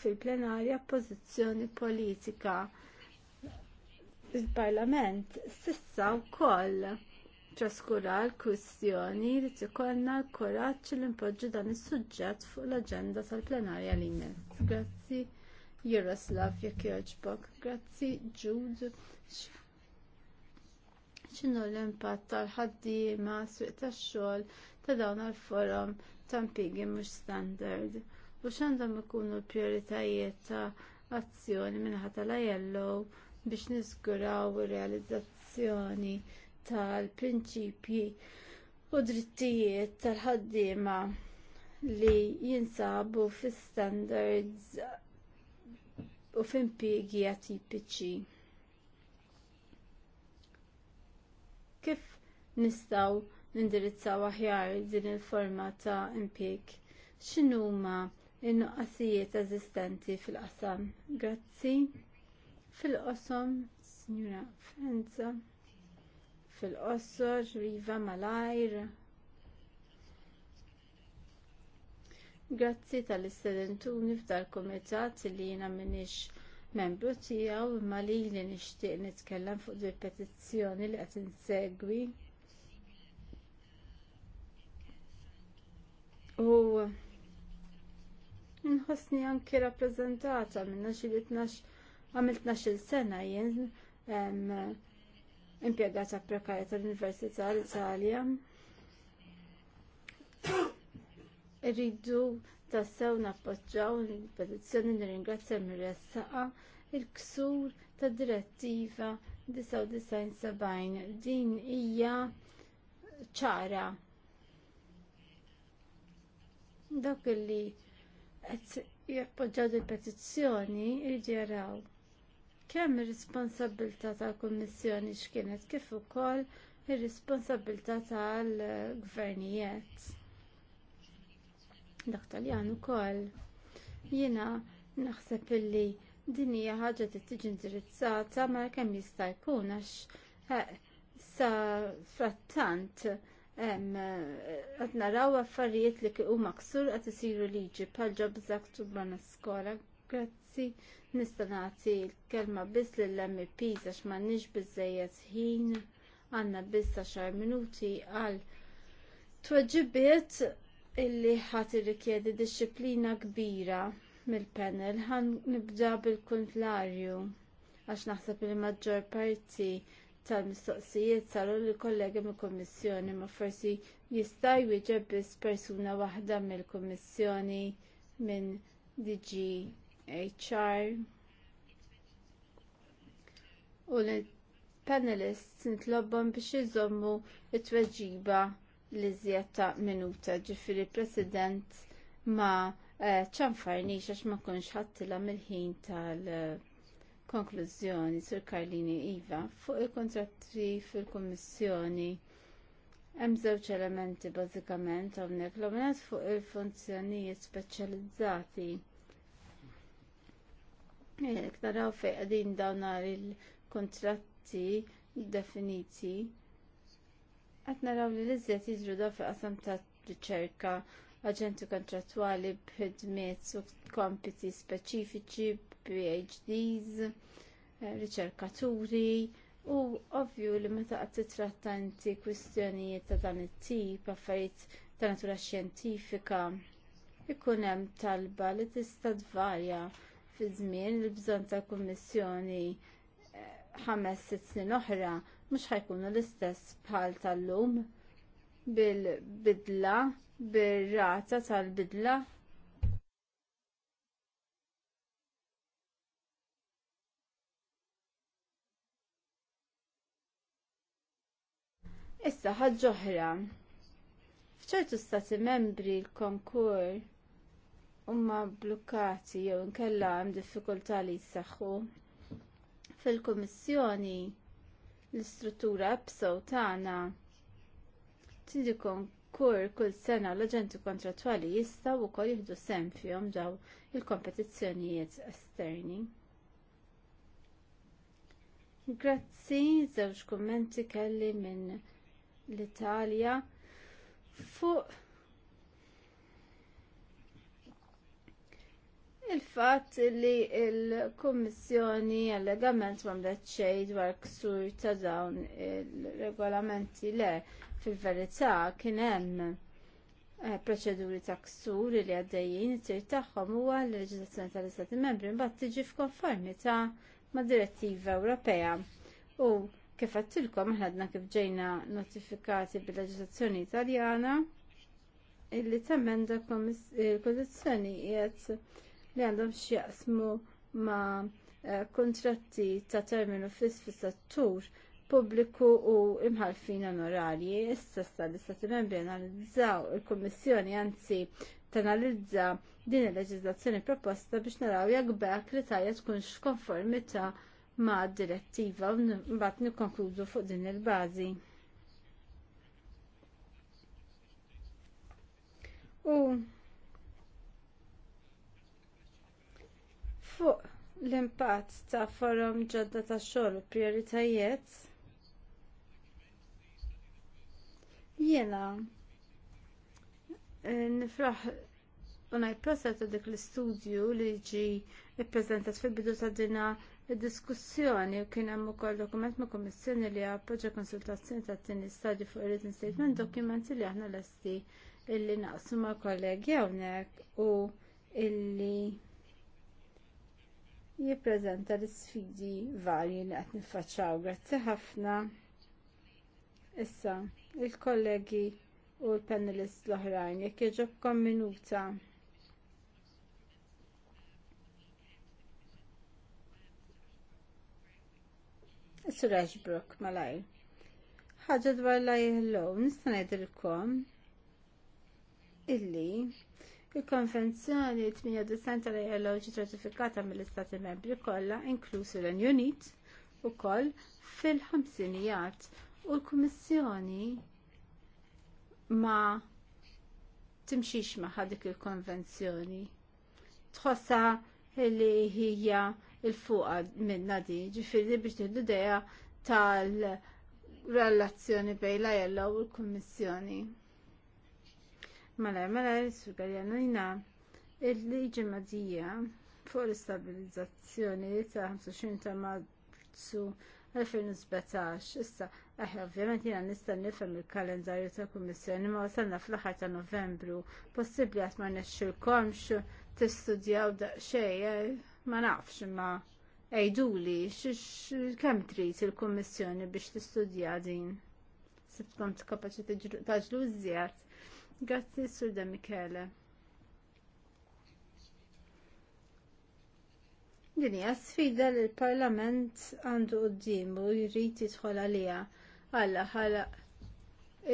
fil-plenarja pożizzjoni politika. Il-Parlament sissa wkoll ċaskura l-kwistjoni li tikollna l-kuraġġ li npoġġu dan is-suġġett fuq l-aġenda tal-plenarja li jmiss. Grazzi Jaroslav jekk jogħġbok. Grazzi Jude. X'inhu l-impatt tal-ħaddiema suq tax-xogħol ta' dawn il-forum ta' impjiegi mhux standard u għandhom ikunu l-prijoritajiet ta' azzjoni minħata la jellow biex niżguraw ir-realizzazzjoni tal-prinċipji u drittijiet tal-ħaddiema li jinsabu fi standards u f'impjiegi atipiċi. Kif nistgħu nindirizzaw aħjar din il-forma ta' impjieg? X'inhuma in-nuqqasijiet eżistenti fil-qasam. Grazzi fil-qosom, Signora Frenza, fil-qosor, Riva Malajr. Grazzi tal-istedentuni f'dal kumitat li jiena minix membru tiegħu imma li li nixtieq nitkellem fuq il petizzjoni li qed insegwi. U nħosni anki rappreżentata minna xilitnax li il sena jien impjegata prekarja tal-Università l-Italja. Irridu tassew nappoġġaw il-petizzjoni nirringrazzja mir-ressaqa il-ksur ta' direttiva 99 din hija ċara. Dak li qed jappoġġaw il-petizzjoni jridu jaraw kemm ir-responsabilità tal-Kummissjoni x'kienet kif ukoll ir-responsabilità tal-gvernijiet. Dak taljan ukoll. Jiena naħseb illi din hija ħaġa li tiġi indirizzata ma kemm jista' jkun għax eh, sa frattant Qed naraw affarijiet li kienu maksur qed isiru liġi bħal Jobs Act u skola. Grazzi, nista' nagħti l-kelma biss lill-MP għax m'għandniex biżejjed ħin għandna biss xar minuti għal tweġibiet illi ħadd irrikjedi disċiplina kbira mill-panel ħan nibda bil-kontlarju għax naħseb il maġġor parti tal-mistoqsijiet saru lill kollega mill kummissjoni ma forsi jista' jwieġeb biss persuna waħda mill-Kummissjoni minn DG HR. U l-panelists nitlobbhom biex iżommu t tweġiba li ta' minuta ġifiri president ma eh, ċanfarni għax ma kunx ħattila mill-ħin tal- Konklużjoni, Sir Karlini Iva, fuq il-kontratti fil-Kommissjoni hemm żewġ elementi bażikament hawnhekk l-omenet fuq il-funzjonijiet speċjalizzati. Naraw fejn qegħdin dawn il-kontratti definiti Qed naraw li l iżjed jiġru da fi qasam ta' riċerka, aġenti kontrattwali b'ħidmiet u kompiti speċifiċi PhDs, eh, riċerkaturi, u ovvju li meta qed titratta inti kwistjonijiet ta' dan it-tip, affarijiet ta' natura xjentifika, ikun hemm talba li tista' tvarja fi żmien li bżonn ta' kummissjoni eh, ħames sitt snin oħra mhux ħajkunu l-istess bħal tal-lum bil-bidla, bir-rata tal-bidla Issa ħadġoħra, F'ċertu stati membri l-konkur huma blukkati jew nkella hemm diffikultà li jissaħħu. Fil-Kummissjoni l-istruttura episod tagħna tindi konkur kull sena l-aġenti kontrattwali jistgħu wkoll jieħdu sem fihom daw il-kompetizzjonijiet esterni. Grazzi, żewġ kummenti kelli minn l-Italja fuq Il-fatt li il-Kommissjoni allegament ma xejn dwar ksur ta' dawn il-regolamenti le fil-verità kien hemm eh, proċeduri ta' ksur li għaddejjin it-tir tagħhom huwa l-leġiżlazzjoni tal-Istati Membri mbagħad tiġi f'konformità mad direttiva Ewropea. U Kif għattilkom, ħadna kif ġejna notifikati bil-leġislazzjoni italjana illi temenda il-kondizjoni eh, jgħet li għandhom xjaqsmu ma eh, kontratti ta' terminu fis fis-settur pubbliku u imħalfin onorarji. Issa sta li stati membri analizzaw il-Kommissjoni anzi tanalizza din il leġislazzjoni proposta biex naraw jekk bekk li tajja tkunx konformita ta' ma' direttiva u mbagħad nikkonkludu fuq din il-bażi. U fuq l-impatt ta' forum ġodda ta' xogħol u prioritajiet jiena eh, nifraħ unaj prosa ta' dik l-istudju li ġi ippreżentat fil-bidu ta' dina Id-diskussjoni kien hemm ukoll dokument ma' kummissjoni li appoġġa konsultazzjoni ta' tieni stadju fuq ir-written statement dokumenti li aħna lesti illi naqsmu ma' kollegi hawnhekk u illi jippreżenta l-isfidi varji li qed niffaċċaw. Grazzi ħafna. Issa, il-kollegi u l-panelist l-oħrajn jekk jogħġobkom minuta. Sur Ashbrook, malaj. ħagġa dwar life loans, kom illi il-konvenzjoni 98 tal-ILO ġiet ratifikata mill-Istati Membri kollha, inkluż l-Unit ukoll fil-ħamsinijat u l-Kummissjoni ma timxix maħadik dik il-konvenzjoni. Tħossa illi hija il-fuqa minna di, ġifiri biex tiħdu deja tal-relazzjoni bej la jella u l-Kommissjoni. Mela, mela, jisugar jina il-liġi madija fuq l-istabilizzazzjoni ta' 25 ta' marzu 2017. Issa, aħja, ovvjament jina nista' nifhem il-kalendarju ta' kummissjoni ma wasalna fl-aħħar ta' Novembru. Possibbli għat ma nexxilkomx tistudjaw daqsxejn eh? ma nafx imma ejduli kemm trid il-Kummissjoni biex tistudja din. t-kapaxi taġlu żjed. Grazzi Sur De Michele. Din hija sfida li l-Parlament għandu qudiemu jrid jidħol għaliha għalla għalla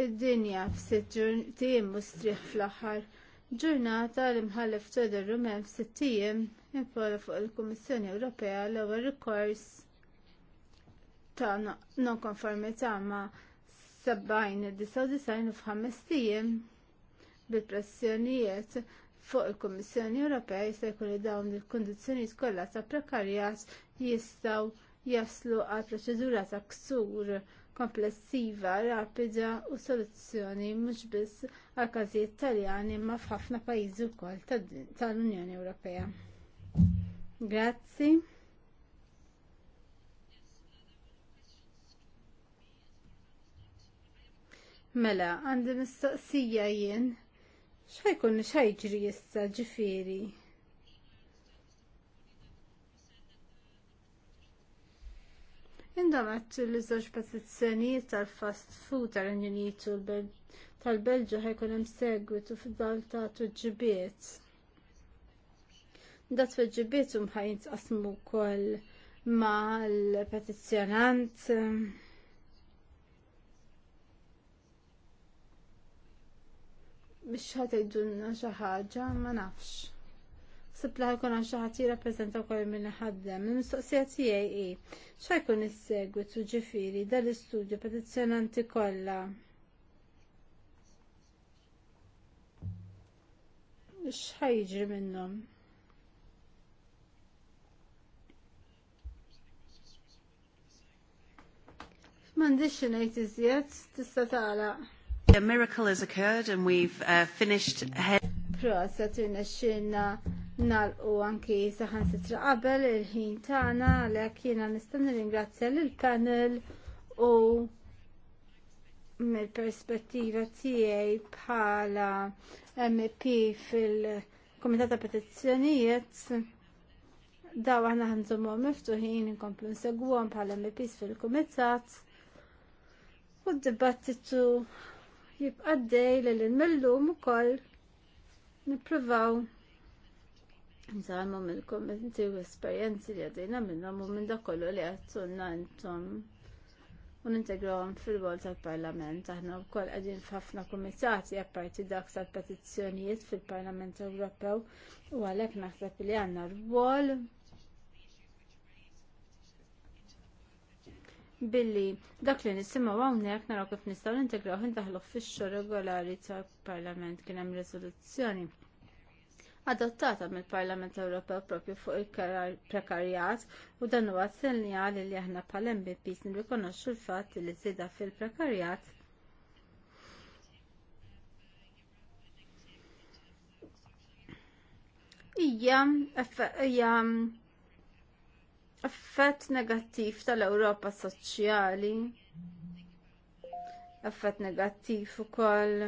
id-dinja f-sitt tiem u striħ fl-aħħar ġurnata li mħallef Todor Rumem f tiem impola fuq il-Kummissjoni Ewropea l-ewwel rikors ta' non-konformità ma' 70-99 f'ħames tiem bil-pressjonijiet fuq il-Kummissjoni Ewropea jista' jkun li dawn il-kundizzjonijiet kollha ta' prekarjat jistgħu jaslu għal proċedura ta' ksur komplessiva, rapida u soluzzjoni mhux biss għal każijiet Taljani imma f'ħafna pajjiżi wkoll tal-Unjoni Ewropea. Grazzi. Mela, għandi mistoqsija jien. Xħajkun xħajġri jissa ġifiri? Indom għattu li zoġ petizzjonijiet tal-fast food tal-Unjonitu tal-Belġu ħajkun hemm segwitu fid-dal ta' da t-fġibiet mħajn tqasmu t kol ma l-petizjonant. ħat ħatajdunna xaħġa, ma nafx. Sibla ħajkun għan xaħat jirrapprezenta kol minn ħaddem. Il-mistoqsija tijaj i, xaħkun il-segwitu ġifiri dal-istudju petizjonanti kolla. Xħajġi minnom. M'għandix ngħid iżjed tista' tagħlaq. miracle has occurred and we've uh, finished ahead. Proset irnexxinna nalqu anki saħan sitra qabel il-ħin tagħna għalhekk jiena nistan nirringrazzja lill-panel u mill-perspettiva tiegħi bħala MP fil komitata ta' Petizzjonijiet daw aħna għom miftuħin inkomplu nsegwhom bħala MPs fil-Kumitat u d-dibattitu jibqa' dej li l-millum ukoll nippruvaw nżalmu mill kommenti u esperjenzi li għadina minnhom u minn dak kollu li għattunna intom u nintegrawhom fil-wol tal-Parlament. Aħna wkoll qegħdin f'ħafna kumitati apparti dak tal-petizzjonijiet fil-Parlament Ewropew u għalhekk naħseb li għandna rwol billi dak li nisimgħu hawnhekk naraw kif nistgħu nintegraw indaħlu fix-xogħol regolari tal-Parlament kien hemm riżoluzzjoni adottata mill-Parlament Ewropew propju fuq il-prekarjat u dan huwa sinjal li aħna bħal MPs nirrikonoxxu l-fatt li żieda fil-prekarjat hija effett negattiv tal-Ewropa soċjali, effett negattiv ukoll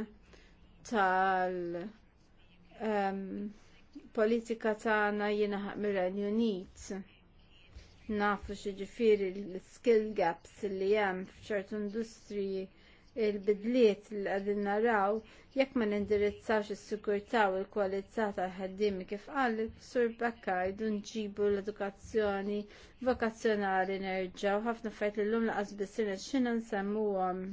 tal- um, politika tagħna jinaħaq mir-Renju Unit. Nafu xi ġifieri l-skill gaps li hemm f'ċertu industriji il-bidliet li għadin naraw jekk ma nindirizzawx is-sigurtà u l-kwalità tal-ħaddiemi kif qal sur Bakkajdu nġibu l-edukazzjoni vokazzjonali nerġgħu ħafna fajt li llum laqas bissinet x'inhu nsemmuhom.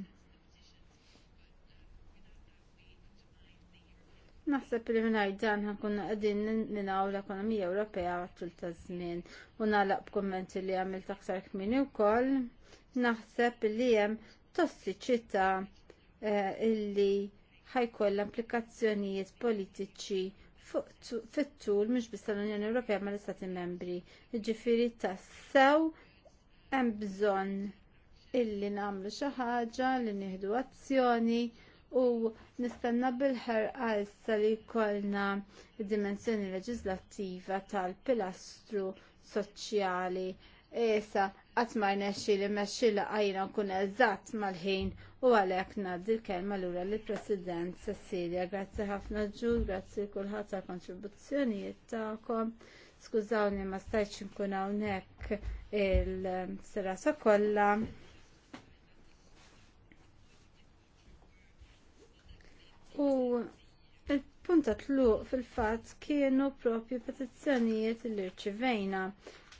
Naħseb li mingħajr dan ħankun qegħdin ninaw l-ekonomija Ewropea għat-tul ta' żmien u nagħlaq b'kummenti li għamilt aktar kmieni wkoll naħseb li hemm tossiċità eh, illi ħajkollha implikazzjonijiet politiċi fit-tul mhux biss tal-Unjoni Ewropea ma l-Istati Membri. Jiġifieri tassew hemm bżonn illi nagħmlu xi ħaġa li nieħdu azzjoni u nistenna bil-ħerqa issa li jkollna dimensjoni leġislattiva tal-pilastru soċjali. Esa, għatmajna xie li meċxilla għajna kun eżatt mal-ħin u għalek naddi l-kelma l-ura li president Cecilia. Grazzi ħafna ġul, grazie kullħat ta' kontribuzzjonijiet ta'kom. Skużawni ma stajċ nkun hawnhekk il-serata kollha. U il-punta tluq fil-fatt kienu propju petizzjonijiet li rċivejna.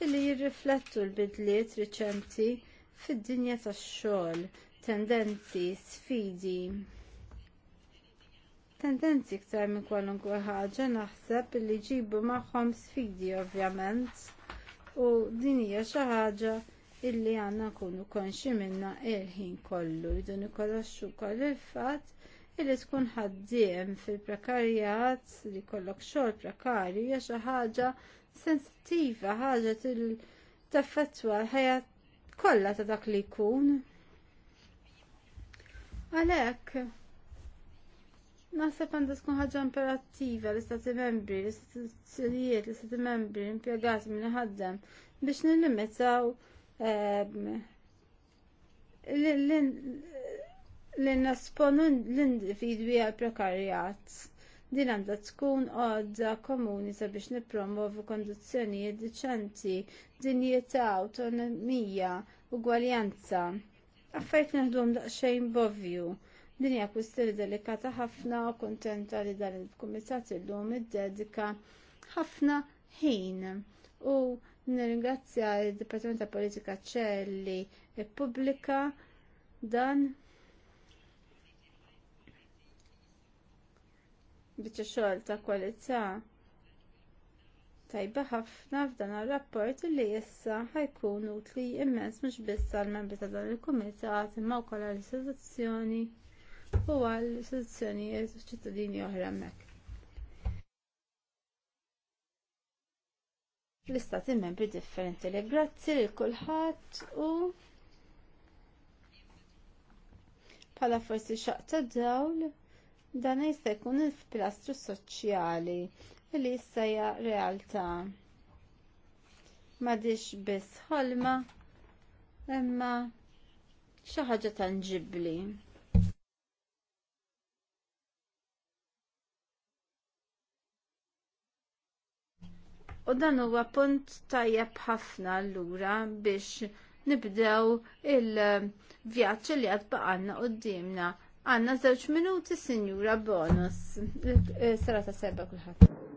Illi jirriflettu l-bidliet riċenti fid-dinja tax-xogħol, tendenzi, sfidi. Tendenzi iktar minn kwalunkwe ħaġa naħseb li jġibu magħhom sfidi ovvjament u din hija xi ħaġa illi għandna nkunu konxi minnha il-ħin kollu jdu nikolaxxu wkoll il-fatt illi tkun ħaddiem fil-prekarjat li jkollok xogħol prekarju hija xi ħaġa sensittiva ħaġa taffettwa taffetwa ħajja kollha ta' dak li jkun. Għalhekk naħseb għandha tkun ħaġa imperattiva li stati membri, l-istituzzjonijiet, li stati membri, impjegati minn ħaddem biex nillimitaw ehm, l nasponu l-individwi għal prekarjat. Din għandha tkun għadda komuni sabiex nippromovu kondizzjonijiet diċenti, dinjità, autonomija, ugwaljanza. Affajt naħdum daqsxejn bovju. Din hija kwistjoni delikata ħafna u kuntenta li dan il-kumitat illum iddedika ħafna ħin. U nirringrazzja il-Dipartiment ta' Politika ċelli e Pubblika dan biċċa xogħol ta' kwalità tajba ħafna f'dan ir-rapport li issa ħajkun utli immens mhux biss għall-membri ta' dan il-kumitat imma wkoll għall-istituzzjoni u għall-istituzzjonijiet u ċittadini oħra hemmhekk. L-istati membri differenti li grazzi lil kulħadd u bħala forsi xaq ta' dawl dan jista' jkun il-pilastru soċjali li jista' realtà. M'għadix biss ħolma imma xi ħaġa tanġibbli. U dan huwa punt tajjeb ħafna allura biex nibdew il-vjaġġ li għad baqanna qoddimna Għanna zewċ minuti, Sinjura Bonus. Eh, eh, sarata sebba kullħat.